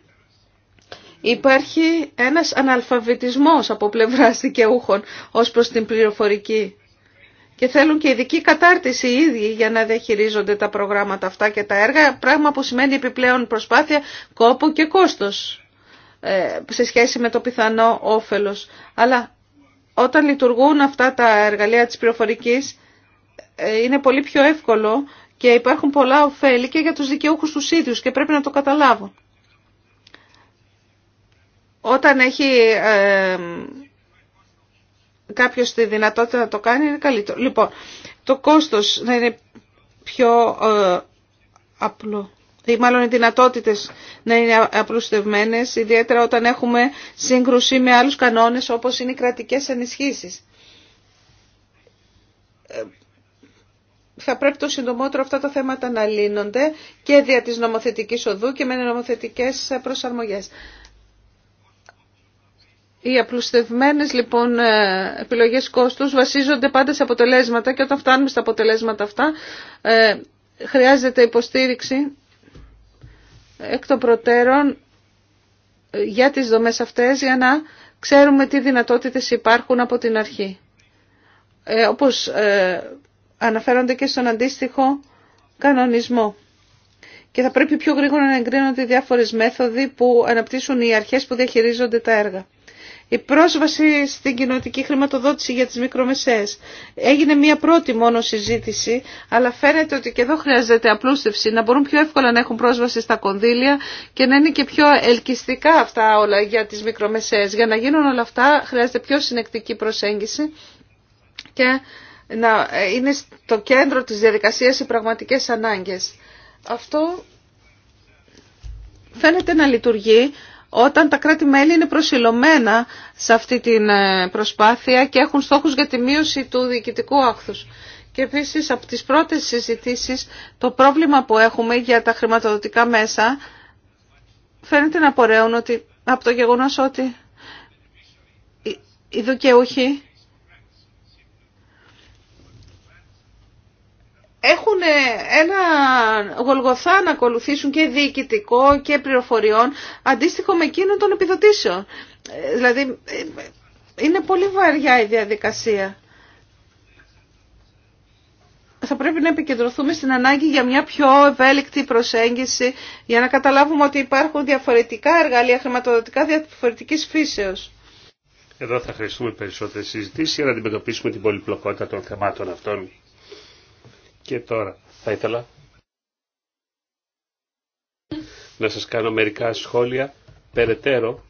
Υπάρχει ένας αναλφαβητισμός από πλευράς δικαιούχων ως προς την πληροφορική και θέλουν και ειδική κατάρτιση οι ίδιοι για να διαχειρίζονται τα προγράμματα αυτά και τα έργα, πράγμα που σημαίνει επιπλέον προσπάθεια, κόπο και κόστος ε, σε σχέση με το πιθανό όφελος. Αλλά όταν λειτουργούν αυτά τα εργαλεία της πληροφορικής ε, είναι πολύ πιο εύκολο και υπάρχουν πολλά ωφέλη και για τους δικαιούχους τους ίδιους και πρέπει να το καταλάβουν. Όταν έχει ε, κάποιος τη δυνατότητα να το κάνει είναι καλύτερο. Λοιπόν, το κόστος να είναι πιο ε, απλό ή μάλλον οι δυνατότητες να είναι απλουστευμένες, ιδιαίτερα όταν έχουμε σύγκρουση με άλλους κανόνες όπως είναι οι κρατικές ενισχύσεις. Ε, θα πρέπει το συντομότερο αυτά τα θέματα να λύνονται και δια της νομοθετικής οδού και με νομοθετικές προσαρμογές. Οι απλουστευμένες λοιπόν ε, επιλογές κόστους βασίζονται πάντα σε αποτελέσματα και όταν φτάνουμε στα αποτελέσματα αυτά ε, χρειάζεται υποστήριξη εκ των προτέρων ε, για τις δομές αυτές για να ξέρουμε τι δυνατότητες υπάρχουν από την αρχή. Ε, όπως αναφέρονται και στον αντίστοιχο κανονισμό. Και θα πρέπει πιο γρήγορα να εγκρίνονται οι διάφορες μέθοδοι που αναπτύσσουν οι αρχές που διαχειρίζονται τα έργα. Η πρόσβαση στην κοινωτική χρηματοδότηση για τις μικρομεσαίες. Έγινε μία πρώτη μόνο συζήτηση, αλλά φαίνεται ότι και εδώ χρειάζεται απλούστευση, να μπορούν πιο εύκολα να έχουν πρόσβαση στα κονδύλια και να είναι και πιο ελκυστικά αυτά όλα για τις μικρομεσαίες. Για να γίνουν όλα αυτά χρειάζεται πιο συνεκτική προσέγγιση και να είναι στο κέντρο της διαδικασίας οι πραγματικές ανάγκες. Αυτό φαίνεται να λειτουργεί όταν τα κράτη-μέλη είναι προσιλωμένα σε αυτή την ε, προσπάθεια και έχουν στόχους για τη μείωση του διοικητικού άχθους. Και επίσης από τις πρώτες συζητήσεις το πρόβλημα που έχουμε για τα χρηματοδοτικά μέσα φαίνεται να απορρέουν ότι, από το γεγονός ότι οι δικαιούχοι έχουν ένα γολγοθά να ακολουθήσουν και διοικητικό και πληροφοριών αντίστοιχο με εκείνο των επιδοτήσεων. Ε, δηλαδή ε, είναι πολύ βαριά η διαδικασία. Θα πρέπει να επικεντρωθούμε στην ανάγκη για μια πιο ευέλικτη προσέγγιση για να καταλάβουμε ότι υπάρχουν διαφορετικά εργαλεία χρηματοδοτικά διαφορετικής φύσεως. Εδώ θα χρειαστούμε περισσότερες συζητήσεις για να αντιμετωπίσουμε την πολυπλοκότητα των θεμάτων αυτών και τώρα θα ήθελα να σας κάνω μερικά σχόλια περαιτέρω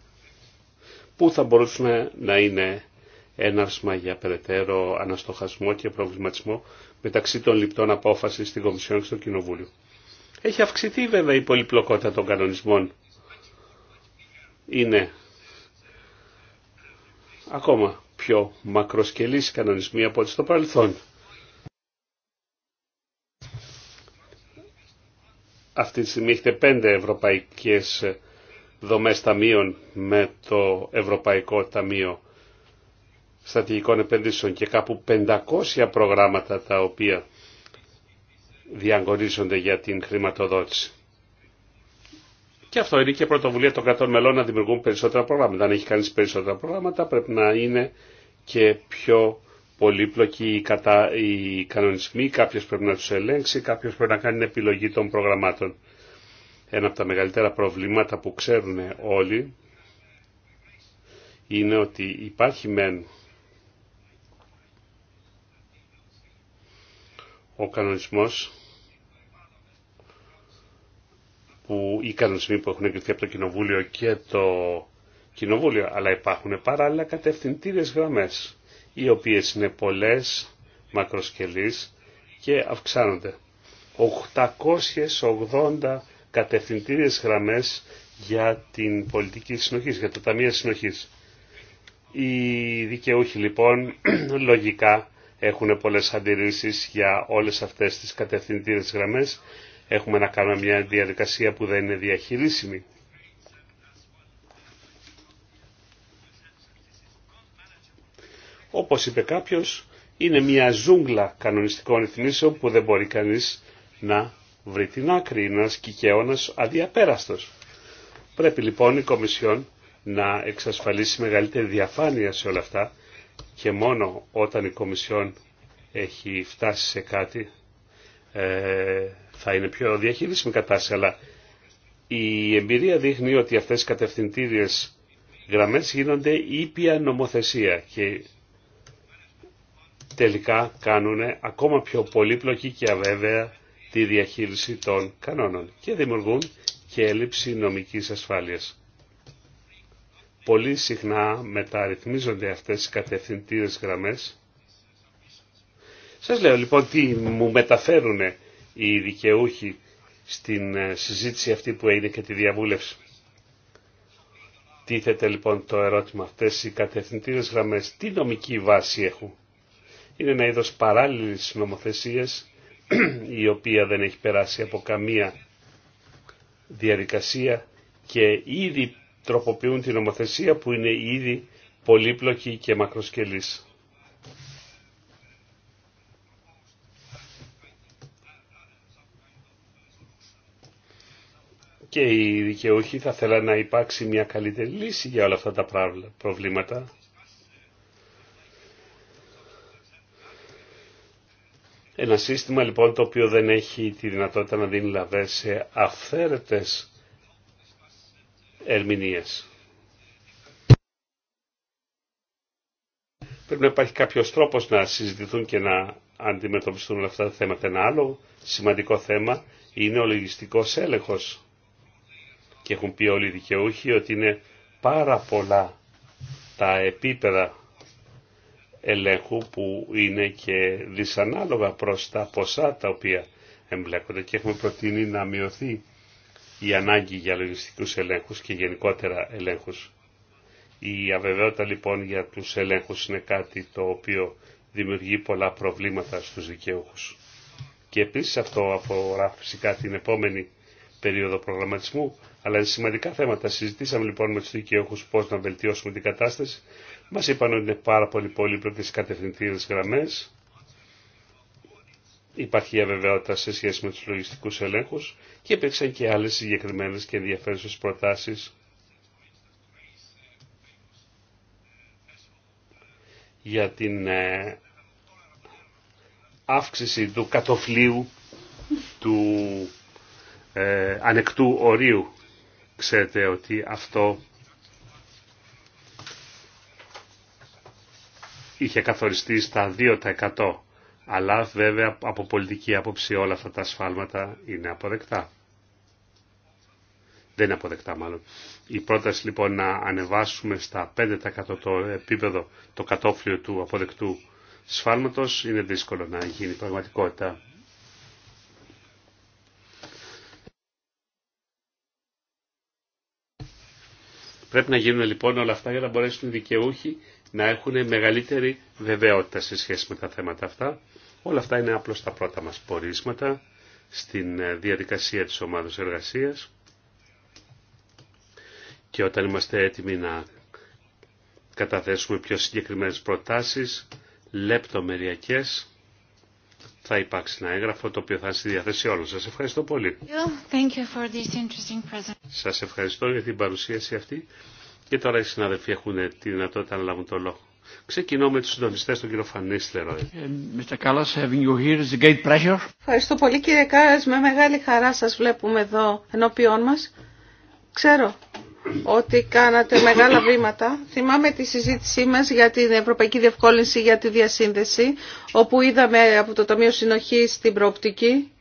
που θα μπορούσαν να είναι έναρσμα για περαιτέρω αναστοχασμό και προβληματισμό μεταξύ των λιπτών απόφασης στην Κομισιόν και στο Κοινοβούλιο. Έχει αυξηθεί βέβαια η πολυπλοκότητα των κανονισμών. Είναι ακόμα πιο μακροσκελής κανονισμοί από ό,τι στο παρελθόν. αυτή τη στιγμή έχετε πέντε ευρωπαϊκές δομές ταμείων με το Ευρωπαϊκό Ταμείο Στατηγικών Επενδύσεων και κάπου 500 προγράμματα τα οποία διαγωνίζονται για την χρηματοδότηση. Και αυτό είναι και πρωτοβουλία των κρατών μελών να δημιουργούν περισσότερα προγράμματα. Αν έχει κανείς περισσότερα προγράμματα πρέπει να είναι και πιο πολύπλοκοι οι, κατα... οι κανονισμοί, κάποιος πρέπει να τους ελέγξει, κάποιος πρέπει να κάνει επιλογή των προγραμμάτων. Ένα από τα μεγαλύτερα προβλήματα που ξέρουν όλοι είναι ότι υπάρχει μεν ο κανονισμός που οι κανονισμοί που έχουν εγκριθεί από το Κοινοβούλιο και το Κοινοβούλιο, αλλά υπάρχουν παράλληλα κατευθυντήριες γραμμές οι οποίες είναι πολλές, μακροσκελείς και αυξάνονται. 880 κατευθυντήριες γραμμές για την πολιτική συνοχής, για το ταμεία συνοχής. Οι δικαιούχοι λοιπόν [clears throat] λογικά έχουν πολλές αντιρρήσεις για όλες αυτές τις κατευθυντήριες γραμμές. Έχουμε να κάνουμε μια διαδικασία που δεν είναι διαχειρίσιμη Όπως είπε κάποιος, είναι μια ζούγκλα κανονιστικών ρυθμίσεων που δεν μπορεί κανείς να βρει την άκρη, είναι ένας κικαιώνας αδιαπέραστος. Πρέπει λοιπόν η Κομισιόν να εξασφαλίσει μεγαλύτερη διαφάνεια σε όλα αυτά και μόνο όταν η Κομισιόν έχει φτάσει σε κάτι ε, θα είναι πιο διαχειρισμή κατάσταση. Αλλά η εμπειρία δείχνει ότι αυτές οι κατευθυντήριες γραμμές γίνονται ήπια νομοθεσία και τελικά κάνουν ακόμα πιο πολύπλοκη και αβέβαια τη διαχείριση των κανόνων και δημιουργούν και έλλειψη νομικής ασφάλειας. Πολύ συχνά μεταρρυθμίζονται αυτές οι κατευθυντήρες γραμμές. Σας λέω λοιπόν τι μου μεταφέρουν οι δικαιούχοι στην ε, συζήτηση αυτή που έγινε και τη διαβούλευση. Τίθεται λοιπόν το ερώτημα αυτές οι κατευθυντήρες γραμμές, τι νομική βάση έχουν. Είναι ένα είδος παράλληλης νομοθεσίας [clears throat] η οποία δεν έχει περάσει από καμία διαδικασία και ήδη τροποποιούν την νομοθεσία που είναι ήδη πολύπλοκη και μακροσκελής. Και οι δικαιούχοι θα θέλανε να υπάρξει μια καλύτερη λύση για όλα αυτά τα προβλήματα. Ένα σύστημα λοιπόν το οποίο δεν έχει τη δυνατότητα να δίνει λαβές σε αυθαίρετες ερμηνείες. Πρέπει να υπάρχει κάποιος τρόπος να συζητηθούν και να αντιμετωπιστούν όλα αυτά τα θέματα. Ένα άλλο σημαντικό θέμα είναι ο λογιστικός έλεγχος. Και έχουν πει όλοι οι δικαιούχοι ότι είναι πάρα πολλά τα επίπεδα ελέγχου που είναι και δυσανάλογα προς τα ποσά τα οποία εμπλέκονται και έχουμε προτείνει να μειωθεί η ανάγκη για λογιστικούς ελέγχους και γενικότερα ελέγχους. Η αβεβαιότητα λοιπόν για τους ελέγχους είναι κάτι το οποίο δημιουργεί πολλά προβλήματα στους δικαιούχους. Και επίσης αυτό αφορά φυσικά την επόμενη περίοδο προγραμματισμού, αλλά είναι σημαντικά θέματα. Συζητήσαμε λοιπόν με τους δικαιούχους πώς να βελτιώσουμε την κατάσταση, μας είπαν ότι είναι πάρα πολύ πολύπλοκες κατευθυντήρες γραμμές. Υπάρχει αβεβαιότητα σε σχέση με τους λογιστικούς ελέγχους και υπήρξαν και άλλες συγκεκριμένε και ενδιαφέρουσες προτάσεις για την ε, αύξηση του κατοφλίου του ε, ανεκτού ορίου. Ξέρετε ότι αυτό είχε καθοριστεί στα 2%. Αλλά βέβαια από πολιτική άποψη όλα αυτά τα σφάλματα είναι αποδεκτά. Δεν είναι αποδεκτά μάλλον. Η πρόταση λοιπόν να ανεβάσουμε στα 5% το επίπεδο, το κατόφλιο του αποδεκτού σφάλματος είναι δύσκολο να γίνει πραγματικότητα. Πρέπει να γίνουν λοιπόν όλα αυτά για να μπορέσουν οι δικαιούχοι να έχουν μεγαλύτερη βεβαιότητα σε σχέση με τα θέματα αυτά. Όλα αυτά είναι απλώς τα πρώτα μας πορίσματα στην ε, διαδικασία της ομάδας εργασίας και όταν είμαστε έτοιμοι να καταθέσουμε πιο συγκεκριμένες προτάσεις, λεπτομεριακές, θα υπάρξει ένα έγγραφο το οποίο θα είναι στη διάθεση όλων. Σας ευχαριστώ πολύ. Thank Σας ευχαριστώ για την παρουσίαση αυτή και τώρα οι συναδελφοί έχουν τη δυνατότητα να λάβουν το λόγο. Ξεκινώ με τους συντονιστές, τον κύριο Φανίς ε. ε, Ευχαριστώ πολύ κύριε Κάρας, με μεγάλη χαρά σας βλέπουμε εδώ ενώπιόν μας. Ξέρω ότι κάνατε μεγάλα βήματα. Θυμάμαι τη συζήτησή μας για την Ευρωπαϊκή Διευκόλυνση για τη Διασύνδεση, όπου είδαμε από το Ταμείο Συνοχής την προοπτική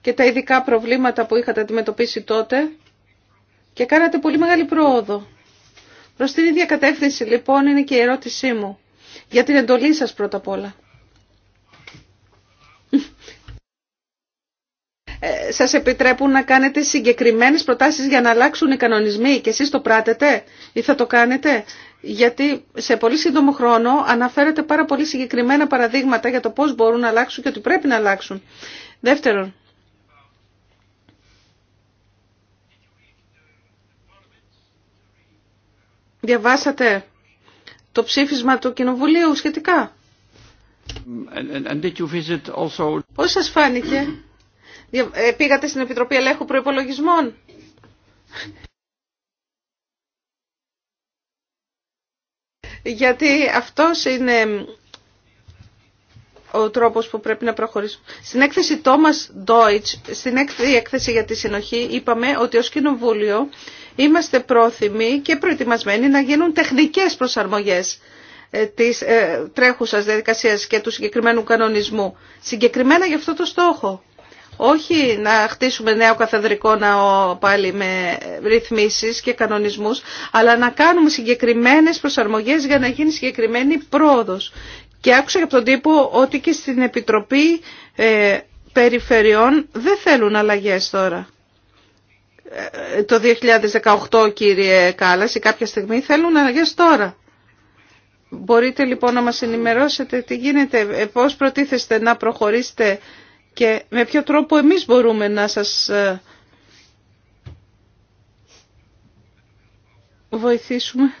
και τα ειδικά προβλήματα που είχατε αντιμετωπίσει τότε και κάνατε πολύ μεγάλη πρόοδο. Προς την ίδια κατεύθυνση λοιπόν είναι και η ερώτησή μου για την εντολή σας πρώτα απ' όλα. Ε, σας επιτρέπουν να κάνετε συγκεκριμένες προτάσεις για να αλλάξουν οι κανονισμοί και εσείς το πράτετε ή θα το κάνετε. Γιατί σε πολύ σύντομο χρόνο αναφέρετε πάρα πολύ συγκεκριμένα παραδείγματα για το πώς μπορούν να αλλάξουν και ότι πρέπει να αλλάξουν. Δεύτερον, Διαβάσατε το ψήφισμα του Κοινοβουλίου σχετικά. And, and Πώς σας φάνηκε. Ε, πήγατε στην Επιτροπή Ελέγχου Προϋπολογισμών. Γιατί αυτός είναι ο τρόπος που πρέπει να προχωρήσουμε. Στην έκθεση Thomas Deutsch, στην έκθεση για τη συνοχή, είπαμε ότι ως κοινοβούλιο είμαστε πρόθυμοι και προετοιμασμένοι να γίνουν τεχνικές προσαρμογές ε, της ε, τρέχουσας διαδικασίας και του συγκεκριμένου κανονισμού. Συγκεκριμένα για αυτό το στόχο. Όχι να χτίσουμε νέο καθεδρικό ναό πάλι με ρυθμίσεις και κανονισμούς, αλλά να κάνουμε συγκεκριμένες προσαρμογές για να γίνει συγκεκριμένη πρόοδος. Και άκουσα από τον τύπο ότι και στην Επιτροπή ε, Περιφερειών δεν θέλουν αλλαγές τώρα. Ε, το 2018 κύριε Κάλλας ή κάποια στιγμή θέλουν αλλαγές τώρα. Μπορείτε λοιπόν να μας ενημερώσετε τι γίνεται, ε, πώς προτίθεστε να προχωρήσετε και με ποιο τρόπο εμείς μπορούμε να σας ε, βοηθήσουμε.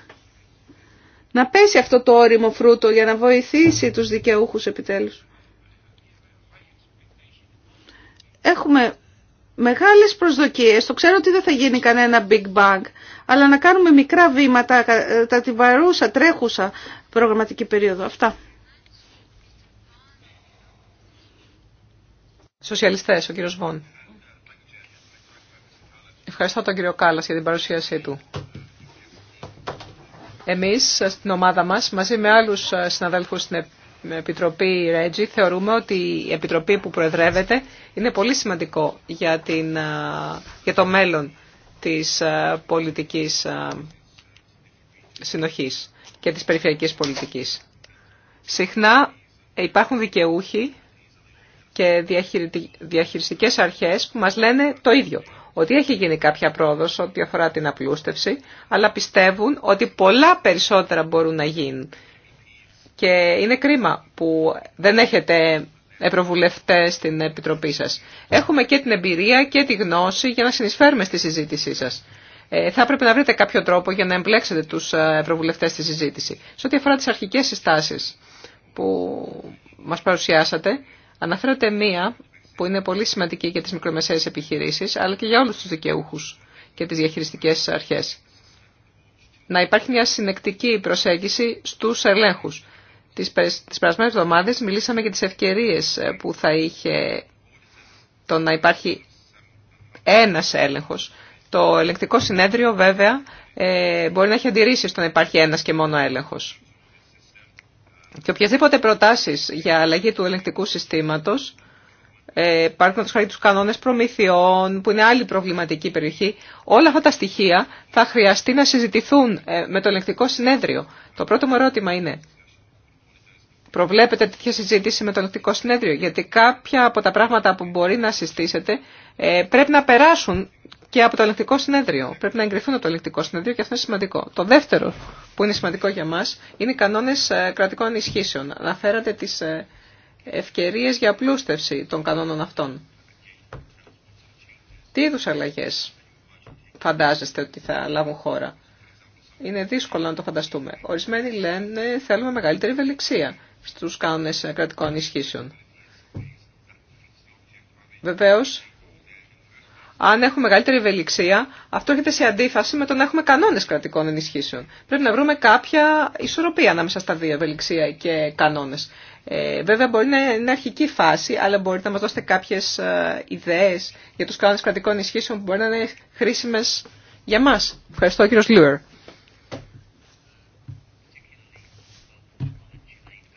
Να πέσει αυτό το όριμο φρούτο για να βοηθήσει τους δικαιούχους επιτέλους. Έχουμε μεγάλες προσδοκίες. Το ξέρω ότι δεν θα γίνει κανένα big bang, αλλά να κάνουμε μικρά βήματα ε, τα την παρούσα τρέχουσα προγραμματική περίοδο. Αυτά. Σοσιαλιστές, ο κύριος Βον. Ευχαριστώ τον κύριο Κάλλας για την παρουσίασή του. Εμείς στην ομάδα μας, μαζί με άλλους ε, συναδέλφους στην με Επιτροπή Ρέτζι θεωρούμε ότι η Επιτροπή που προεδρεύεται είναι πολύ σημαντικό για, την, για το μέλλον της πολιτικής συνοχής και της περιφερειακής πολιτικής. Συχνά υπάρχουν δικαιούχοι και διαχειριστικές αρχές που μας λένε το ίδιο. Ότι έχει γίνει κάποια πρόοδος ό,τι αφορά την απλούστευση, αλλά πιστεύουν ότι πολλά περισσότερα μπορούν να γίνουν και είναι κρίμα που δεν έχετε ευρωβουλευτέ στην Επιτροπή σας. Έχουμε και την εμπειρία και τη γνώση για να συνεισφέρουμε στη συζήτησή σας. Ε, θα έπρεπε να βρείτε κάποιο τρόπο για να εμπλέξετε τους ε, ευρωβουλευτέ στη συζήτηση. Σε ό,τι αφορά τις αρχικές συστάσεις που μας παρουσιάσατε, αναφέρατε μία που είναι πολύ σημαντική για τις μικρομεσαίες επιχειρήσεις, αλλά και για όλους τους δικαιούχους και τις διαχειριστικές αρχές. Να υπάρχει μια συνεκτική προσέγγιση στους ελέγχου. Τις, τις περασμένες εβδομάδες μιλήσαμε για τις ευκαιρίες ε, που θα είχε το να υπάρχει ένας έλεγχος. Το ελεγκτικό συνέδριο βέβαια ε, μπορεί να έχει αντιρρήσει στο να υπάρχει ένας και μόνο έλεγχος. Και οποιασδήποτε προτάσεις για αλλαγή του ελεγκτικού συστήματος, ε, υπάρχουν τους χάρη τους κανόνες προμηθειών, που είναι άλλη προβληματική περιοχή, όλα αυτά τα στοιχεία θα χρειαστεί να συζητηθούν ε, με το ελεγκτικό συνέδριο. Το πρώτο μου ερώτημα είναι, Προβλέπετε τέτοια συζήτηση με το Ελεκτικό Συνέδριο, γιατί κάποια από τα πράγματα που μπορεί να συστήσετε ε, πρέπει να περάσουν και από το Ελεκτικό Συνέδριο. Πρέπει να εγκριθούν από το Ελεκτικό Συνέδριο και αυτό είναι σημαντικό. Το δεύτερο που είναι σημαντικό για μα είναι οι κανόνε ε, κρατικών ενισχύσεων. Αναφέρατε τι ε, ευκαιρίε για απλούστευση των κανόνων αυτών. Τι είδου αλλαγέ φαντάζεστε ότι θα λάβουν χώρα. Είναι δύσκολο να το φανταστούμε. Ορισμένοι λένε θέλουμε μεγαλύτερη ευελιξία στους κανόνες κρατικών ενισχύσεων. Βεβαίως, αν έχουμε μεγαλύτερη ευελιξία, αυτό έρχεται σε αντίφαση με το να έχουμε κανόνες κρατικών ενισχύσεων. Πρέπει να βρούμε κάποια ισορροπία ανάμεσα στα δύο, ευελιξία και κανόνες. Ε, βέβαια, μπορεί να είναι αρχική φάση, αλλά μπορείτε να μας δώσετε κάποιε ε, ιδέες για του κανόνες κρατικών ενισχύσεων που μπορεί να είναι χρήσιμε για μας. Ευχαριστώ, κύριο Λούερ.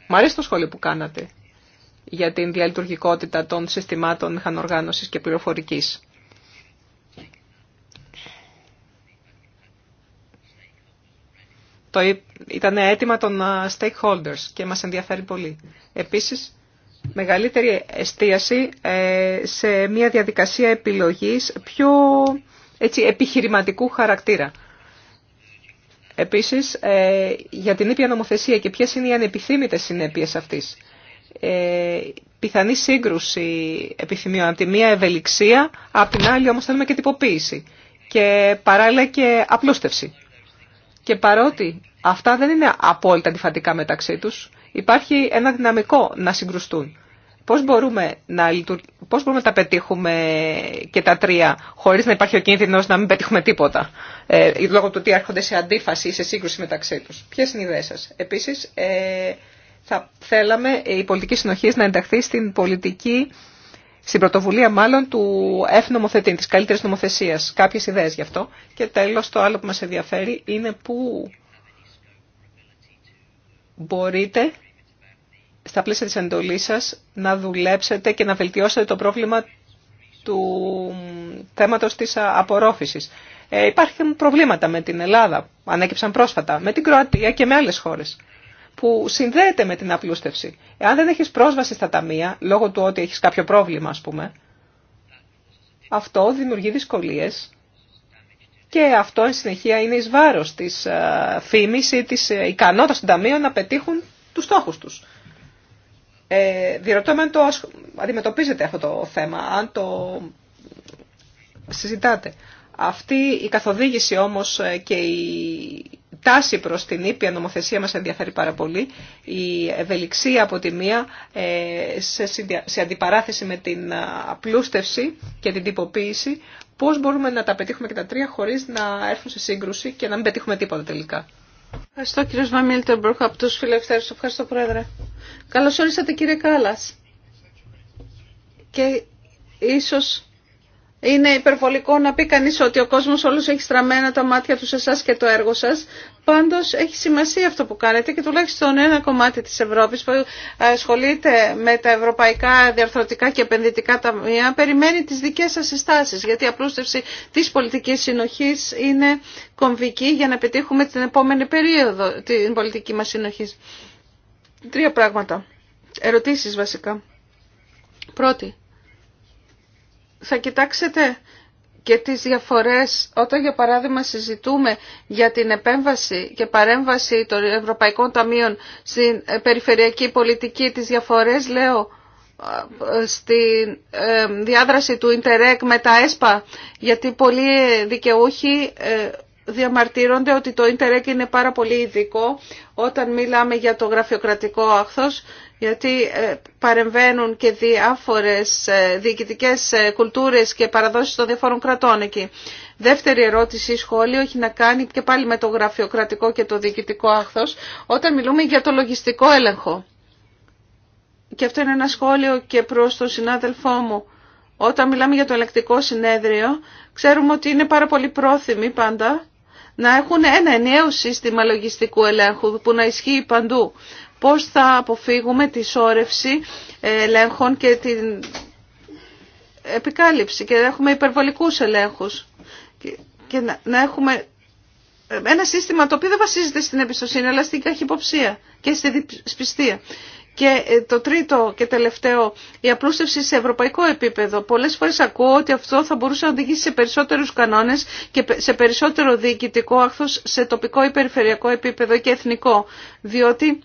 Μ' αρέσει το σχόλιο που κάνατε για την διαλειτουργικότητα των συστημάτων μηχανοργάνωσης και πληροφορικής. Το ήταν αίτημα των stakeholders και μας ενδιαφέρει πολύ. Επίσης, μεγαλύτερη εστίαση ε, σε μια διαδικασία επιλογής πιο έτσι, επιχειρηματικού χαρακτήρα. Επίσης, ε, για την ήπια νομοθεσία και ποιες είναι οι ανεπιθύμητες συνέπειες αυτής. Ε, πιθανή σύγκρουση επιθυμιών. Από τη μία ευελιξία, από την άλλη όμως θέλουμε και τυποποίηση. Και παράλληλα και απλούστευση. Και παρότι αυτά δεν είναι απόλυτα αντιφατικά μεταξύ τους, υπάρχει ένα δυναμικό να συγκρουστούν. Πώς μπορούμε, να, πώς μπορούμε να τα πετύχουμε και τα τρία χωρίς να υπάρχει ο κίνδυνος να μην πετύχουμε τίποτα ε, λόγω του ότι έρχονται σε αντίφαση ή σε σύγκρουση μεταξύ τους. Ποιες είναι οι ιδέες σας. Επίσης ε, θα θέλαμε η πολιτική συνοχή να ενταχθεί στην πολιτική, στην πρωτοβουλία μάλλον του εφνομοθετή, της καλύτερης νομοθεσίας. Κάποιες ιδέες γι' αυτό. Και τέλος το άλλο που μας ενδιαφέρει είναι πού μπορείτε στα πλαίσια της εντολής σας να δουλέψετε και να βελτιώσετε το πρόβλημα του θέματος της απορρόφησης. Ε, υπάρχουν προβλήματα με την Ελλάδα, ανέκυψαν πρόσφατα, με την Κροατία και με άλλες χώρες, που συνδέεται με την απλούστευση. Εάν δεν έχεις πρόσβαση στα ταμεία, λόγω του ότι έχεις κάποιο πρόβλημα, ας πούμε, αυτό δημιουργεί δυσκολίες και αυτό, εν συνεχεία, είναι εις βάρος της ε, φήμης ή της ε, ικανότητας των ταμείων να πετύχουν τους στόχους τους. Ε, διερωτώ με αν το αντιμετωπίζετε αυτό το θέμα, αν το συζητάτε. Αυτή η καθοδήγηση όμως ε, και η τάση προς την ήπια νομοθεσία μας ενδιαφέρει πάρα πολύ. Η ευελιξία από τη μία ε, σε αντιπαράθεση με την ε, απλούστευση και την τυποποίηση. Πώς μπορούμε να τα πετύχουμε και τα τρία χωρίς να έρθουν σε σύγκρουση και να μην πετύχουμε τίποτα τελικά. Ευχαριστώ κύριος Βαμίλτεμπρουκ από τους φιλελευθέρους. Ευχαριστώ πρόεδρε. Καλώς όρισατε κύριε Κάλλας. Και ίσως είναι υπερβολικό να πει κανείς ότι ο κόσμος όλος έχει στραμμένα τα μάτια του σε εσάς και το έργο σας. Πάντως έχει σημασία αυτό που κάνετε και τουλάχιστον ένα κομμάτι της Ευρώπης που ε, ασχολείται με τα ευρωπαϊκά διαρθρωτικά και επενδυτικά ταμεία περιμένει τις δικές σας συστάσεις γιατί η απλούστευση της πολιτικής συνοχής είναι κομβική για να πετύχουμε την επόμενη περίοδο την πολιτική μας συνοχής. Τρία πράγματα. Ερωτήσεις βασικά. Πρώτη θα κοιτάξετε και τις διαφορές όταν για παράδειγμα συζητούμε για την επέμβαση και παρέμβαση των Ευρωπαϊκών Ταμείων στην ε, περιφερειακή πολιτική, τις διαφορές λέω ε, στη ε, διάδραση του Ιντερεκ με τα ΕΣΠΑ γιατί πολλοί δικαιούχοι διαμαρτύρονται ότι το Ιντερεκ είναι πάρα πολύ ειδικό όταν μιλάμε για το γραφειοκρατικό άχθος γιατί ε, παρεμβαίνουν και διάφορες ε, διοικητικές ε, κουλτούρες και παραδόσεις των διαφόρων κρατών εκεί. Δεύτερη ερώτηση ή σχόλιο έχει να κάνει και πάλι με το γραφειοκρατικό και το διοικητικό άχθος όταν μιλούμε για το λογιστικό έλεγχο. Και αυτό είναι ένα σχόλιο και προς τον συνάδελφό μου. Όταν μιλάμε για το ελεκτικό συνέδριο, ξέρουμε ότι είναι πάρα πολύ πρόθυμοι πάντα να έχουν ένα ενιαίο σύστημα λογιστικού ελέγχου που να ισχύει παντού πώς θα αποφύγουμε τη σώρευση ελέγχων και την επικάλυψη και να έχουμε υπερβολικούς ελέγχους και να έχουμε ένα σύστημα το οποίο δεν βασίζεται στην εμπιστοσύνη αλλά στην καχυποψία και στη δυσπιστία. Και ε, το τρίτο και τελευταίο, η απλούστευση σε ευρωπαϊκό επίπεδο. Πολλέ φορέ ακούω ότι αυτό θα μπορούσε να οδηγήσει σε περισσότερου κανόνε και σε περισσότερο διοικητικό άκθο σε τοπικό ή περιφερειακό επίπεδο και εθνικό. Διότι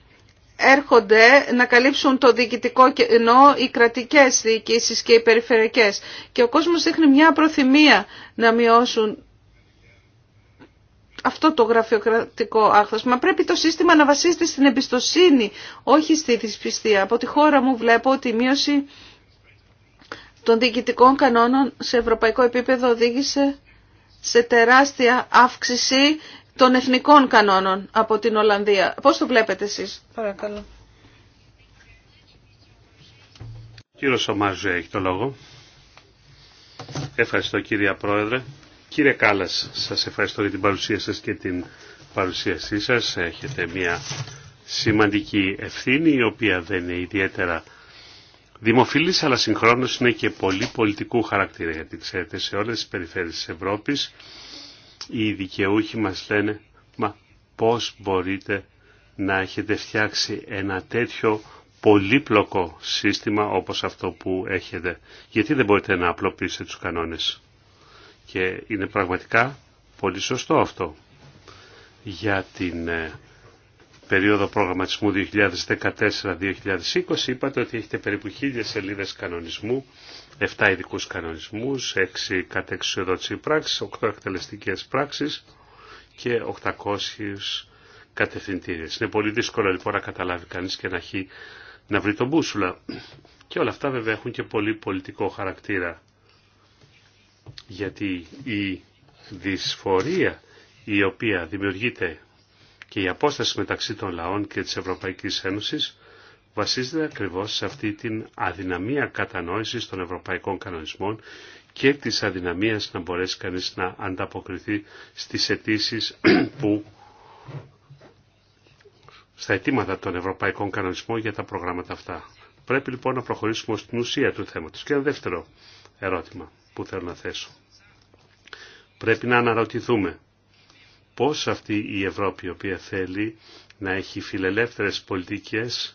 έρχονται να καλύψουν το διοικητικό κενό οι κρατικές διοικήσεις και οι περιφερειακές. Και ο κόσμος δείχνει μια προθυμία να μειώσουν αυτό το γραφειοκρατικό άχθος. Μα πρέπει το σύστημα να βασίζεται στην εμπιστοσύνη, όχι στη δυσπιστία. Από τη χώρα μου βλέπω ότι η μείωση των διοικητικών κανόνων σε ευρωπαϊκό επίπεδο οδήγησε σε τεράστια αύξηση των εθνικών κανόνων από την Ολλανδία. Πώς το βλέπετε εσείς. Παρακαλώ. Κύριο Σομάζου έχει το λόγο. Ευχαριστώ κύριε Πρόεδρε. Κύριε Κάλλας, σας ευχαριστώ για την παρουσία σας και την παρουσίασή σας. Έχετε μια σημαντική ευθύνη η οποία δεν είναι ιδιαίτερα δημοφιλής αλλά συγχρόνως είναι και πολύ πολιτικού χαρακτήρα γιατί ξέρετε σε όλες τις περιφέρειες της Ευρώπης οι δικαιούχοι μας λένε «Μα πώς μπορείτε να έχετε φτιάξει ένα τέτοιο πολύπλοκο σύστημα όπως αυτό που έχετε. Γιατί δεν μπορείτε να απλοποιήσετε τους κανόνες. Και είναι πραγματικά πολύ σωστό αυτό. Για την ε, περίοδο προγραμματισμού 2014-2020 είπατε ότι έχετε περίπου χίλιες σελίδες κανονισμού 7 ειδικούς κανονισμούς, 6 κατεξουσιοδότηση πράξεις, 8 εκτελεστικές πράξεις και 800 κατευθυντήριες. Είναι πολύ δύσκολο λοιπόν να καταλάβει κανείς και να, έχει να βρει τον μπούσουλα. Και όλα αυτά βέβαια έχουν και πολύ πολιτικό χαρακτήρα. Γιατί η δυσφορία η οποία δημιουργείται και η απόσταση μεταξύ των λαών και της Ευρωπαϊκής Ένωσης βασίζεται ακριβώς σε αυτή την αδυναμία κατανόησης των ευρωπαϊκών κανονισμών και της αδυναμίας να μπορέσει κανείς να ανταποκριθεί στις αιτήσει [clears throat] που στα αιτήματα των ευρωπαϊκών κανονισμών για τα προγράμματα αυτά. Πρέπει λοιπόν να προχωρήσουμε στην ουσία του θέματος. Και ένα δεύτερο ερώτημα που θέλω να θέσω. Πρέπει να αναρωτηθούμε πώς αυτή η Ευρώπη η οποία θέλει να έχει φιλελεύθερες πολιτικές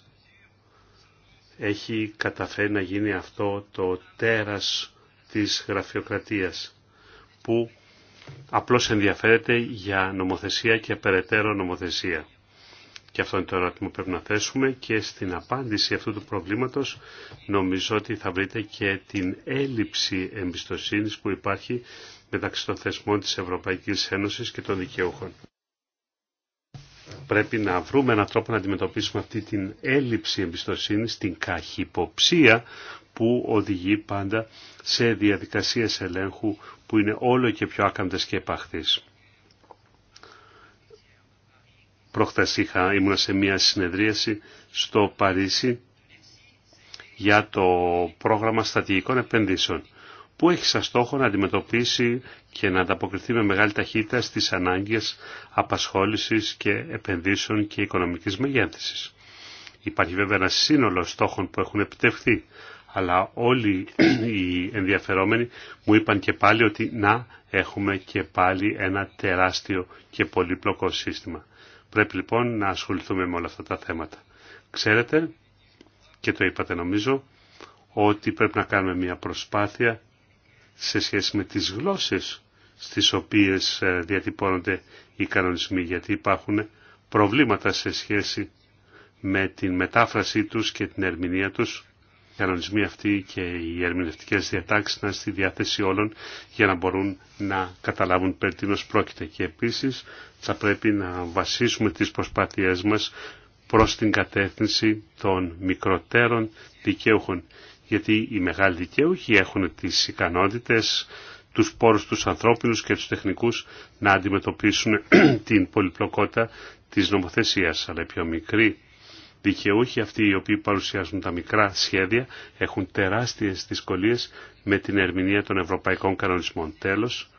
έχει καταφέρει να γίνει αυτό το τέρας της γραφειοκρατίας που απλώς ενδιαφέρεται για νομοθεσία και περαιτέρω νομοθεσία. Και αυτό είναι το ερώτημα που πρέπει να θέσουμε και στην απάντηση αυτού του προβλήματος νομίζω ότι θα βρείτε και την έλλειψη εμπιστοσύνης που υπάρχει μεταξύ των θεσμών της Ευρωπαϊκής Ένωσης και των δικαιούχων πρέπει να βρούμε έναν τρόπο να αντιμετωπίσουμε αυτή την έλλειψη εμπιστοσύνη την καχυποψία που οδηγεί πάντα σε διαδικασίες ελέγχου που είναι όλο και πιο άκαμπτες και επαχθείς. Προχθές ήμουν σε μια συνεδρίαση στο Παρίσι για το πρόγραμμα Στρατηγικών επενδύσεων που έχει σαν στόχο να αντιμετωπίσει και να ανταποκριθεί με μεγάλη ταχύτητα στις ανάγκες απασχόλησης και επενδύσεων και οικονομικής μεγέθυνσης. Υπάρχει βέβαια ένα σύνολο στόχων που έχουν επιτευχθεί, αλλά όλοι οι ενδιαφερόμενοι μου είπαν και πάλι ότι να έχουμε και πάλι ένα τεράστιο και πολύπλοκο σύστημα. Πρέπει λοιπόν να ασχοληθούμε με όλα αυτά τα θέματα. Ξέρετε, και το είπατε νομίζω, ότι πρέπει να κάνουμε μια προσπάθεια σε σχέση με τις γλώσσες στις οποίες ε, διατυπώνονται οι κανονισμοί, γιατί υπάρχουν προβλήματα σε σχέση με την μετάφρασή τους και την ερμηνεία τους. Οι κανονισμοί αυτοί και οι ερμηνευτικές διατάξεις να στη διάθεση όλων για να μπορούν να καταλάβουν περί πρόκειται. Και επίσης θα πρέπει να βασίσουμε τις προσπάθειές μας προς την κατεύθυνση των μικροτέρων δικαίουχων γιατί οι μεγάλοι δικαίουχοι έχουν τις ικανότητες, τους πόρους τους ανθρώπινους και τους τεχνικούς να αντιμετωπίσουν [clears throat] την πολυπλοκότητα της νομοθεσίας. Αλλά οι πιο μικροί δικαιούχοι, αυτοί οι οποίοι παρουσιάζουν τα μικρά σχέδια, έχουν τεράστιες δυσκολίες με την ερμηνεία των ευρωπαϊκών κανονισμών. Τέλος,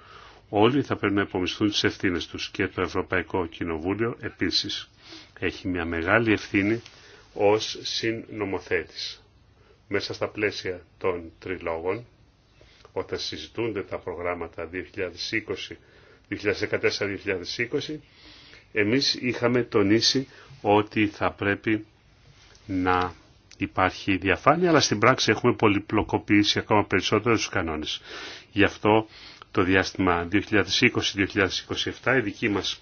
όλοι θα πρέπει να υπομισθούν τις ευθύνε τους και το Ευρωπαϊκό Κοινοβούλιο επίσης έχει μια μεγάλη ευθύνη ως συνομοθέτης μέσα στα πλαίσια των τριλόγων, όταν συζητούνται τα προγράμματα 2014-2020, εμείς είχαμε τονίσει ότι θα πρέπει να υπάρχει διαφάνεια, αλλά στην πράξη έχουμε πολυπλοκοποιήσει ακόμα περισσότερο τους κανόνες. Γι' αυτό το διάστημα 2020-2027 η δική μας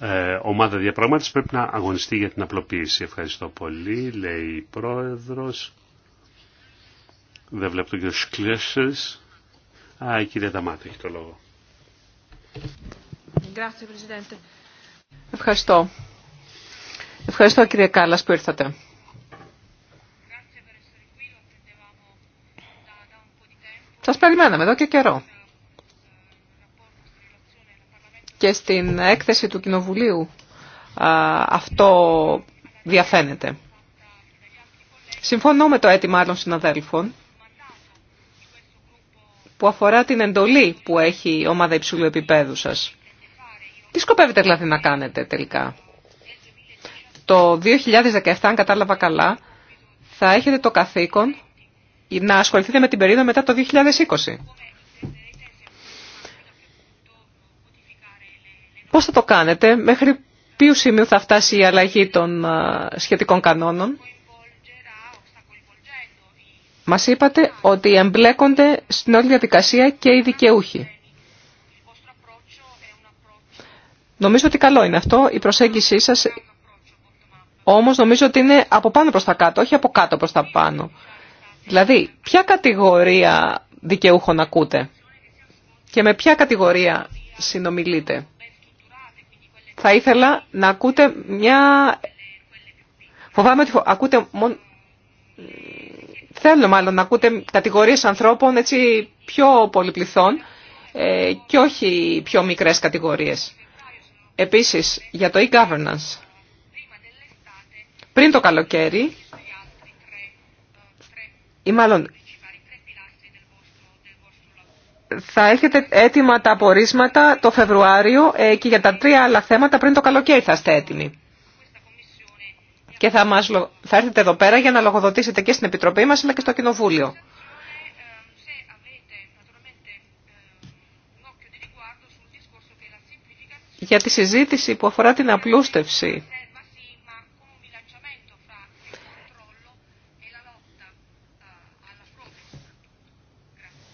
ε, ομάδα διαπραγμάτευσης πρέπει να αγωνιστεί για την απλοποίηση. Ευχαριστώ πολύ, λέει η Πρόεδρος. Δεν βλέπω τον κύριο Σκλέσσερς. Α, η κυρία Ταμάτη έχει το λόγο. Ευχαριστώ. Ευχαριστώ κύριε Κάλλας που ήρθατε. Σας περιμέναμε εδώ και καιρό. Και στην έκθεση του Κοινοβουλίου αυτό διαφαίνεται. Συμφωνώ με το αίτημα άλλων συναδέλφων που αφορά την εντολή που έχει η ομάδα υψηλού επίπεδου σας. Τι σκοπεύετε δηλαδή να κάνετε τελικά. Το 2017, αν κατάλαβα καλά, θα έχετε το καθήκον να ασχοληθείτε με την περίοδο μετά το 2020. Πώς θα το κάνετε, μέχρι ποιου σημείου θα φτάσει η αλλαγή των ε, σχετικών κανόνων μας είπατε ότι εμπλέκονται στην όλη διαδικασία και οι δικαιούχοι. Νομίζω ότι καλό είναι αυτό, η προσέγγιση σας όμως νομίζω ότι είναι από πάνω προς τα κάτω, όχι από κάτω προς τα πάνω. Δηλαδή, ποια κατηγορία δικαιούχων ακούτε και με ποια κατηγορία συνομιλείτε. Θα ήθελα να ακούτε μια... Φοβάμαι ότι ακούτε μόνο θέλω μάλλον να ακούτε κατηγορίες ανθρώπων έτσι πιο πολυπληθών ε, και όχι πιο μικρές κατηγορίες. Επίσης, για το e-governance. Πριν το καλοκαίρι, ή μάλλον θα έχετε έτοιμα τα απορίσματα το Φεβρουάριο ε, και για τα τρία άλλα θέματα πριν το καλοκαίρι θα είστε έτοιμοι και θα, έρθετε εδώ πέρα για να λογοδοτήσετε και στην Επιτροπή μας αλλά και στο Κοινοβούλιο. Για τη συζήτηση που αφορά την απλούστευση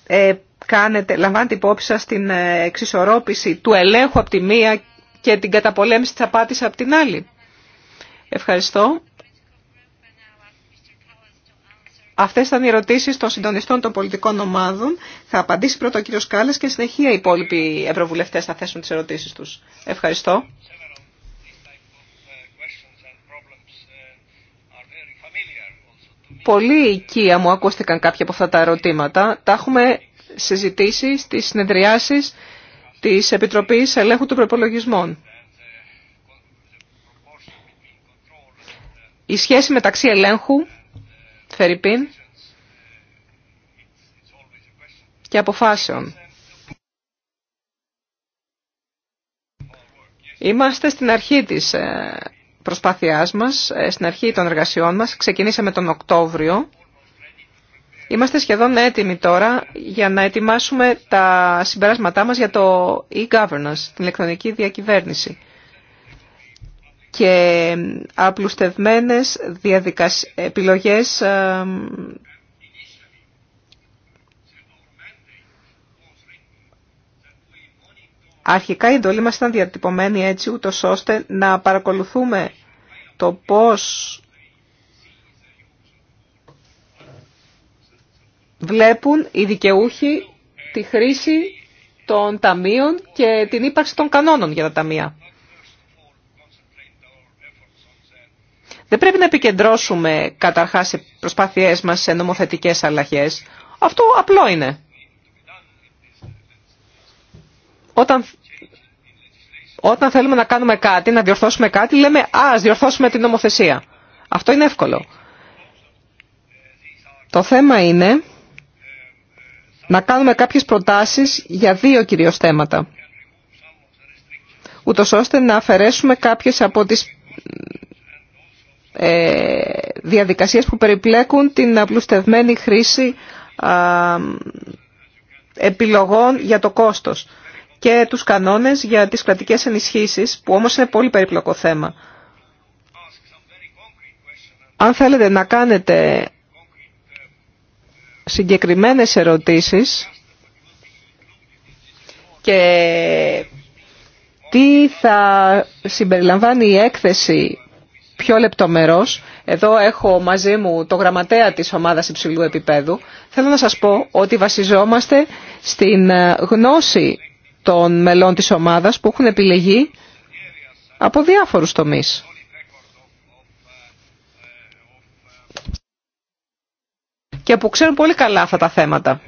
ε, κάνετε, λαμβάνετε υπόψη σας την ε, εξισορρόπηση του ελέγχου από τη μία και την καταπολέμηση της απάτης από την άλλη. Ευχαριστώ. Αυτέ ήταν οι ερωτήσει των συντονιστών των πολιτικών ομάδων. Θα απαντήσει πρώτα ο κύριο Κάλλε και συνεχεία οι υπόλοιποι ευρωβουλευτέ θα θέσουν τι ερωτήσει του. Ευχαριστώ. Πολύ οικία μου ακούστηκαν κάποια από αυτά τα ερωτήματα. Τα έχουμε συζητήσει στι συνεδριάσεις τη Επιτροπής Ελέγχου των Προπολογισμών. Η σχέση μεταξύ ελέγχου, Φερρυπίν, και αποφάσεων. Είμαστε στην αρχή της ε, προσπάθειάς μας, ε, στην αρχή των εργασιών μας. Ξεκινήσαμε τον Οκτώβριο. Είμαστε σχεδόν έτοιμοι τώρα για να ετοιμάσουμε τα συμπεράσματά μας για το e-governance, την ηλεκτρονική διακυβέρνηση και απλουστευμένες διαδικασίες, επιλογές ε, Αρχικά η εντολή μας ήταν διατυπωμένη έτσι ούτως ώστε να παρακολουθούμε το πώς βλέπουν οι δικαιούχοι τη χρήση των ταμείων και την ύπαρξη των κανόνων για τα ταμεία. Δεν πρέπει να επικεντρώσουμε καταρχάς σε προσπάθειές μας σε νομοθετικέ αλλαγέ. Αυτό απλό είναι. Όταν, όταν θέλουμε να κάνουμε κάτι, να διορθώσουμε κάτι, λέμε «Α, διορθώσουμε την νομοθεσία». Αυτό είναι εύκολο. Το θέμα είναι να κάνουμε κάποιες προτάσεις για δύο κυρίως θέματα, ούτως ώστε να αφαιρέσουμε κάποιες από τις ε, διαδικασίες που περιπλέκουν την απλουστευμένη χρήση επιλογών για το κόστος και τους κανόνες για τις κρατικές ενισχύσεις, που όμως είναι πολύ περίπλοκο θέμα. Αν θέλετε να κάνετε συγκεκριμένες ερωτήσεις και τι θα συμπεριλαμβάνει η έκθεση πιο λεπτομερός. Εδώ έχω μαζί μου το γραμματέα της ομάδας υψηλού επίπεδου. Θέλω να σας πω ότι βασιζόμαστε στην ε, γνώση των μελών της ομάδας που έχουν επιλεγεί από διάφορους τομείς. και που ξέρουν πολύ καλά αυτά τα θέματα.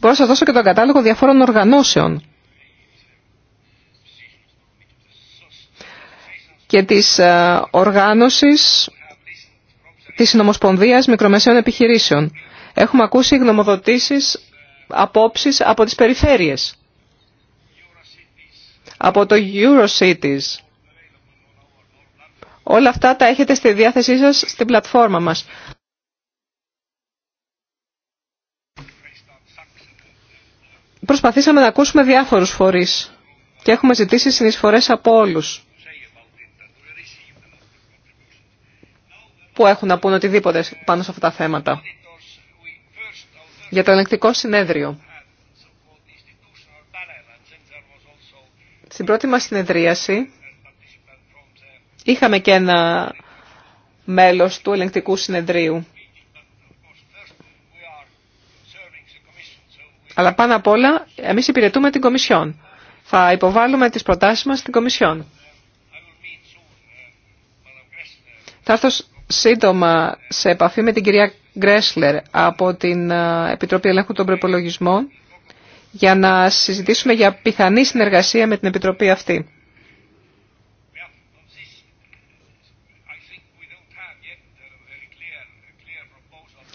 Μπορώ να σας δώσω και τον κατάλογο διαφόρων οργανώσεων και της ε, οργάνωσης της Συνομοσπονδίας Μικρομεσαίων Επιχειρήσεων. Έχουμε ακούσει γνωμοδοτήσεις, απόψεις από τις περιφέρειες, από το Eurocities. Όλα αυτά τα έχετε στη διάθεσή σας στην πλατφόρμα μας. Προσπαθήσαμε να ακούσουμε διάφορους φορείς και έχουμε ζητήσει συνεισφορές από όλους που έχουν να πούν οτιδήποτε πάνω σε αυτά τα θέματα. Για το ελεγκτικό συνέδριο. Στην πρώτη μας συνεδρίαση είχαμε και ένα μέλος του ελεγκτικού συνεδρίου. Αλλά πάνω απ' όλα εμείς υπηρετούμε την Κομισιόν. Θα υποβάλουμε τις προτάσεις μας στην Κομισιόν. Θα έρθω σύντομα σε επαφή με την κυρία Γκρέσλερ από την ε, Επιτροπή Ελέγχου των Προπολογισμών για να συζητήσουμε για πιθανή συνεργασία με την Επιτροπή αυτή.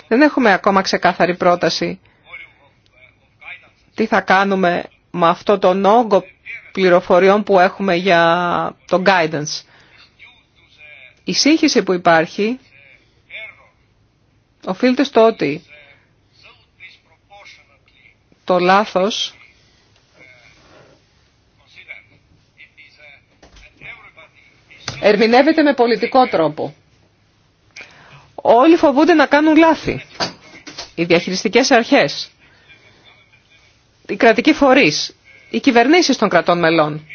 Δεν έχουμε ακόμα ξεκάθαρη πρόταση τι θα κάνουμε με αυτό τον όγκο πληροφοριών που έχουμε για το guidance. Η σύγχυση που υπάρχει οφείλεται στο ότι το λάθος ερμηνεύεται με πολιτικό τρόπο. Όλοι φοβούνται να κάνουν λάθη. Οι διαχειριστικές αρχές οι κρατικοί φορείς, οι κυβερνήσεις των κρατών μελών,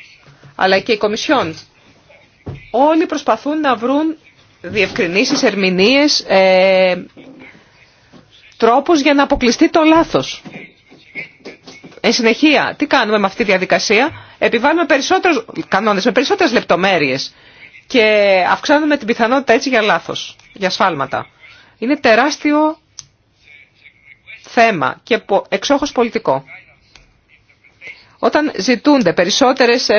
αλλά και οι κομισιόν. Όλοι προσπαθούν να βρουν διευκρινήσεις, ερμηνείες, ε, τρόπους για να αποκλειστεί το λάθος. Εν συνεχεία, τι κάνουμε με αυτή τη διαδικασία. Επιβάλλουμε περισσότερους κανόνες, με περισσότερες λεπτομέρειες και αυξάνουμε την πιθανότητα έτσι για λάθος, για σφάλματα. Είναι τεράστιο θέμα και εξόχως πολιτικό όταν ζητούνται περισσότερες ε,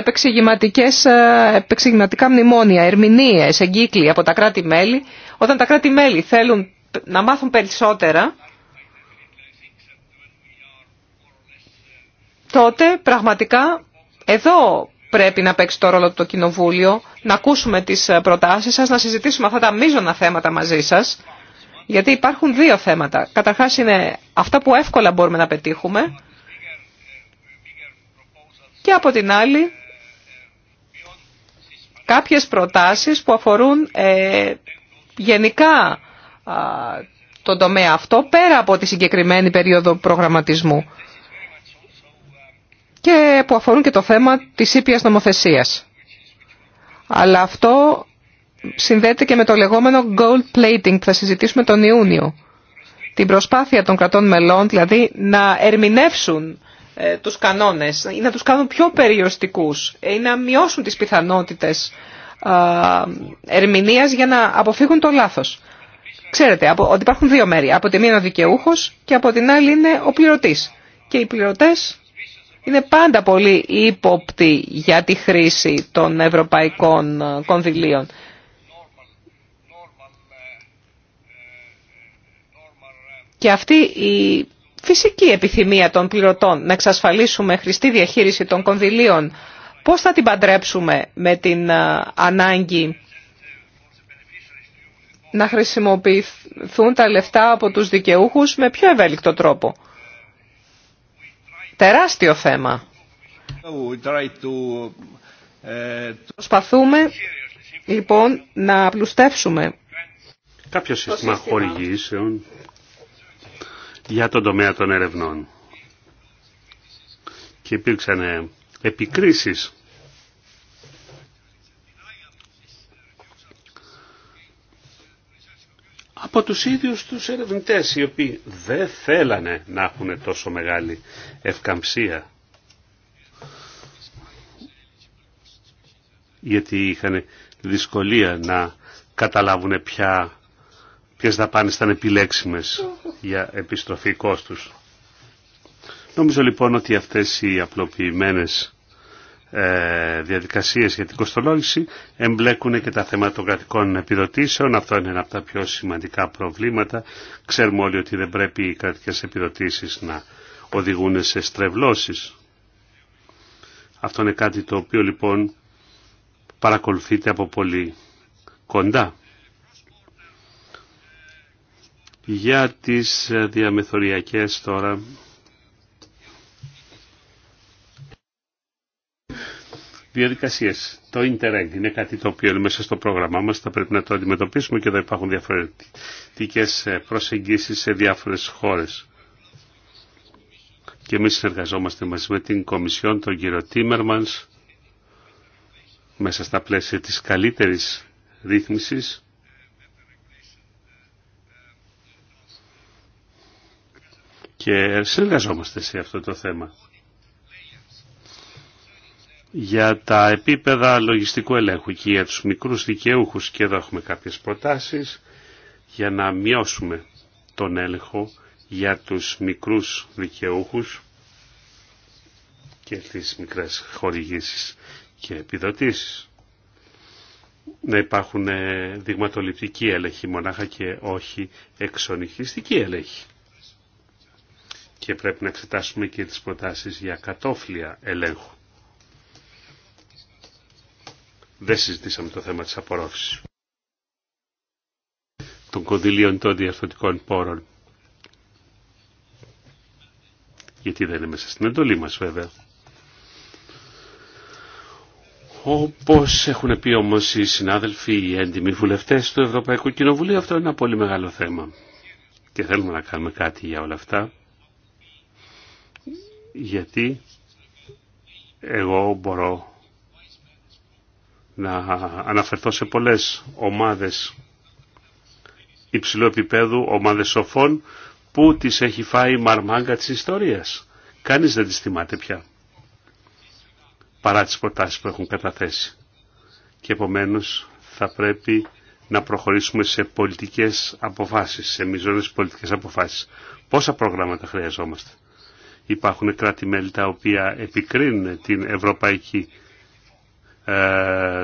επεξηγηματικά μνημόνια, ερμηνείες, εγκύκλοι από τα κράτη-μέλη, όταν τα κράτη-μέλη θέλουν να μάθουν περισσότερα, τότε πραγματικά εδώ πρέπει να παίξει το ρόλο του Κοινοβούλιο, να ακούσουμε τις προτάσεις σας, να συζητήσουμε αυτά τα μείζωνα θέματα μαζί σας, γιατί υπάρχουν δύο θέματα. Καταρχάς είναι αυτά που εύκολα μπορούμε να πετύχουμε, και από την άλλη κάποιες προτάσεις που αφορούν ε, γενικά α, τον τομέα αυτό πέρα από τη συγκεκριμένη περίοδο προγραμματισμού και που αφορούν και το θέμα της ήπιας νομοθεσίας. Αλλά αυτό συνδέεται και με το λεγόμενο gold plating που θα συζητήσουμε τον Ιούνιο. Την προσπάθεια των κρατών μελών, δηλαδή να ερμηνεύσουν ε, τους κανόνες, ή να τους κάνουν πιο περιοριστικούς, ε, ή να μειώσουν τις πιθανότητες ερμηνείας για να αποφύγουν το λάθος. Ξέρετε από, ότι υπάρχουν δύο μέρη. Από τη μία είναι ο δικαιούχο και από την άλλη είναι ο πληρωτή. Και οι πληρωτέ είναι πάντα πολύ ύποπτοι για τη χρήση των ευρωπαϊκών ε, κονδυλίων. Και αυτή η φυσική επιθυμία των πληρωτών να εξασφαλίσουμε χρηστή διαχείριση των κονδυλίων, πώς θα την παντρέψουμε με την ανάγκη να χρησιμοποιηθούν τα λεφτά από τους δικαιούχους με πιο ευέλικτο τρόπο. Τεράστιο θέμα. Προσπαθούμε λοιπόν να απλουστεύσουμε κάποιο σύστημα χορηγήσεων για τον τομέα των ερευνών. Και υπήρξαν επικρίσεις από τους ίδιους τους ερευνητές οι οποίοι δεν θέλανε να έχουν τόσο μεγάλη ευκαμψία γιατί είχαν δυσκολία να καταλάβουν ποια ποιες δαπάνες ήταν επιλέξιμες για επιστροφή κόστους. Νομίζω λοιπόν ότι αυτές οι απλοποιημένες ε, διαδικασίες για την κοστολόγηση εμπλέκουν και τα θέματα των κρατικών επιδοτήσεων. Αυτό είναι ένα από τα πιο σημαντικά προβλήματα. Ξέρουμε όλοι ότι δεν πρέπει οι κρατικές επιδοτήσεις να οδηγούν σε στρεβλώσεις. Αυτό είναι κάτι το οποίο λοιπόν παρακολουθείται από πολύ κοντά. Για τις ε, διαμεθοριακές τώρα διαδικασίες. Το Interreg είναι κάτι το οποίο είναι μέσα στο πρόγραμμά μας, θα πρέπει να το αντιμετωπίσουμε και εδώ υπάρχουν διαφορετικές ε, προσεγγίσεις σε διάφορες χώρες. Και εμείς συνεργαζόμαστε μαζί με την Κομισιόν, τον κύριο Τίμερμανς, μέσα στα πλαίσια της καλύτερης ρύθμισης και συνεργαζόμαστε σε αυτό το θέμα. Για τα επίπεδα λογιστικού ελέγχου και για τους μικρούς δικαιούχους και εδώ έχουμε κάποιες προτάσεις για να μειώσουμε τον έλεγχο για τους μικρούς δικαιούχους και τις μικρές χορηγήσεις και επιδοτήσεις. Να υπάρχουν δειγματοληπτικοί έλεγχοι μονάχα και όχι εξονυχιστικοί έλεγχοι και πρέπει να εξετάσουμε και τις προτάσεις για κατόφλια ελέγχου. Δεν συζητήσαμε το θέμα της απορρόφησης των κονδυλίων των διαρθρωτικών πόρων. Γιατί δεν είναι μέσα στην εντολή μας βέβαια. Όπως έχουν πει όμω οι συνάδελφοι, οι έντιμοι βουλευτές του Ευρωπαϊκού Κοινοβουλίου, αυτό είναι ένα πολύ μεγάλο θέμα. Και θέλουμε να κάνουμε κάτι για όλα αυτά γιατί εγώ μπορώ να αναφερθώ σε πολλές ομάδες υψηλού επίπεδου, ομάδες σοφών, που τις έχει φάει η μαρμάγκα της ιστορίας. Κανείς δεν τις θυμάται πια, παρά τις προτάσεις που έχουν καταθέσει. Και επομένως θα πρέπει να προχωρήσουμε σε πολιτικές αποφάσεις, σε μιζόνες πολιτικές αποφάσεις. Πόσα προγράμματα χρειαζόμαστε. Υπάρχουν κράτη-μέλη τα οποία επικρίνουν την ευρωπαϊκή ε,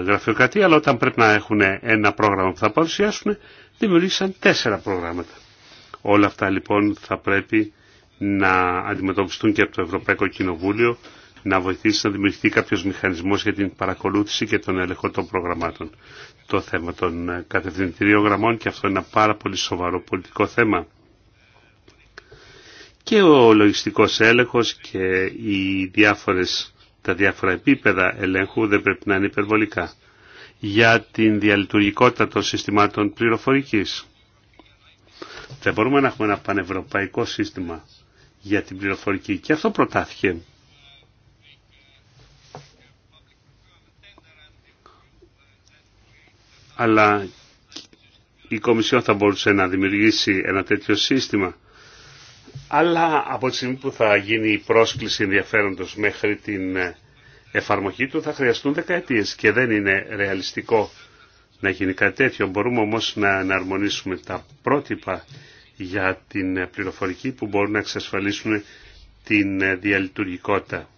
γραφειοκρατία, αλλά όταν πρέπει να έχουν ένα πρόγραμμα που θα παρουσιάσουν, δημιουργήσαν τέσσερα προγράμματα. Όλα αυτά λοιπόν θα πρέπει να αντιμετωπιστούν και από το Ευρωπαϊκό Κοινοβούλιο, να βοηθήσει να δημιουργηθεί κάποιος μηχανισμός για την παρακολούθηση και τον έλεγχο των προγραμμάτων. Το θέμα των κατευθυντηρίων γραμμών και αυτό είναι ένα πάρα πολύ σοβαρό πολιτικό θέμα και ο λογιστικός έλεγχος και οι διάφορες, τα διάφορα επίπεδα ελέγχου δεν πρέπει να είναι υπερβολικά. Για την διαλειτουργικότητα των συστημάτων πληροφορικής. Δεν μπορούμε να έχουμε ένα πανευρωπαϊκό σύστημα για την πληροφορική και αυτό προτάθηκε. Αλλά η Κομισιόν θα μπορούσε να δημιουργήσει ένα τέτοιο σύστημα αλλά από τη στιγμή που θα γίνει η πρόσκληση ενδιαφέροντος μέχρι την ε, εφαρμογή του θα χρειαστούν δεκαετίες και δεν είναι ρεαλιστικό να γίνει κάτι τέτοιο. Μπορούμε όμως να εναρμονίσουμε τα πρότυπα για την ε, πληροφορική που μπορούν να εξασφαλίσουν την ε, διαλειτουργικότητα.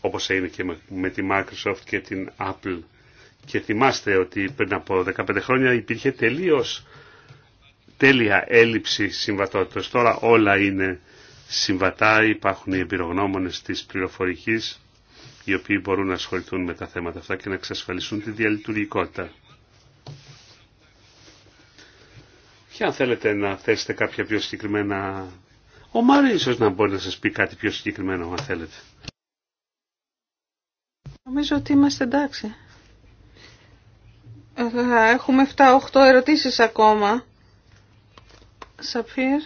Όπως είναι και με τη Microsoft και την Apple. Και θυμάστε ότι πριν από 15 χρόνια υπήρχε τελείως τέλεια έλλειψη συμβατότητας. Τώρα όλα είναι συμβατά, υπάρχουν οι εμπειρογνώμονες της πληροφορικής οι οποίοι μπορούν να ασχοληθούν με τα θέματα αυτά και να εξασφαλίσουν τη διαλειτουργικότητα. Και αν θέλετε να θέσετε κάποια πιο συγκεκριμένα... Ο Μάρη ίσως να μπορεί να σας πει κάτι πιο συγκεκριμένο, αν θέλετε. Νομίζω ότι είμαστε εντάξει. Ε, έχουμε 7-8 ερωτήσεις ακόμα. Σαφίρ.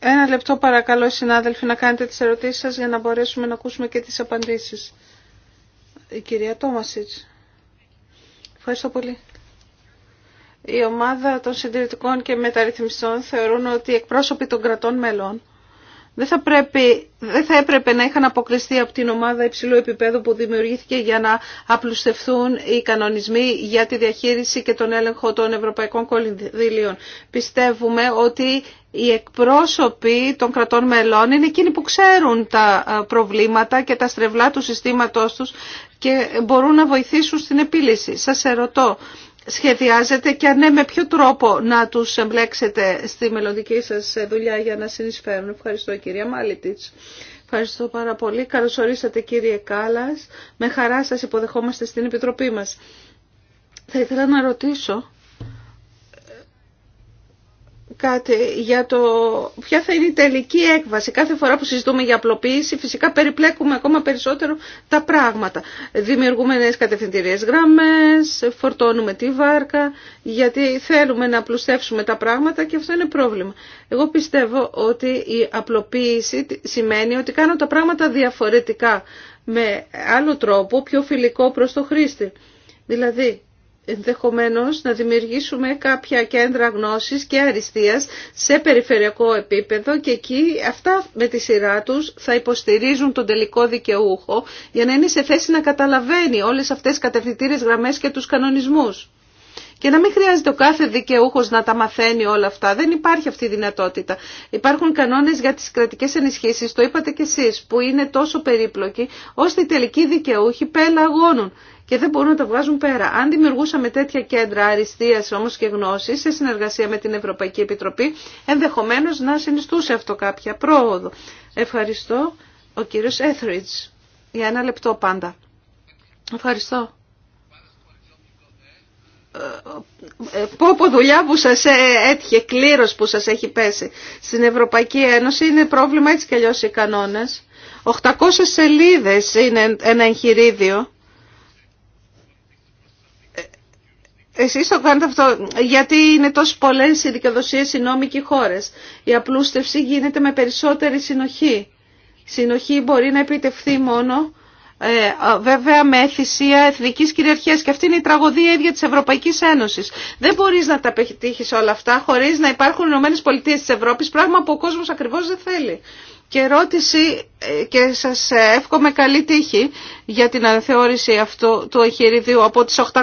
Ένα λεπτό παρακαλώ συνάδελφοι να κάνετε τις ερωτήσεις σας για να μπορέσουμε να ακούσουμε και τις απαντήσεις. Η κυρία Τόμασιτς. Ευχαριστώ πολύ. Η ομάδα των συντηρητικών και μεταρρυθμιστών θεωρούν ότι οι εκπρόσωποι των κρατών μελών δεν θα, πρέπει, δεν θα έπρεπε να είχαν αποκλειστεί από την ομάδα υψηλού επίπεδου που δημιουργήθηκε για να απλουστευθούν οι κανονισμοί για τη διαχείριση και τον έλεγχο των ευρωπαϊκών κονδυλίων. Πιστεύουμε ότι οι εκπρόσωποι των κρατών μελών είναι εκείνοι που ξέρουν τα ε, προβλήματα και τα στρεβλά του συστήματός τους και μπορούν να βοηθήσουν στην επίλυση. Σας ερωτώ, σχεδιάζετε και αν ναι με ποιο τρόπο να τους εμπλέξετε στη μελλοντική σας δουλειά για να συνεισφέρουν. Ευχαριστώ κυρία Μάλιτιτς. Ευχαριστώ πάρα πολύ. Καλώς ορίσατε κύριε Κάλλας. Με χαρά σας υποδεχόμαστε στην Επιτροπή μας. Θα ήθελα να ρωτήσω κάτι για το ποια θα είναι η τελική έκβαση. Κάθε φορά που συζητούμε για απλοποίηση φυσικά περιπλέκουμε ακόμα περισσότερο τα πράγματα. Δημιουργούμε νέε κατευθυντηρίε γραμμές, φορτώνουμε τη βάρκα γιατί θέλουμε να απλουστεύσουμε τα πράγματα και αυτό είναι πρόβλημα. Εγώ πιστεύω ότι η απλοποίηση σημαίνει ότι κάνω τα πράγματα διαφορετικά με άλλο τρόπο πιο φιλικό προς το χρήστη. Δηλαδή ενδεχομένως να δημιουργήσουμε κάποια κέντρα γνώσης και αριστείας σε περιφερειακό επίπεδο και εκεί αυτά με τη σειρά τους θα υποστηρίζουν τον τελικό δικαιούχο για να είναι σε θέση να καταλαβαίνει όλες αυτές τις κατευθυντήρες γραμμές και τους κανονισμούς. Και να μην χρειάζεται ο κάθε δικαιούχο να τα μαθαίνει όλα αυτά. Δεν υπάρχει αυτή η δυνατότητα. Υπάρχουν κανόνε για τι κρατικέ ενισχύσει, το είπατε κι εσεί, που είναι τόσο περίπλοκοι, ώστε οι τελικοί δικαιούχοι πελαγώνουν και δεν μπορούν να τα βγάζουν πέρα. Αν δημιουργούσαμε τέτοια κέντρα αριστείας όμως και γνώση σε συνεργασία με την Ευρωπαϊκή Επιτροπή, ενδεχομένως να συνιστούσε αυτό κάποια πρόοδο. Ευχαριστώ ο κύριος Έθριτς. Για ένα λεπτό πάντα. Ευχαριστώ. Ε, ε, πω από δουλειά που σας ε, έτυχε, κλήρος που σας έχει πέσει. Στην Ευρωπαϊκή Ένωση είναι πρόβλημα έτσι κι αλλιώς οι κανόνες. 800 σελίδες είναι ένα εγχειρίδιο Εσεί το κάνετε αυτό γιατί είναι τόσο πολλέ οι δικαιοδοσίε οι νόμοι και οι Η απλούστευση γίνεται με περισσότερη συνοχή. Συνοχή μπορεί να επιτευχθεί μόνο ε, βέβαια με θυσία εθνική κυριαρχία και αυτή είναι η τραγωδία ίδια τη Ευρωπαϊκή Ένωση. Δεν μπορεί να τα πετύχει όλα αυτά χωρί να υπάρχουν Ηνωμένε Πολιτείε τη Ευρώπη, πράγμα που ο κόσμο ακριβώ δεν θέλει. Και ερώτηση ε, και σας ε, εύχομαι καλή τύχη για την αναθεώρηση αυτού του εγχειριδίου από τι 800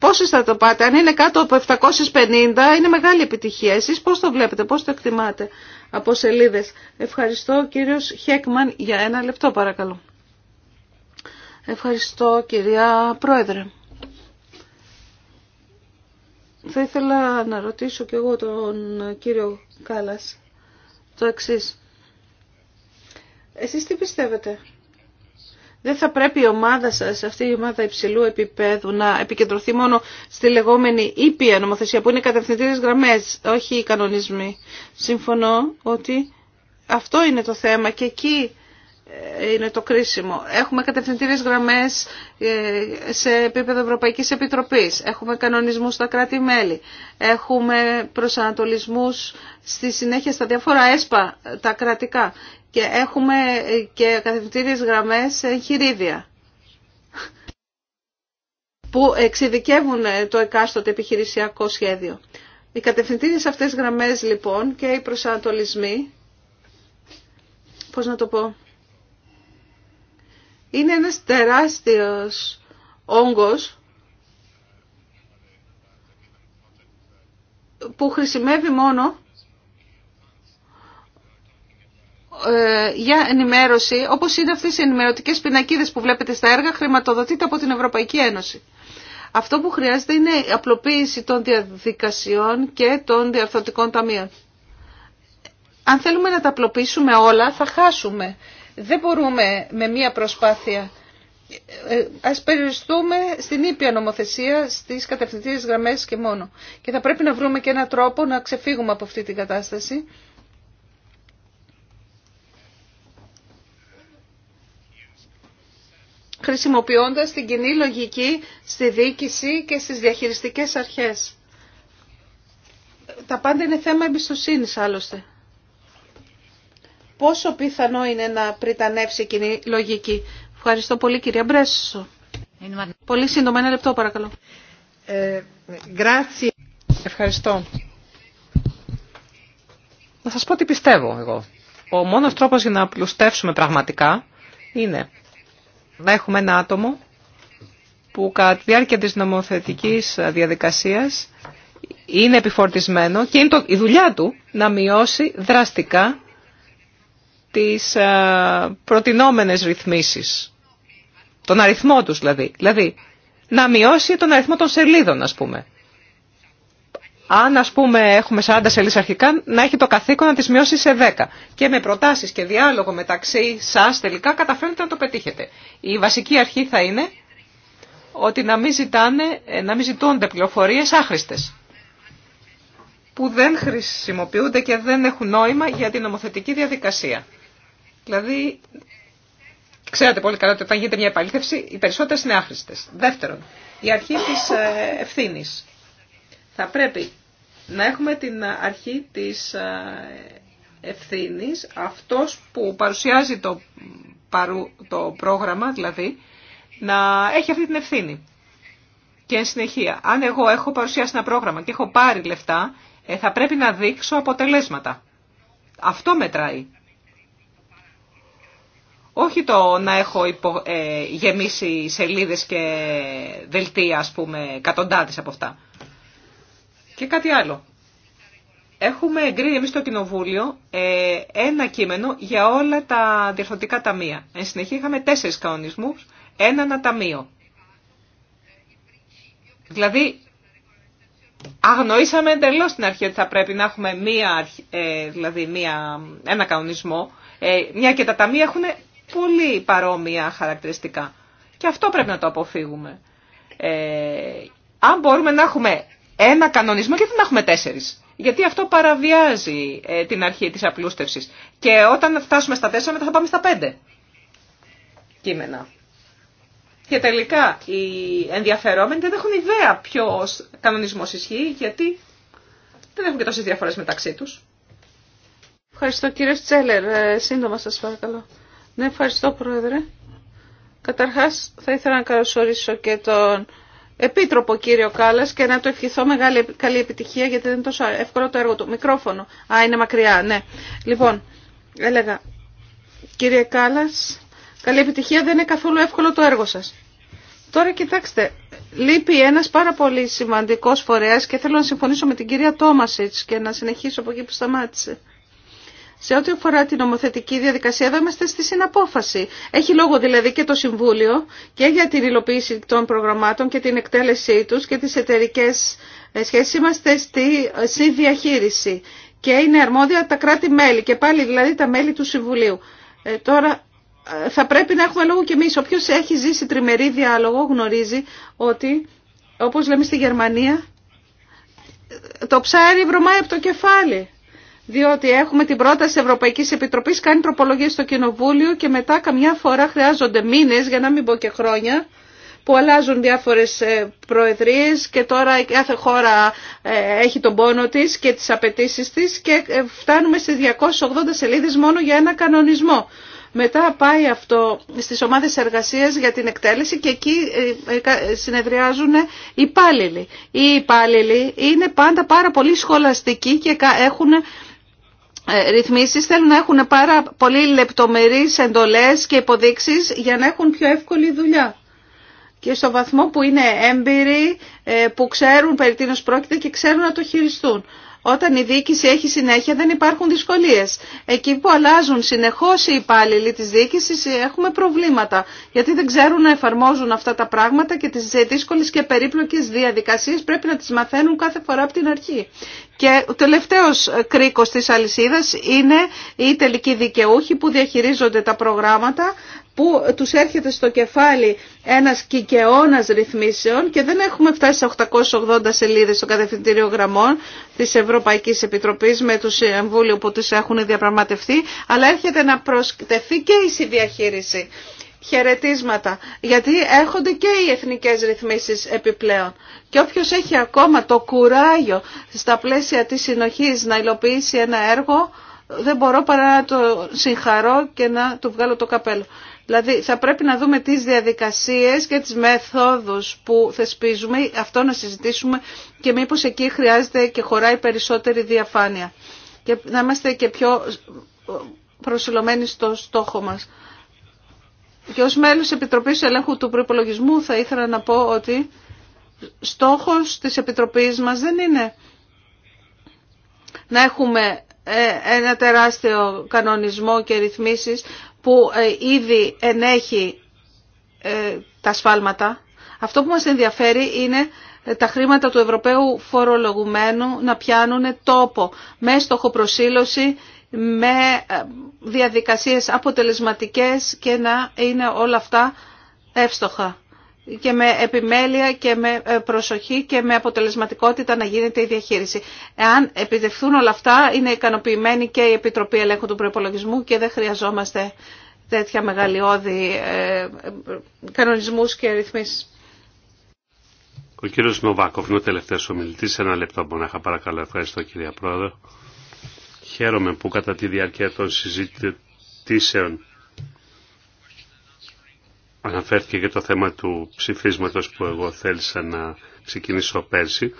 Πόσε θα το πάτε, αν είναι κάτω από 750 είναι μεγάλη επιτυχία. Εσείς πώς το βλέπετε, πώς το εκτιμάτε από σελίδε. Ευχαριστώ κύριος Χέκμαν για ένα λεπτό παρακαλώ. Ευχαριστώ κυρία Πρόεδρε. Θα ήθελα να ρωτήσω και εγώ τον κύριο Κάλλας το εξής. Εσείς τι πιστεύετε δεν θα πρέπει η ομάδα σας, αυτή η ομάδα υψηλού επίπεδου, να επικεντρωθεί μόνο στη λεγόμενη ήπια νομοθεσία που είναι κατευθυντήρες γραμμές, όχι οι κανονισμοί. Συμφωνώ ότι αυτό είναι το θέμα και εκεί ε, είναι το κρίσιμο. Έχουμε κατευθυντήριες γραμμές ε, σε επίπεδο Ευρωπαϊκής Επιτροπής. Έχουμε κανονισμούς στα κράτη-μέλη. Έχουμε προσανατολισμούς στη συνέχεια στα διαφορά ΕΣΠΑ, τα κρατικά και έχουμε ε, και κατευθυντήριες γραμμές εγχειρίδια που εξειδικεύουν ε, το εκάστοτε επιχειρησιακό σχέδιο. Οι κατευθυντήριες αυτές γραμμές λοιπόν και οι προσανατολισμοί, πώς να το πω, είναι ένας τεράστιος όγκος που χρησιμεύει μόνο ε, για ενημέρωση, όπως είναι αυτές οι ενημερωτικές πινακίδες που βλέπετε στα έργα, χρηματοδοτείται από την Ευρωπαϊκή Ένωση. Αυτό που χρειάζεται είναι η απλοποίηση των διαδικασιών και των διαρθρωτικών ταμείων. Αν θέλουμε να τα απλοποιήσουμε όλα, θα χάσουμε. Δεν μπορούμε με μία προσπάθεια. Ε, ας περιοριστούμε στην ήπια νομοθεσία, στις κατευθυντήριες γραμμές και μόνο. Και θα πρέπει να βρούμε και έναν τρόπο να ξεφύγουμε από αυτή την κατάσταση χρησιμοποιώντας την κοινή λογική στη διοίκηση και στις διαχειριστικές αρχές. Τα πάντα είναι θέμα εμπιστοσύνης άλλωστε. Πόσο πιθανό είναι να πριτανεύσει η κοινή λογική. Ευχαριστώ πολύ κυρία Μπρέσσο. Πολύ σύντομα, ένα λεπτό παρακαλώ. Ε, Ευχαριστώ. Να σας πω τι πιστεύω εγώ. Ο μόνος τρόπος για να πλουστεύσουμε πραγματικά είναι να έχουμε ένα άτομο που κατά τη διάρκεια της νομοθετικής διαδικασίας είναι επιφορτισμένο και είναι το, η δουλειά του να μειώσει δραστικά τις α, ε, προτινόμενες ρυθμίσεις. Τον αριθμό τους δηλαδή. Δηλαδή, να μειώσει τον αριθμό των σελίδων, ας πούμε αν ας πούμε έχουμε 40 σελίδες αρχικά, να έχει το καθήκον να τις μειώσει σε 10. Και με προτάσεις και διάλογο μεταξύ σας τελικά καταφέρετε να το πετύχετε. Η βασική αρχή θα είναι ότι να μην, ζητάνε, ε, να μην ζητούνται πληροφορίες άχρηστες που δεν χρησιμοποιούνται και δεν έχουν νόημα για την νομοθετική διαδικασία. Δηλαδή, ξέρετε πολύ καλά ότι όταν γίνεται μια επαλήθευση, οι περισσότερε είναι άχρηστε. Δεύτερον, η αρχή τη ε, ευθύνη. θα πρέπει να έχουμε την αρχή της ε, ευθύνης, αυτός που παρουσιάζει το, το πρόγραμμα, δηλαδή, να έχει αυτή την ευθύνη. Και εν συνεχεία, αν εγώ έχω παρουσιάσει ένα πρόγραμμα και έχω πάρει λεφτά, ε, θα πρέπει να δείξω αποτελέσματα. Αυτό μετράει. Όχι το να έχω ε, γεμίσει σελίδες και δελτία, ας πούμε, εκατοντάδες από αυτά. Και κάτι άλλο. Έχουμε εγκρίνει εμεί στο Κοινοβούλιο ε, ένα κείμενο για όλα τα διευθυντικά ταμεία. Εν συνεχεία είχαμε τέσσερις κανονισμούς, ένα ένα ταμείο. Δηλαδή, αγνοήσαμε εντελώ στην αρχή ότι θα πρέπει να έχουμε μία, ε, δηλαδή μία, ένα κανονισμό, ε, μια και τα ταμεία έχουν πολύ παρόμοια χαρακτηριστικά. Και αυτό πρέπει να το αποφύγουμε. Ε, αν μπορούμε να έχουμε ένα κανονισμό, γιατί να έχουμε τέσσερι. Γιατί αυτό παραβιάζει ε, την αρχή τη απλούστευσης. Και όταν φτάσουμε στα τέσσερα, μετά θα πάμε στα πέντε κείμενα. Και τελικά οι ενδιαφερόμενοι δεν έχουν ιδέα ποιο κανονισμό ισχύει, γιατί δεν έχουν και τόσε διαφορέ μεταξύ του. Ευχαριστώ κύριε Τσέλερ. Ε, σύντομα σα παρακαλώ. Ναι, ευχαριστώ πρόεδρε. Καταρχά θα ήθελα να καλωσορίσω και τον επίτροπο κύριο Κάλλα και να του ευχηθώ μεγάλη καλή επιτυχία γιατί δεν είναι τόσο εύκολο το έργο του. Μικρόφωνο. Α, είναι μακριά, ναι. Λοιπόν, έλεγα, κύριε Κάλλα, καλή επιτυχία δεν είναι καθόλου εύκολο το έργο σας. Τώρα κοιτάξτε, λείπει ένας πάρα πολύ σημαντικός φορέας και θέλω να συμφωνήσω με την κυρία Τόμασιτ και να συνεχίσω από εκεί που σταμάτησε. Σε ό,τι αφορά την νομοθετική διαδικασία, εδώ είμαστε στη συναπόφαση. Έχει λόγο δηλαδή και το Συμβούλιο και για την υλοποίηση των προγραμμάτων και την εκτέλεσή τους και τις εταιρικέ ε, σχέσεις. Είμαστε στη ε, συνδιαχείριση και είναι αρμόδια τα κράτη-μέλη και πάλι δηλαδή τα μέλη του Συμβουλίου. Ε, τώρα θα πρέπει να έχουμε λόγο κι εμείς. Όποιος έχει ζήσει τριμερή διάλογο γνωρίζει ότι, όπως λέμε στη Γερμανία, το ψάρι βρωμάει από το κεφάλι διότι έχουμε την πρόταση Ευρωπαϊκή Επιτροπή κάνει τροπολογίες στο Κοινοβούλιο και μετά καμιά φορά χρειάζονται μήνε για να μην πω και χρόνια, που αλλάζουν διάφορε προεδρίε και τώρα κάθε χώρα ε, έχει τον πόνο τη και τι απαιτήσει τη και ε, φτάνουμε στι 280 σελίδε μόνο για ένα κανονισμό. Μετά πάει αυτό στις ομάδες εργασίας για την εκτέλεση και εκεί ε, συνεδριάζουν οι υπάλληλοι. Οι υπάλληλοι είναι πάντα πάρα πολύ σχολαστικοί και έχουν ε, ρυθμίσεις θέλουν να έχουν πάρα πολύ λεπτομερείς εντολές και υποδείξεις για να έχουν πιο εύκολη δουλειά. Και στο βαθμό που είναι έμπειροι, ε, που ξέρουν περί τίνος πρόκειται και ξέρουν να το χειριστούν. Όταν η διοίκηση έχει συνέχεια δεν υπάρχουν δυσκολίες. Εκεί που αλλάζουν συνεχώς οι υπάλληλοι της διοίκησης έχουμε προβλήματα. Γιατί δεν ξέρουν να εφαρμόζουν αυτά τα πράγματα και τις δύσκολες και περίπλοκες διαδικασίες πρέπει να τις μαθαίνουν κάθε φορά από την αρχή. Και ο τελευταίος κρίκος της αλυσίδας είναι οι τελικοί δικαιούχοι που διαχειρίζονται τα προγράμματα που τους έρχεται στο κεφάλι ένας κικαιώνας ρυθμίσεων και δεν έχουμε φτάσει σε 880 σελίδες στο κατευθυντήριο γραμμών της Ευρωπαϊκής Επιτροπής με τους εμβούλιο που τους έχουν διαπραγματευτεί, αλλά έρχεται να προσκεφτεί και η συνδιαχείριση. Χαιρετίσματα, γιατί έρχονται και οι εθνικές ρυθμίσεις επιπλέον. Και όποιος έχει ακόμα το κουράγιο στα πλαίσια της συνοχής να υλοποιήσει ένα έργο, δεν μπορώ παρά να το συγχαρώ και να του βγάλω το καπέλο. Δηλαδή θα πρέπει να δούμε τις διαδικασίες και τις μεθόδους που θεσπίζουμε, αυτό να συζητήσουμε και μήπως εκεί χρειάζεται και χωράει περισσότερη διαφάνεια. Και να είμαστε και πιο προσιλωμένοι στο στόχο μας. Και ως μέλος Επιτροπής Ελέγχου του Προϋπολογισμού θα ήθελα να πω ότι στόχος της Επιτροπής μας δεν είναι να έχουμε ε, ένα τεράστιο κανονισμό και ρυθμίσεις που ε, ήδη ενέχει ε, τα σφάλματα. Αυτό που μας ενδιαφέρει είναι ε, τα χρήματα του Ευρωπαίου φορολογουμένου να πιάνουν τόπο με στοχοπροσύλωση, με διαδικασίες αποτελεσματικές και να είναι όλα αυτά εύστοχα και με επιμέλεια και με ε, προσοχή και με αποτελεσματικότητα να γίνεται η διαχείριση. Εάν επιτευχθούν όλα αυτά, είναι ικανοποιημένη και η Επιτροπή Ελέγχου του Προπολογισμού και δεν χρειαζόμαστε τέτοια μεγαλειώδη ε, κανονισμούς και ρυθμίσεις. Ο κύριος Νοβάκοφ είναι ο τελευταίος ομιλητής. Ένα λεπτό είχα παρακαλώ. Ευχαριστώ κυρία Πρόεδρο. Χαίρομαι που κατά τη διάρκεια των συζητήσεων αναφέρθηκε και το θέμα του ψηφίσματος που εγώ θέλησα να ξεκινήσω πέρσι.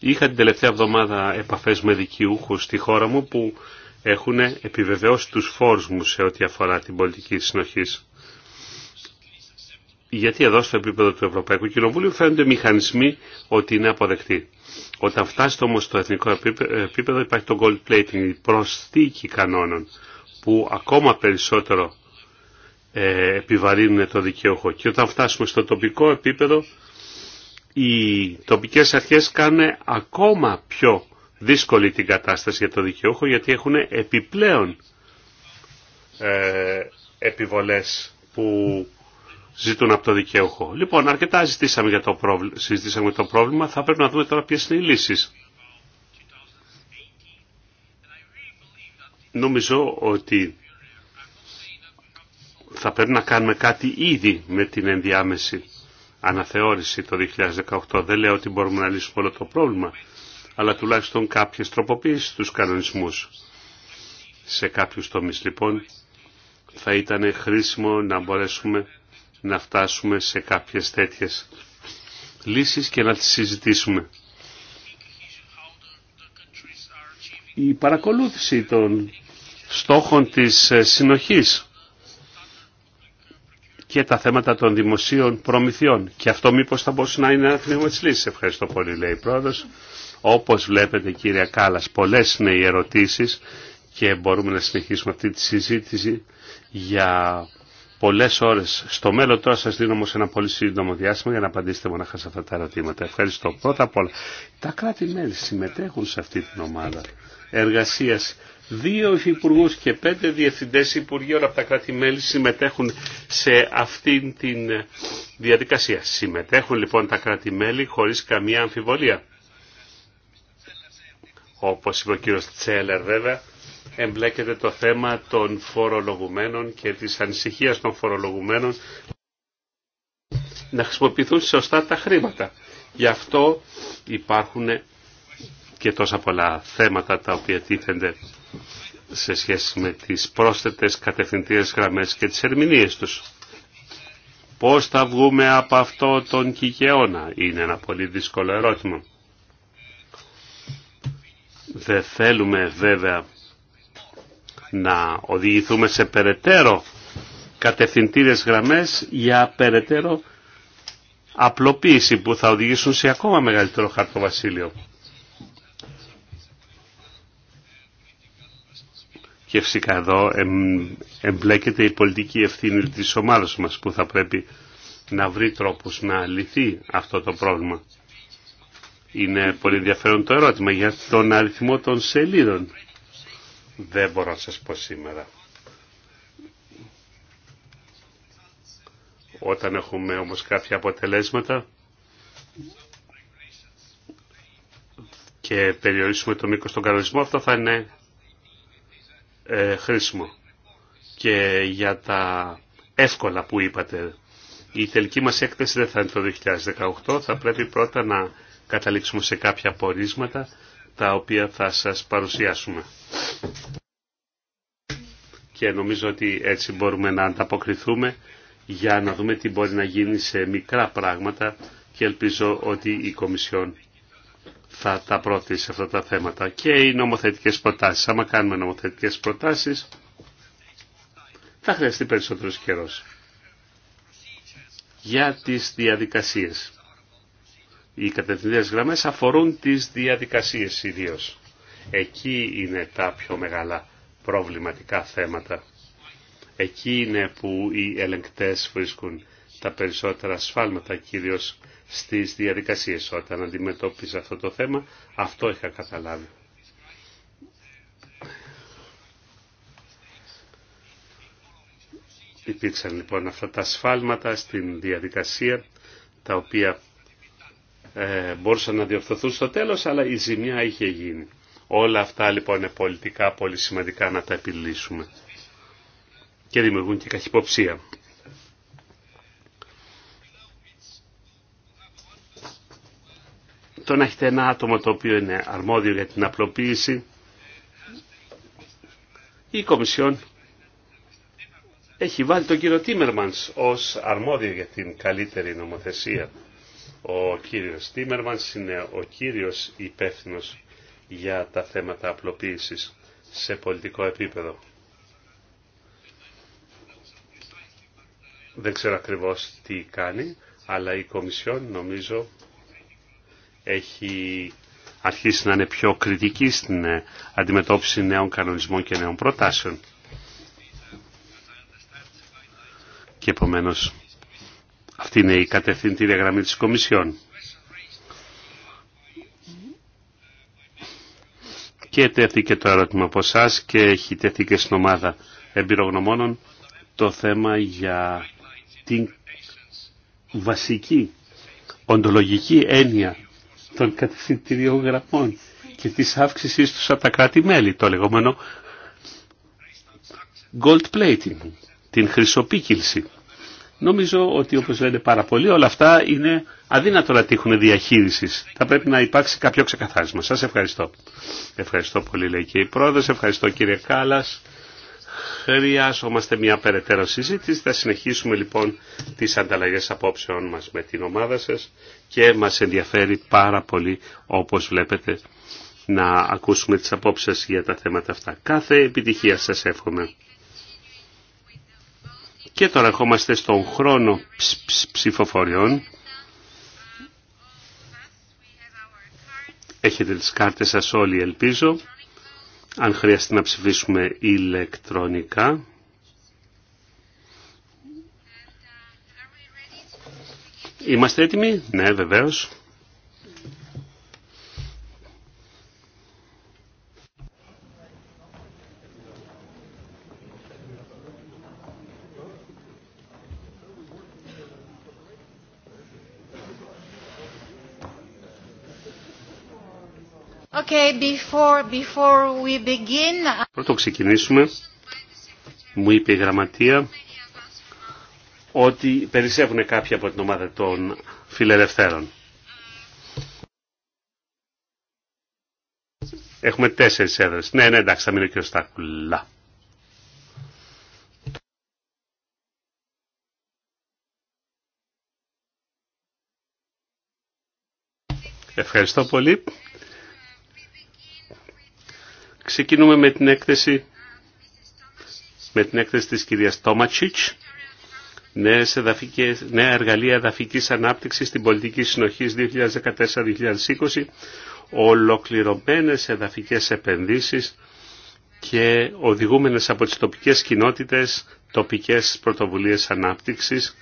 Είχα την τελευταία εβδομάδα επαφές με δικιούχους στη χώρα μου που έχουν επιβεβαιώσει τους φόρους μου σε ό,τι αφορά την πολιτική συνοχής. Γιατί εδώ στο επίπεδο του Ευρωπαϊκού Κοινοβούλου φαίνονται μηχανισμοί ότι είναι αποδεκτοί. Όταν φτάσει όμως στο εθνικό επίπεδο υπάρχει το gold plating, η προσθήκη κανόνων που ακόμα περισσότερο ε, επιβαρύνουν το δικαίωχο. Και όταν φτάσουμε στο τοπικό επίπεδο, οι τοπικές αρχές κάνουν ακόμα πιο δύσκολη την κατάσταση για το δικαιούχο γιατί έχουν επιπλέον ε, επιβολές που ζητούν από το δικαιούχο. Λοιπόν, αρκετά συζητήσαμε, για το πρόβλημα, συζητήσαμε το πρόβλημα, θα πρέπει να δούμε τώρα ποιες είναι οι λύσεις. Νομίζω ότι θα πρέπει να κάνουμε κάτι ήδη με την ενδιάμεση αναθεώρηση το 2018. Δεν λέω ότι μπορούμε να λύσουμε όλο το πρόβλημα, αλλά τουλάχιστον κάποιες τροποποίησεις στους κανονισμούς. Σε κάποιους τομείς λοιπόν θα ήταν χρήσιμο να μπορέσουμε να φτάσουμε σε κάποιες τέτοιες λύσεις και να τις συζητήσουμε. Η παρακολούθηση των στόχων της συνοχής και τα θέματα των δημοσίων προμηθειών. Και αυτό μήπως θα μπορούσε να είναι ένα τμήμα της λύσης. Ευχαριστώ πολύ, λέει η πρόεδρος. Όπως βλέπετε, κύριε Κάλλας, πολλές είναι οι ερωτήσεις και μπορούμε να συνεχίσουμε αυτή τη συζήτηση για πολλές ώρες. Στο μέλλον τώρα σας δίνω όμως ένα πολύ σύντομο διάστημα για να απαντήσετε μονάχα σε αυτά τα ερωτήματα. Ευχαριστώ. Πρώτα απ' όλα, τα κράτη-μέλη συμμετέχουν σε αυτή την ομάδα εργασίας Δύο υφυπουργού και πέντε διευθυντέ υπουργείων από τα κράτη-μέλη συμμετέχουν σε αυτήν την διαδικασία. Συμμετέχουν λοιπόν τα κράτη-μέλη χωρίς καμία αμφιβολία. Όπως είπε ο κύριο Τσέλερ βέβαια, εμπλέκεται το θέμα των φορολογουμένων και της ανησυχία των φορολογουμένων να χρησιμοποιηθούν σωστά τα χρήματα. Γι' αυτό υπάρχουν και τόσα πολλά θέματα τα οποία τίθενται σε σχέση με τις πρόσθετες κατευθυντήρες γραμμές και τις ερμηνείες τους. Πώς θα βγούμε από αυτό τον κικαιώνα είναι ένα πολύ δύσκολο ερώτημα. Δεν θέλουμε βέβαια να οδηγηθούμε σε περαιτέρω κατευθυντήρες γραμμές για περαιτέρω απλοποίηση που θα οδηγήσουν σε ακόμα μεγαλύτερο χαρτοβασίλειο. Και φυσικά εδώ εμπλέκεται η πολιτική ευθύνη της ομάδας μας που θα πρέπει να βρει τρόπους να λυθεί αυτό το πρόβλημα. Είναι πολύ ενδιαφέρον το ερώτημα για τον αριθμό των σελίδων. Δεν μπορώ να σας πω σήμερα. Όταν έχουμε όμως κάποια αποτελέσματα και περιορίσουμε το μήκος στον κανονισμό, αυτό θα είναι ε, χρήσιμο. Και για τα εύκολα που είπατε, η τελική μας έκθεση δεν θα είναι το 2018, θα πρέπει πρώτα να καταλήξουμε σε κάποια πορίσματα τα οποία θα σας παρουσιάσουμε. Και νομίζω ότι έτσι μπορούμε να ανταποκριθούμε για να δούμε τι μπορεί να γίνει σε μικρά πράγματα και ελπίζω ότι η Κομισιόν θα τα πρώτη σε αυτά τα θέματα. Και οι νομοθετικές προτάσεις. Άμα κάνουμε νομοθετικές προτάσεις, θα χρειαστεί περισσότερος καιρός. Για τις διαδικασίες. Οι κατευθυντές γραμμές αφορούν τις διαδικασίες ιδίως. Εκεί είναι τα πιο μεγάλα προβληματικά θέματα. Εκεί είναι που οι ελεγκτές βρίσκουν τα περισσότερα σφάλματα, κυρίως στις διαδικασίες όταν αντιμετώπιζα αυτό το θέμα. Αυτό είχα καταλάβει. Υπήρξαν λοιπόν αυτά τα σφάλματα στην διαδικασία τα οποία ε, μπορούσαν να διορθωθούν στο τέλος αλλά η ζημιά είχε γίνει. Όλα αυτά λοιπόν είναι πολιτικά πολύ σημαντικά να τα επιλύσουμε και δημιουργούν και καχυποψία. το να έχετε ένα άτομο το οποίο είναι αρμόδιο για την απλοποίηση. Η Κομισιόν έχει βάλει τον κύριο Τίμερμανς ως αρμόδιο για την καλύτερη νομοθεσία. Ο κύριος Τίμερμανς είναι ο κύριος υπεύθυνο για τα θέματα απλοποίησης σε πολιτικό επίπεδο. Δεν ξέρω ακριβώς τι κάνει, αλλά η Κομισιόν νομίζω έχει αρχίσει να είναι πιο κριτική στην ε, αντιμετώπιση νέων κανονισμών και νέων προτάσεων. Και επομένως αυτή είναι η κατευθυντή διαγραμμή της Κομισιόν. Και τέθηκε το ερώτημα από εσά και έχει τέθει και στην ομάδα εμπειρογνωμόνων το θέμα για την βασική οντολογική έννοια των κατευθυντηριών γραμμών και της αύξησής του από τα κράτη-μέλη, το λεγόμενο gold plating, την χρυσοπίκυλση. Νομίζω ότι όπως λένε πάρα πολύ όλα αυτά είναι αδύνατο να τύχουν διαχείρισης. Θα πρέπει να υπάρξει κάποιο ξεκαθάρισμα. Σας ευχαριστώ. Ευχαριστώ πολύ λέει και η πρόεδρος, ευχαριστώ κύριε Κάλλας. Χρειάζομαστε μια περαιτέρω συζήτηση. Θα συνεχίσουμε λοιπόν τις ανταλλαγές απόψεών μας με την ομάδα σας και μας ενδιαφέρει πάρα πολύ όπως βλέπετε να ακούσουμε τις απόψεις σας για τα θέματα αυτά. Κάθε επιτυχία σας εύχομαι. Και τώρα ερχόμαστε στον χρόνο ψηφοφοριών. Έχετε τις κάρτες σας όλοι ελπίζω αν χρειαστεί να ψηφίσουμε ηλεκτρονικά. Είμαστε έτοιμοι. Ναι, βεβαίως. Okay, before, before we begin... Uh, Πρώτον ξεκινήσουμε. Μου είπε η γραμματεία ότι περισσεύουν κάποιοι από την ομάδα των φιλελευθέρων. Έχουμε τέσσερις έδρες. Ναι, ναι, εντάξει, θα μείνω και ο Στάκουλα. Ευχαριστώ πολύ. Ξεκινούμε με την έκθεση, με την έκθεση της κυρίας Τόματσιτς. Νέες νέα εργαλεία εδαφικής ανάπτυξης στην πολιτική συνοχής 2014-2020, ολοκληρωμένες εδαφικές επενδύσεις και οδηγούμενες από τις τοπικές κοινότητες, τοπικές πρωτοβουλίες ανάπτυξης.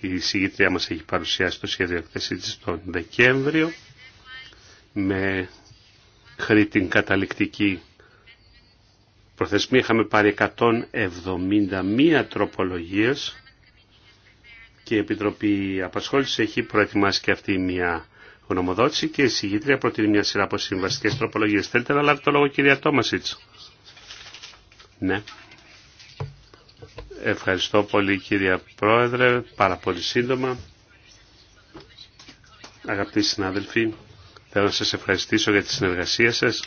Η συγγήτριά μας έχει παρουσιάσει το σχέδιο εκθεσή τη τον Δεκέμβριο με χρήτη καταληκτική Προθεσμοί είχαμε πάρει 171 τροπολογίες και η Επιτροπή Απασχόλησης έχει προετοιμάσει και αυτή μια γνωμοδότηση και η συγγήτρια προτείνει μια σειρά από συμβαστικέ τροπολογίε. Θέλετε να λάβετε το λόγο, κυρία Τόμασιτ. Ναι. Ευχαριστώ πολύ, κύριε Πρόεδρε. Πάρα πολύ σύντομα. Αγαπητοί συνάδελφοι, θέλω να σας ευχαριστήσω για τη συνεργασία σας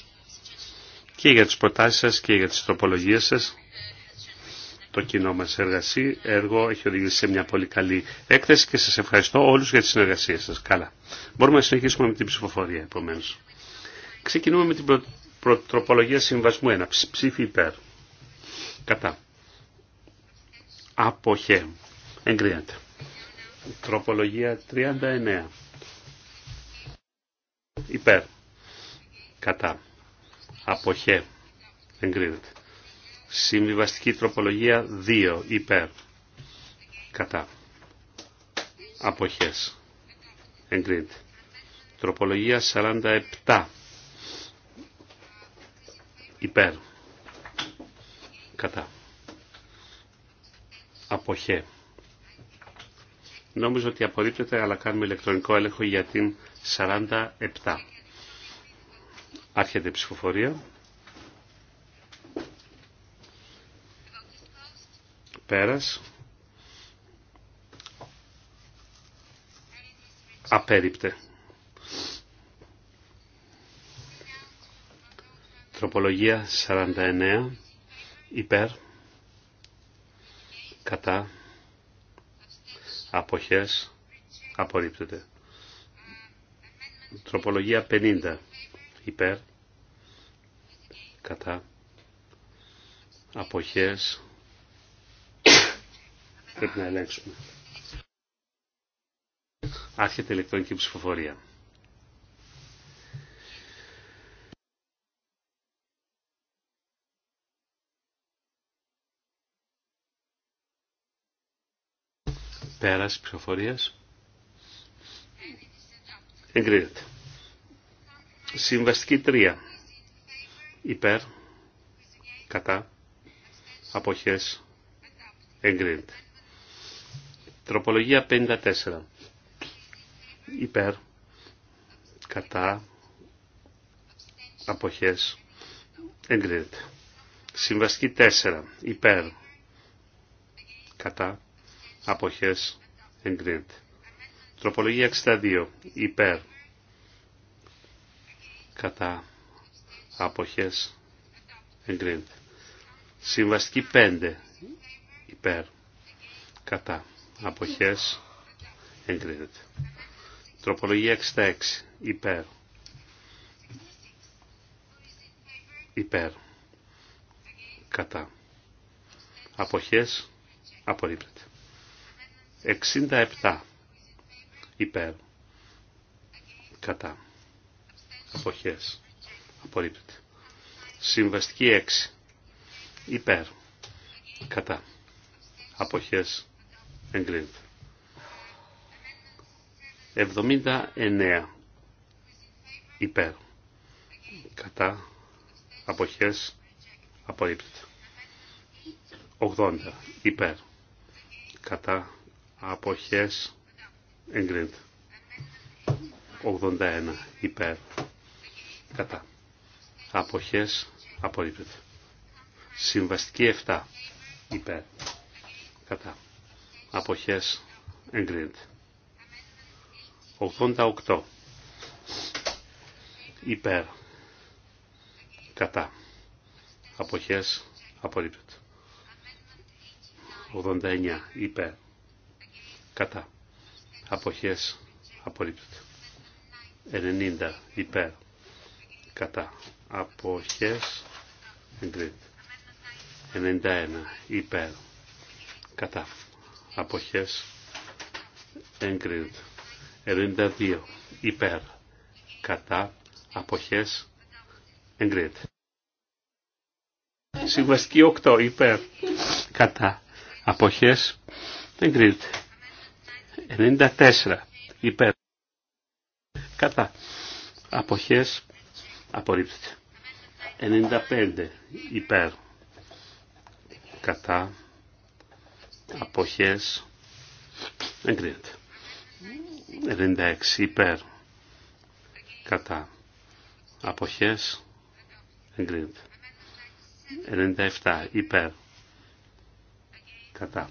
και για τις προτάσεις σας και για τις τροπολογίες σας. Το κοινό μας εργασί, έργο έχει οδηγήσει σε μια πολύ καλή έκθεση και σας ευχαριστώ όλους για τη συνεργασία σας. Καλά. Μπορούμε να συνεχίσουμε με την ψηφοφορία επομένως. Ξεκινούμε με την τροπολογία συμβασμού 1. Ψήφι υπέρ. Κατά. Αποχέ. Εγκρίνεται. Τροπολογία 39. Υπέρ. Κατά αποχέ εγκρίνεται. Συμβιβαστική τροπολογία 2 υπέρ κατά αποχές εγκρίνεται. Τροπολογία 47 υπέρ κατά αποχέ. Νόμιζα ότι απορρίπτεται αλλά κάνουμε ηλεκτρονικό έλεγχο για την 47. Άρχεται η ψηφοφορία. Πέρας. Απέριπτε. Τροπολογία 49. Υπέρ. Κατά. Αποχές. Απορρίπτεται. Τροπολογία 50 υπέρ κατά αποχές πρέπει να ελέγξουμε. Άρχεται ηλεκτρονική ψηφοφορία. Πέραση ψηφοφορίας. Εγκρίνεται. Συμβαστική 3. Υπέρ. Κατά. Αποχές. Εγκρίνεται. Τροπολογία 54. Υπέρ. Κατά. Αποχές. Εγκρίνεται. Συμβαστική 4. Υπέρ. Κατά. Αποχές. Εγκρίνεται. Τροπολογία 62. Υπέρ κατά αποχές εγκρίνεται. Συμβαστική 5 υπέρ κατά αποχές εγκρίνεται. Τροπολογία 66 υπέρ υπέρ κατά αποχές απορρίπτεται. 67 υπέρ κατά αποχές απορρίπτεται. Συμβαστική 6 υπέρ κατά αποχές εγκρίνεται. 79 υπέρ κατά αποχές απορρίπτεται. 80 υπέρ κατά αποχές εγκρίνεται. 81 υπέρ κατά αποχές απορρίπτεται. Συμβαστική 7 υπέρ κατά αποχές εγκρίνεται. 88 υπέρ κατά αποχές απορρίπτεται. 89 υπέρ κατά αποχές απορρίπτεται. 90 υπέρ κατά αποχές εγκρίνεται 91 υπέρ κατά αποχές εγκρίνεται 92 υπέρ κατά αποχές εγκρίνεται Συμβαστική 8 υπέρ κατά αποχές εγκρίνεται 94 υπέρ κατά αποχές Απορρίπτεται. 95 υπέρ. Κατά. Αποχές. Εγκρίνεται. 96 υπέρ. Κατά. Αποχές. Εγκρίνεται. 97 υπέρ. Κατά.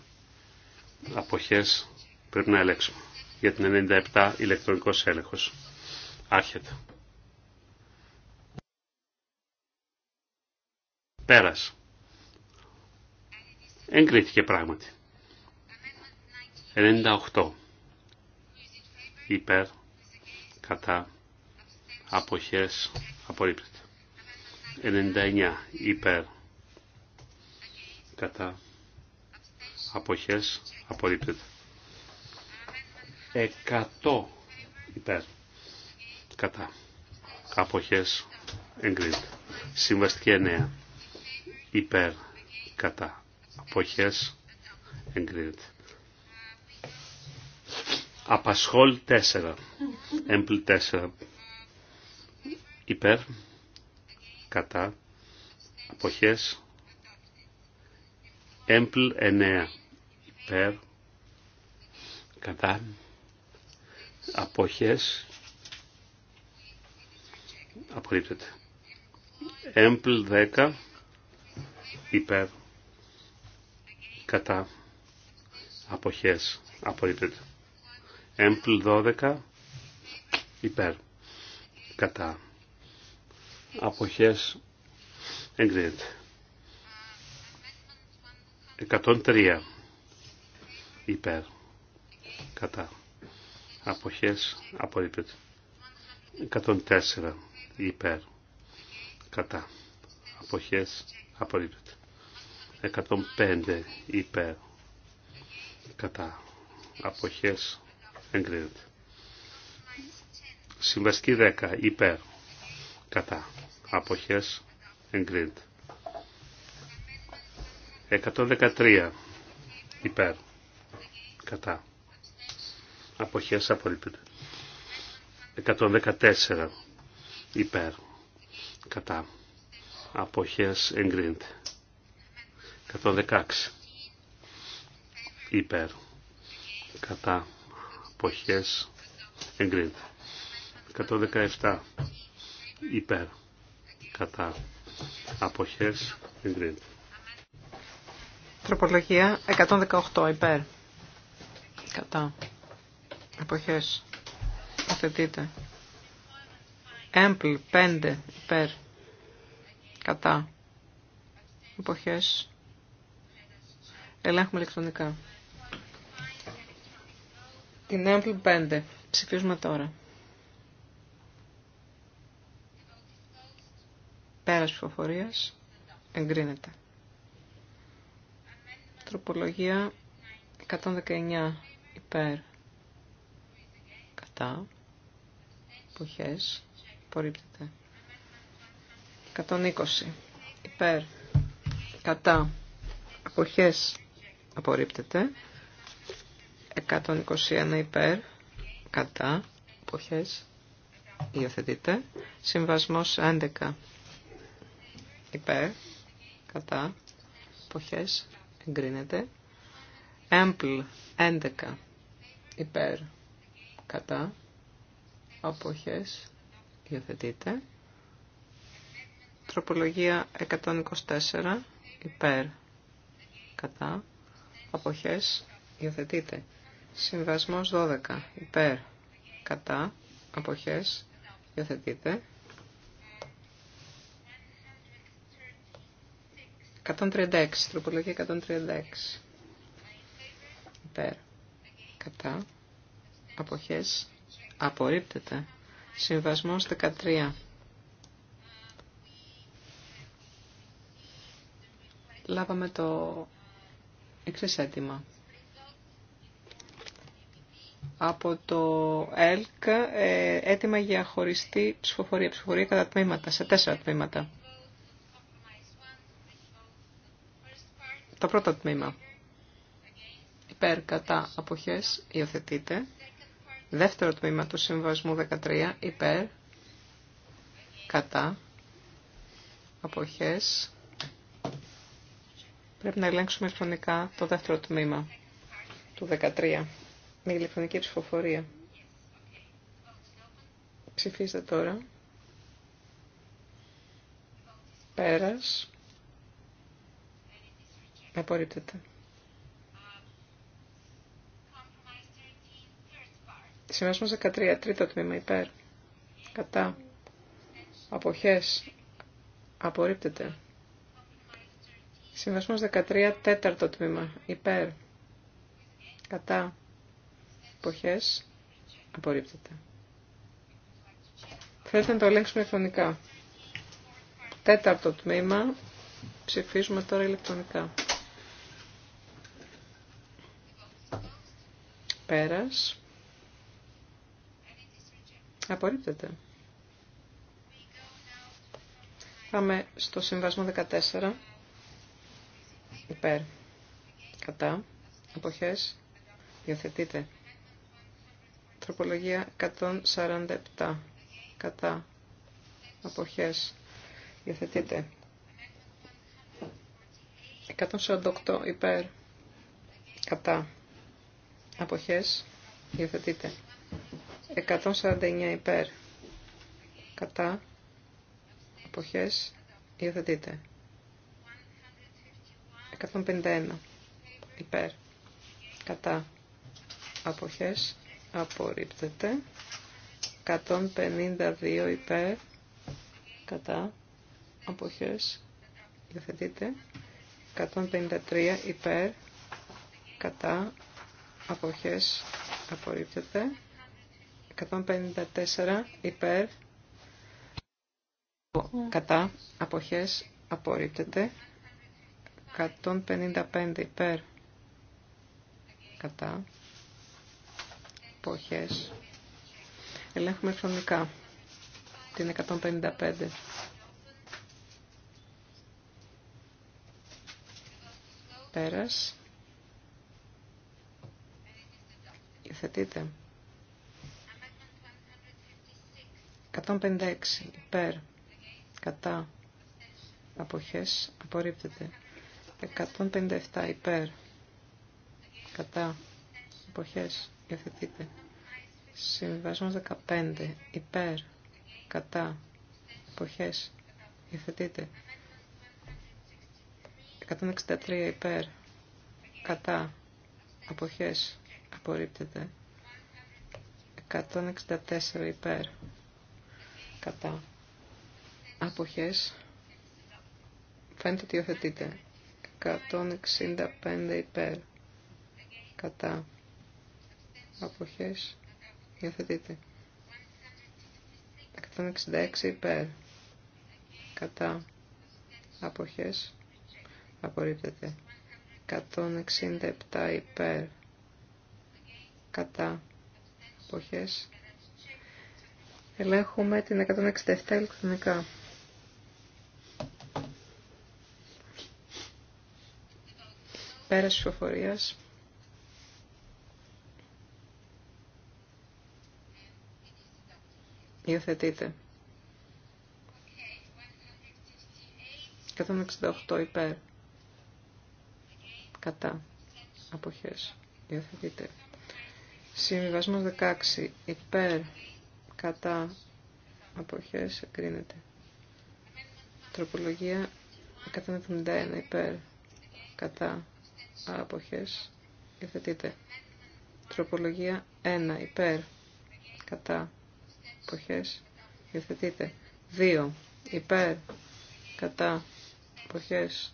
Αποχές πρέπει να ελέγξουμε. Για την 97 ηλεκτρονικός έλεγχος. Άρχεται. Πέρας. Εγκρίθηκε πράγματι. 98. Υπέρ. Κατά. Αποχές. Απορρίπτεται. 99. Υπέρ. Κατά. Αποχές. Απορρίπτεται. 100. Υπέρ. Κατά. Αποχές. Εγκρίνεται. Συμβαστική εννέα υπέρ κατά αποχές εγκρίνεται. Απασχόλ 4. Έμπλ 4. Υπέρ. Κατά. Αποχές. Έμπλ 9. Υπέρ. Κατά. Αποχές. Απορρίπτεται. Έμπλ 10 υπέρ κατά αποχές απορρίπτεται. Έμπλ 12 υπέρ κατά αποχές εγκρίνεται. 103 υπέρ κατά αποχές απορρίπτεται. 104 υπέρ κατά αποχές απορρίπτεται. 105 υπέρ κατά αποχές εγκρίνεται. Συμβαστική 10 υπέρ κατά αποχές εγκρίνεται. 113 υπέρ κατά αποχές απορρίπτεται. 114 υπέρ κατά αποχές εγκρίνεται. 116 υπέρ κατά ποχές εγκρίνεται 117 υπέρ κατά αποχές εγκρίνεται Τροπολογία 118 υπέρ κατά αποχές αθετείται έμπλ 5 υπέρ κατά εποχές Ελέγχουμε ηλεκτρονικά. Την Apple 5. Ψηφίζουμε τώρα. Πέρας ψηφοφορίας. Εγκρίνεται. Τροπολογία 119 υπέρ. Κατά. Υποχές. Απορρίπτεται. 120 υπέρ. Κατά. Αποχές απορρίπτεται. 121 υπέρ, κατά, εποχές, υιοθετείται. Συμβασμός 11 υπέρ, κατά, εποχές, εγκρίνεται. Έμπλ 11 υπέρ, κατά, εποχές υιοθετείται. Τροπολογία 124 υπέρ, κατά, αποχές υιοθετείται. Συμβασμός 12 υπέρ κατά αποχές υιοθετείται. 136, τροπολογία 136. Υπέρ. Κατά. Αποχές. Απορρίπτεται. Συμβασμός 13. Λάβαμε το εξής έτοιμα. Από το ΕΛΚ ε, έτοιμα για χωριστή ψηφοφορία, ψηφοφορία κατά τμήματα, σε τέσσερα τμήματα. Το πρώτο τμήμα. Υπέρ κατά αποχές υιοθετείται. Δεύτερο τμήμα του Συμβασμού 13. Υπέρ κατά αποχές Πρέπει να ελέγξουμε ηλεκτρονικά το δεύτερο τμήμα του 13 με ηλεκτρονική ψηφοφορία. Ψηφίστε τώρα. Πέρας. Απορρίπτεται. Σημασμός 13, τρίτο τμήμα υπέρ. Κατά. Αποχές. Απορρίπτεται. Συμβασμός 13, τέταρτο τμήμα. Υπέρ. Κατά. Εποχές. Απορρίπτεται. Θέλετε να το ελέγξουμε ηλεκτρονικά. Τέταρτο τμήμα. Ψηφίζουμε τώρα ηλεκτρονικά. Πέρας. Απορρίπτεται. Πάμε στο συμβασμό 14 υπέρ, κατά, αποχές, υιοθετείτε. Τροπολογία 147, κατά, αποχές, υιοθετείτε. 148 υπέρ, κατά, αποχές, υιοθετείτε. 149 υπέρ, κατά, αποχές, υιοθετείτε. 151 υπέρ κατά αποχές απορρίπτεται 152 υπέρ κατά αποχές υιοθετείται 153 υπέρ κατά αποχές απορρίπτεται 154 υπέρ κατά αποχές απορρίπτεται 155 υπέρ κατά εποχές ελέγχουμε χρονικά την 155 πέρας υιοθετείτε 156 υπέρ κατά αποχές απορρίπτεται 157 υπέρ. Κατά. Εποχές. Υιοθετείτε. Συμβιβασμός 15 υπέρ. Κατά. Εποχές. Υιοθετείτε. 163 υπέρ. Κατά. εποχές Απορρίπτεται. 164 υπέρ. Κατά. Αποχές. Φαίνεται ότι υιοθετείται. 165 υπέρ. Κατά. Αποχές. Υιοθετείτε. 166 υπέρ. Κατά. Αποχές. Απορρίπτεται. 167 υπέρ. Κατά. Αποχές. Ελέγχουμε την 167 ηλεκτρονικά. Πέρας ψηφοφορίας. Υιοθετείτε. 168 υπέρ. Κατά. Αποχές. Υιοθετείτε. Συμβιβασμός 16 υπέρ. Κατά. Αποχές. Εγκρίνεται. Τροπολογία 171 υπέρ. Κατά αποχές υιοθετείτε Τροπολογία 1 υπέρ κατά εποχές υιοθετείτε 2 υπέρ κατά εποχές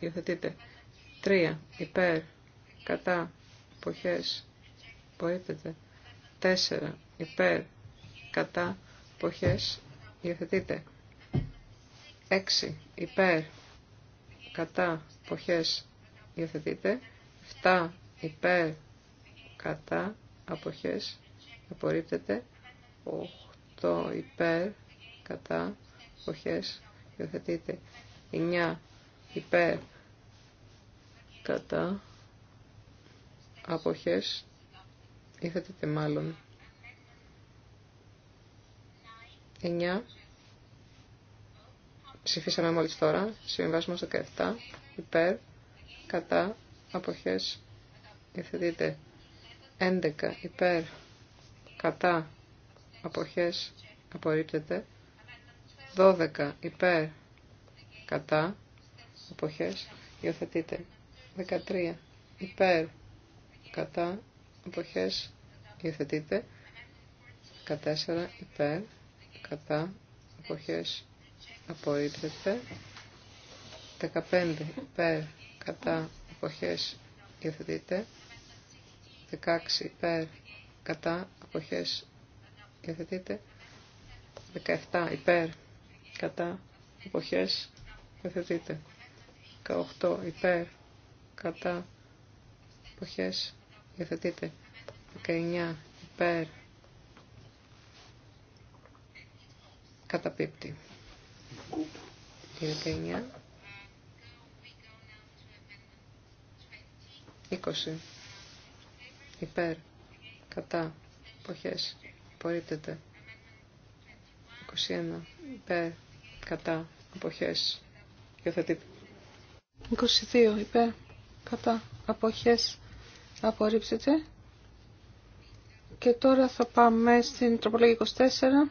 υιοθετείτε 3 υπέρ κατά εποχές απορρίπτεται. 4 υπέρ κατά εποχές υιοθετείτε 6 υπέρ κατά αποχές Υιοθετείτε. 7 υπέρ κατά αποχές απορρίπτεται. 8 υπέρ κατά αποχές υιοθετείτε 9 υπέρ κατά αποχές υιοθετείτε μάλλον. 9 ψηφίσαμε μόλις τώρα, στο 17, υπέρ, κατά αποχές υιοθετείται 11 υπέρ κατά αποχές απορρίπτεται 12 υπέρ κατά αποχές υιοθετείται 13 υπέρ κατά αποχές υιοθετείται 14 υπέρ κατά αποχές απορρίπτεται 15 υπέρ κατά εποχές υιοθετείται 16 υπέρ κατά εποχές υιοθετείται 17 υπέρ κατά εποχές υιοθετείται 18 υπέρ κατά εποχές υιοθετείται 19 υπέρ καταπίπτει 19 20. Υπέρ. Κατά. Αποχές. Απορρίπτεται. 21. Υπέρ. Κατά. Αποχές. Υιοθετείται. 22. Υπέρ. Κατά. Αποχές. Απορρίπτεται. Και τώρα θα πάμε στην τροπολογία 24.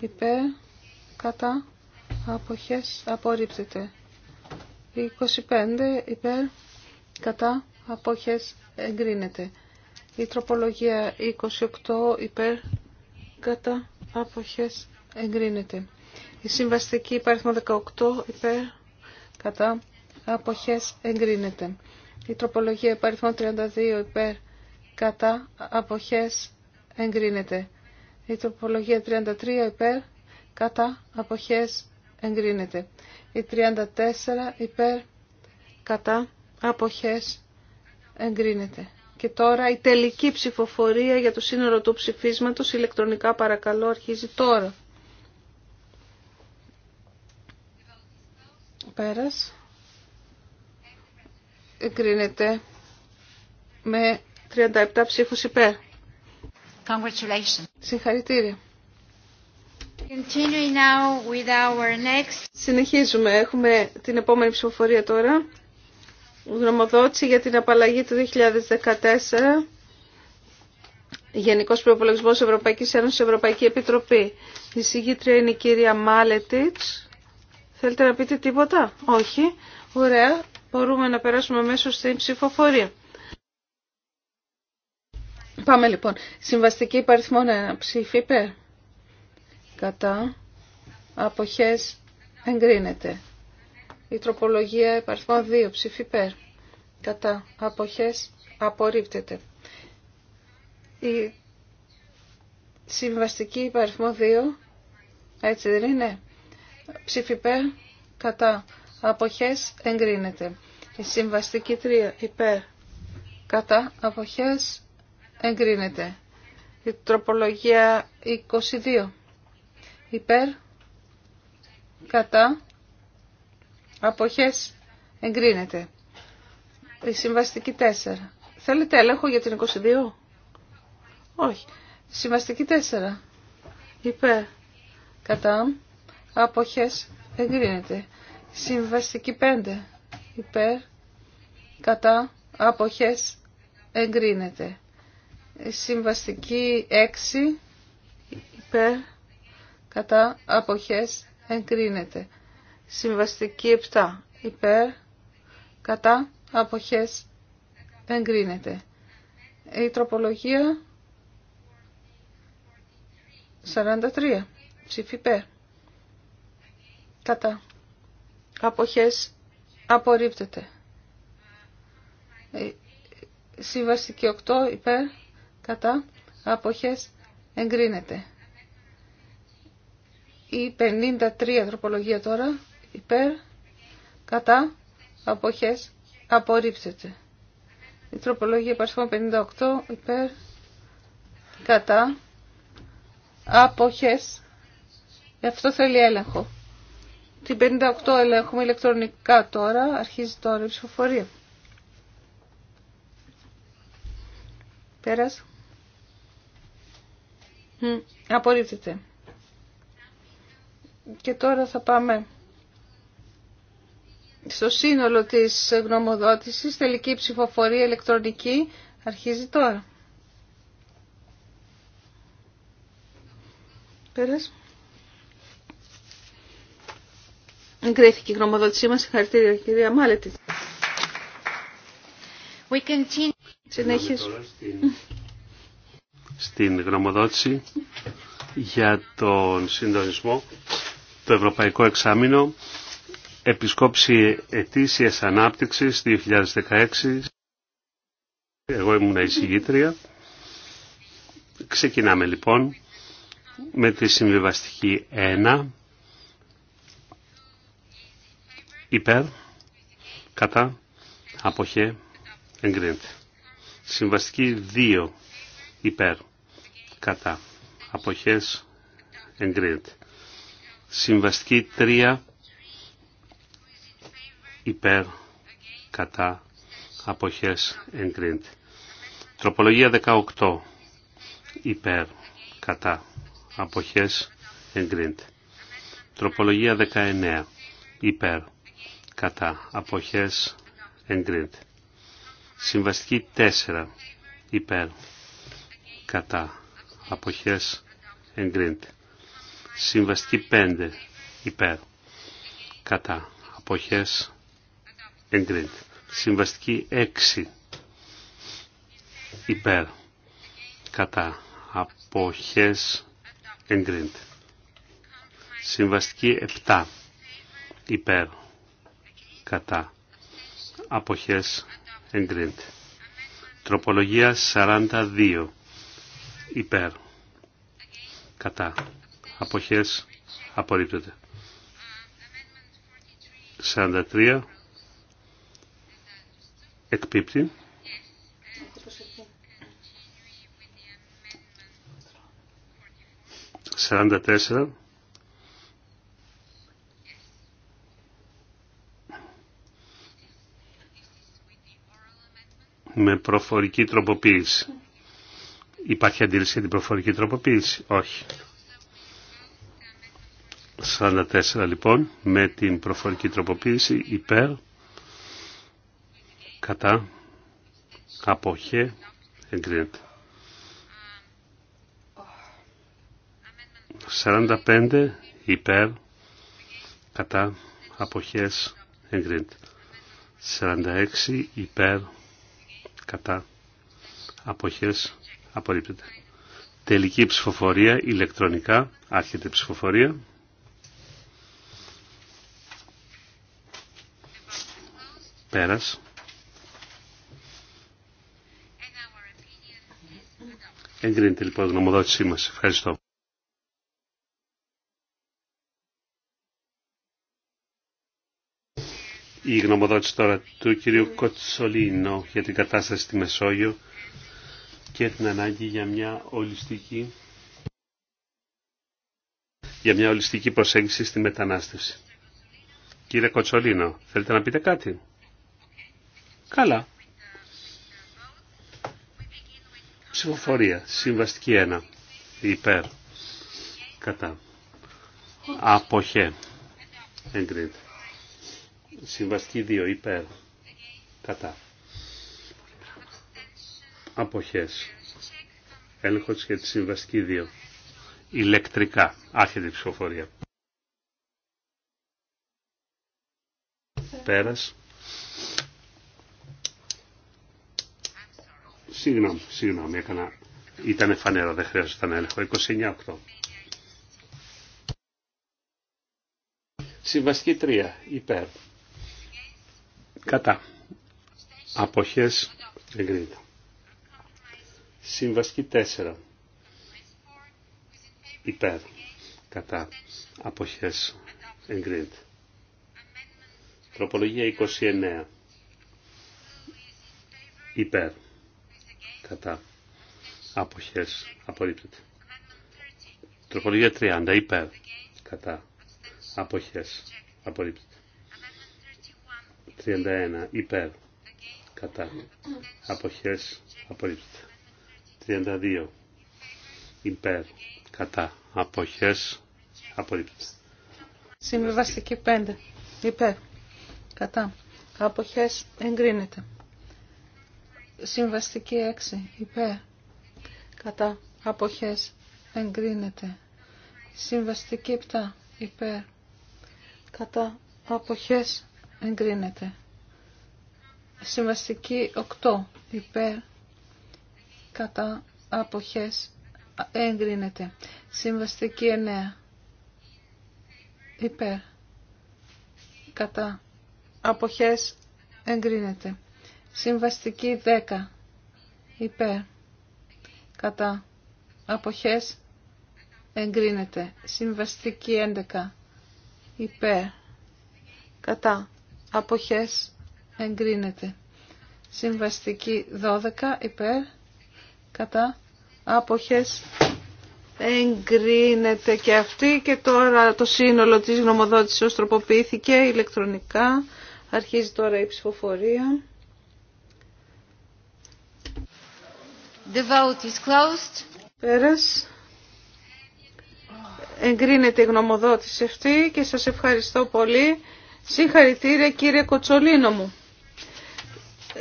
Υπέρ. Κατά. Αποχές. Απορρίπτεται. 25. Υπέρ. Κατά απόχες εγκρίνεται. Η τροπολογία 28 υπέρ κατά απόχες εγκρίνεται. Η συμβαστική υπέρ 18 υπέρ κατά αποχές εγκρίνεται. Η τροπολογία υπέρ 32 υπέρ κατά αποχές εγκρίνεται. Η τροπολογία 33 υπέρ κατά αποχές εγκρίνεται. Η 34 υπέρ κατά αποχές Εγκρίνεται. Και τώρα η τελική ψηφοφορία για το σύνορο του ψηφίσματος ηλεκτρονικά παρακαλώ αρχίζει τώρα. Πέρας. Εγκρίνεται με 37 ψήφους υπέρ. Συγχαρητήρια. Now with our next... Συνεχίζουμε. Έχουμε την επόμενη ψηφοφορία τώρα γνωμοδότηση για την απαλλαγή του 2014 Γενικός Προπολογισμός Ευρωπαϊκής Ένωσης Ευρωπαϊκή Επιτροπή. Η συγκήτρια είναι η κυρία Μάλετιτς. Θέλετε να πείτε τίποτα? Όχι. Ωραία. Μπορούμε να περάσουμε μέσω στην ψηφοφορία. Πάμε λοιπόν. Συμβαστική υπαριθμόν 1. Ψήφι Κατά. Αποχές εγκρίνεται. Η τροπολογία υπαριθμών 2 ψήφι περ. Κατά αποχές απορρίπτεται. Η συμβαστική υπαριθμό 2, έτσι δεν είναι, ψήφι περ κατά αποχές εγκρίνεται. Η συμβαστική 3 υπέρ, κατά αποχές εγκρίνεται. Η τροπολογία 22 υπέρ, κατά Αποχές εγκρίνεται. Η συμβαστική 4. Θέλετε έλεγχο για την 22. Όχι. Συμβαστική 4. Υπέρ. Κατά. Αποχές εγκρίνεται. Συμβαστική 5. Υπέρ. Κατά. Αποχές εγκρίνεται. συμβαστική 6. Υπέρ. Κατά. Αποχές εγκρίνεται. Συμβαστική 7. Υπέρ, κατά, αποχές, εγκρίνεται. Η τροπολογία 43. Ψήφι υπέρ. Κατά. Αποχές απορρίπτεται. Συμβαστική 8 υπέρ. Κατά. Αποχές εγκρίνεται. Η 53 τροπολογία τώρα υπέρ, κατά, αποχές, απορρίψετε. Η τροπολογία υπάρχει 58 υπέρ, κατά, αποχές, αυτό θέλει έλεγχο. Την 58 ελέγχουμε ηλεκτρονικά τώρα, αρχίζει τώρα η ψηφοφορία. Πέρας. Απορρίπτεται. Και τώρα θα πάμε στο σύνολο της γνωμοδότησης, τελική ψηφοφορία ηλεκτρονική αρχίζει τώρα. Πέρας. Εγκρίθηκε η γνωμοδότησή μας. Συγχαρητήρια, κυρία Μάλετη. We continue. Συνεχίζουμε. Στην... στην γνωμοδότηση για τον συντονισμό, το Ευρωπαϊκό Εξάμεινο Επισκόψη Ετήσιας Ανάπτυξης 2016. Εγώ ήμουν εισηγήτρια. Ξεκινάμε λοιπόν με τη συμβιβαστική 1. Υπέρ, κατά, αποχέ, εγκρίνεται. Συμβαστική 2. Υπέρ, κατά, αποχές, εγκρίνεται. Συμβαστική 3 υπέρ κατά αποχές εγκρίνεται. Τροπολογία 18 υπέρ κατά αποχές εγκρίνεται. Τροπολογία 19 υπέρ κατά αποχές Εγκρίντ. Συμβαστική 4 υπέρ κατά αποχές Εγκρίντ. Συμβαστική 5 υπέρ κατά αποχές εγκρίνεται. Συμβαστική 6 υπέρ κατά αποχές εγκρίνεται. Συμβαστική 7 υπέρ κατά αποχές εγκρίνεται. Τροπολογία 42 υπέρ κατά αποχές Απορρίπτονται. 43 εκπίπτει. Σαράντα με προφορική τροποποίηση. Υπάρχει αντίληση για την προφορική τροποποίηση. Όχι. 44 λοιπόν με την προφορική τροποποίηση υπέρ κατά αποχέ εγκρίνεται. 45 υπέρ κατά αποχές εγκρίνεται. 46 υπέρ κατά αποχές απορρίπτεται. Τελική ψηφοφορία ηλεκτρονικά άρχεται ψηφοφορία. Πέρας. Εγκρίνεται λοιπόν η γνωμοδότησή μας. Ευχαριστώ. Η γνωμοδότηση τώρα του κυρίου Κοτσολίνο για την κατάσταση στη Μεσόγειο και την ανάγκη για μια ολιστική για μια ολιστική προσέγγιση στη μετανάστευση. Κύριε Κοτσολίνο, θέλετε να πείτε κάτι. Καλά. Ψηφοφορία. Συμβαστική 1. Υπέρ. Κατά. Αποχέ. Εγκρίνεται. Συμβαστική 2. Υπέρ. Κατά. Αποχές. Έλεγχος για τη συμβαστική 2. Ηλεκτρικά. Άρχεται η ψηφοφορία. Πέρας. Συγγνώμη, συγγνώμη, έκανα... Ήταν φανερό, δεν χρειάζεται να έλεγχο. 29-8. Συμβαστική 3. Υπέρ. Κατά. Αποχές εγκρίνεται. Συμβαστική 4. Υπέρ. Κατά. Αποχές εγκρίνεται. Τροπολογία 29. Υπέρ κατά αποχές απορρίπτεται. Τροπολογία 30 υπέρ κατά αποχές απορρίπτεται. 31 υπέρ κατά αποχές απορρίπτεται. 32 υπέρ κατά αποχές απορρίπτεται. Συμβιβαστική 5 υπέρ κατά αποχές εγκρίνεται. Συμβαστική 6 υπέρ κατά αποχές εγκρίνεται. Συμβαστική 7 υπέρ κατά αποχές εγκρίνεται. Συμβαστική 8 υπέρ κατά αποχές εγκρίνεται. Συμβαστική 9 υπέρ κατά αποχές εγκρίνεται. Συμβαστική 10. Υπέρ. Κατά. Αποχές. Εγκρίνεται. Συμβαστική 11. Υπέρ. Κατά. Αποχές. Εγκρίνεται. Συμβαστική 12. Υπέρ. Κατά. Αποχές. Εγκρίνεται και αυτή και τώρα το σύνολο της γνωμοδότησης τροποποιήθηκε ηλεκτρονικά. Αρχίζει τώρα η ψηφοφορία. The vote is closed. Πέρας. Εγκρίνεται η γνωμοδότηση αυτή και σας ευχαριστώ πολύ. Συγχαρητήρια κύριε Κοτσολίνο μου.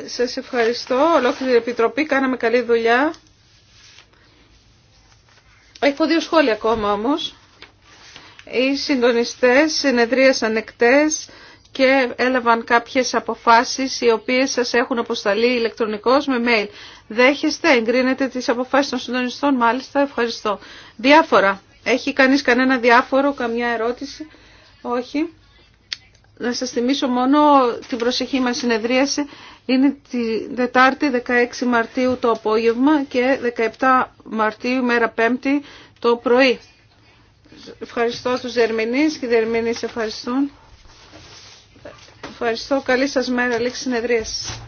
Σας ευχαριστώ. Ολόκληρη Επιτροπή. Κάναμε καλή δουλειά. Έχω δύο σχόλια ακόμα όμως. Οι συντονιστές συνεδρίασαν εκτές και έλαβαν κάποιες αποφάσεις οι οποίες σας έχουν αποσταλεί ηλεκτρονικώς με mail. Δέχεστε, εγκρίνετε τις αποφάσεις των συντονιστών, μάλιστα, ευχαριστώ. Διάφορα. Έχει κανείς κανένα διάφορο, καμιά ερώτηση. Όχι. Να σας θυμίσω μόνο την προσεχή μας συνεδρίαση. Είναι τη Δετάρτη 16 Μαρτίου το απόγευμα και 17 Μαρτίου μέρα Πέμπτη το πρωί. Ευχαριστώ τους Δερμηνείς και οι Δερμηνείς ευχαριστούν. Ευχαριστώ. Καλή σας μέρα. Λήξη συνεδρίας.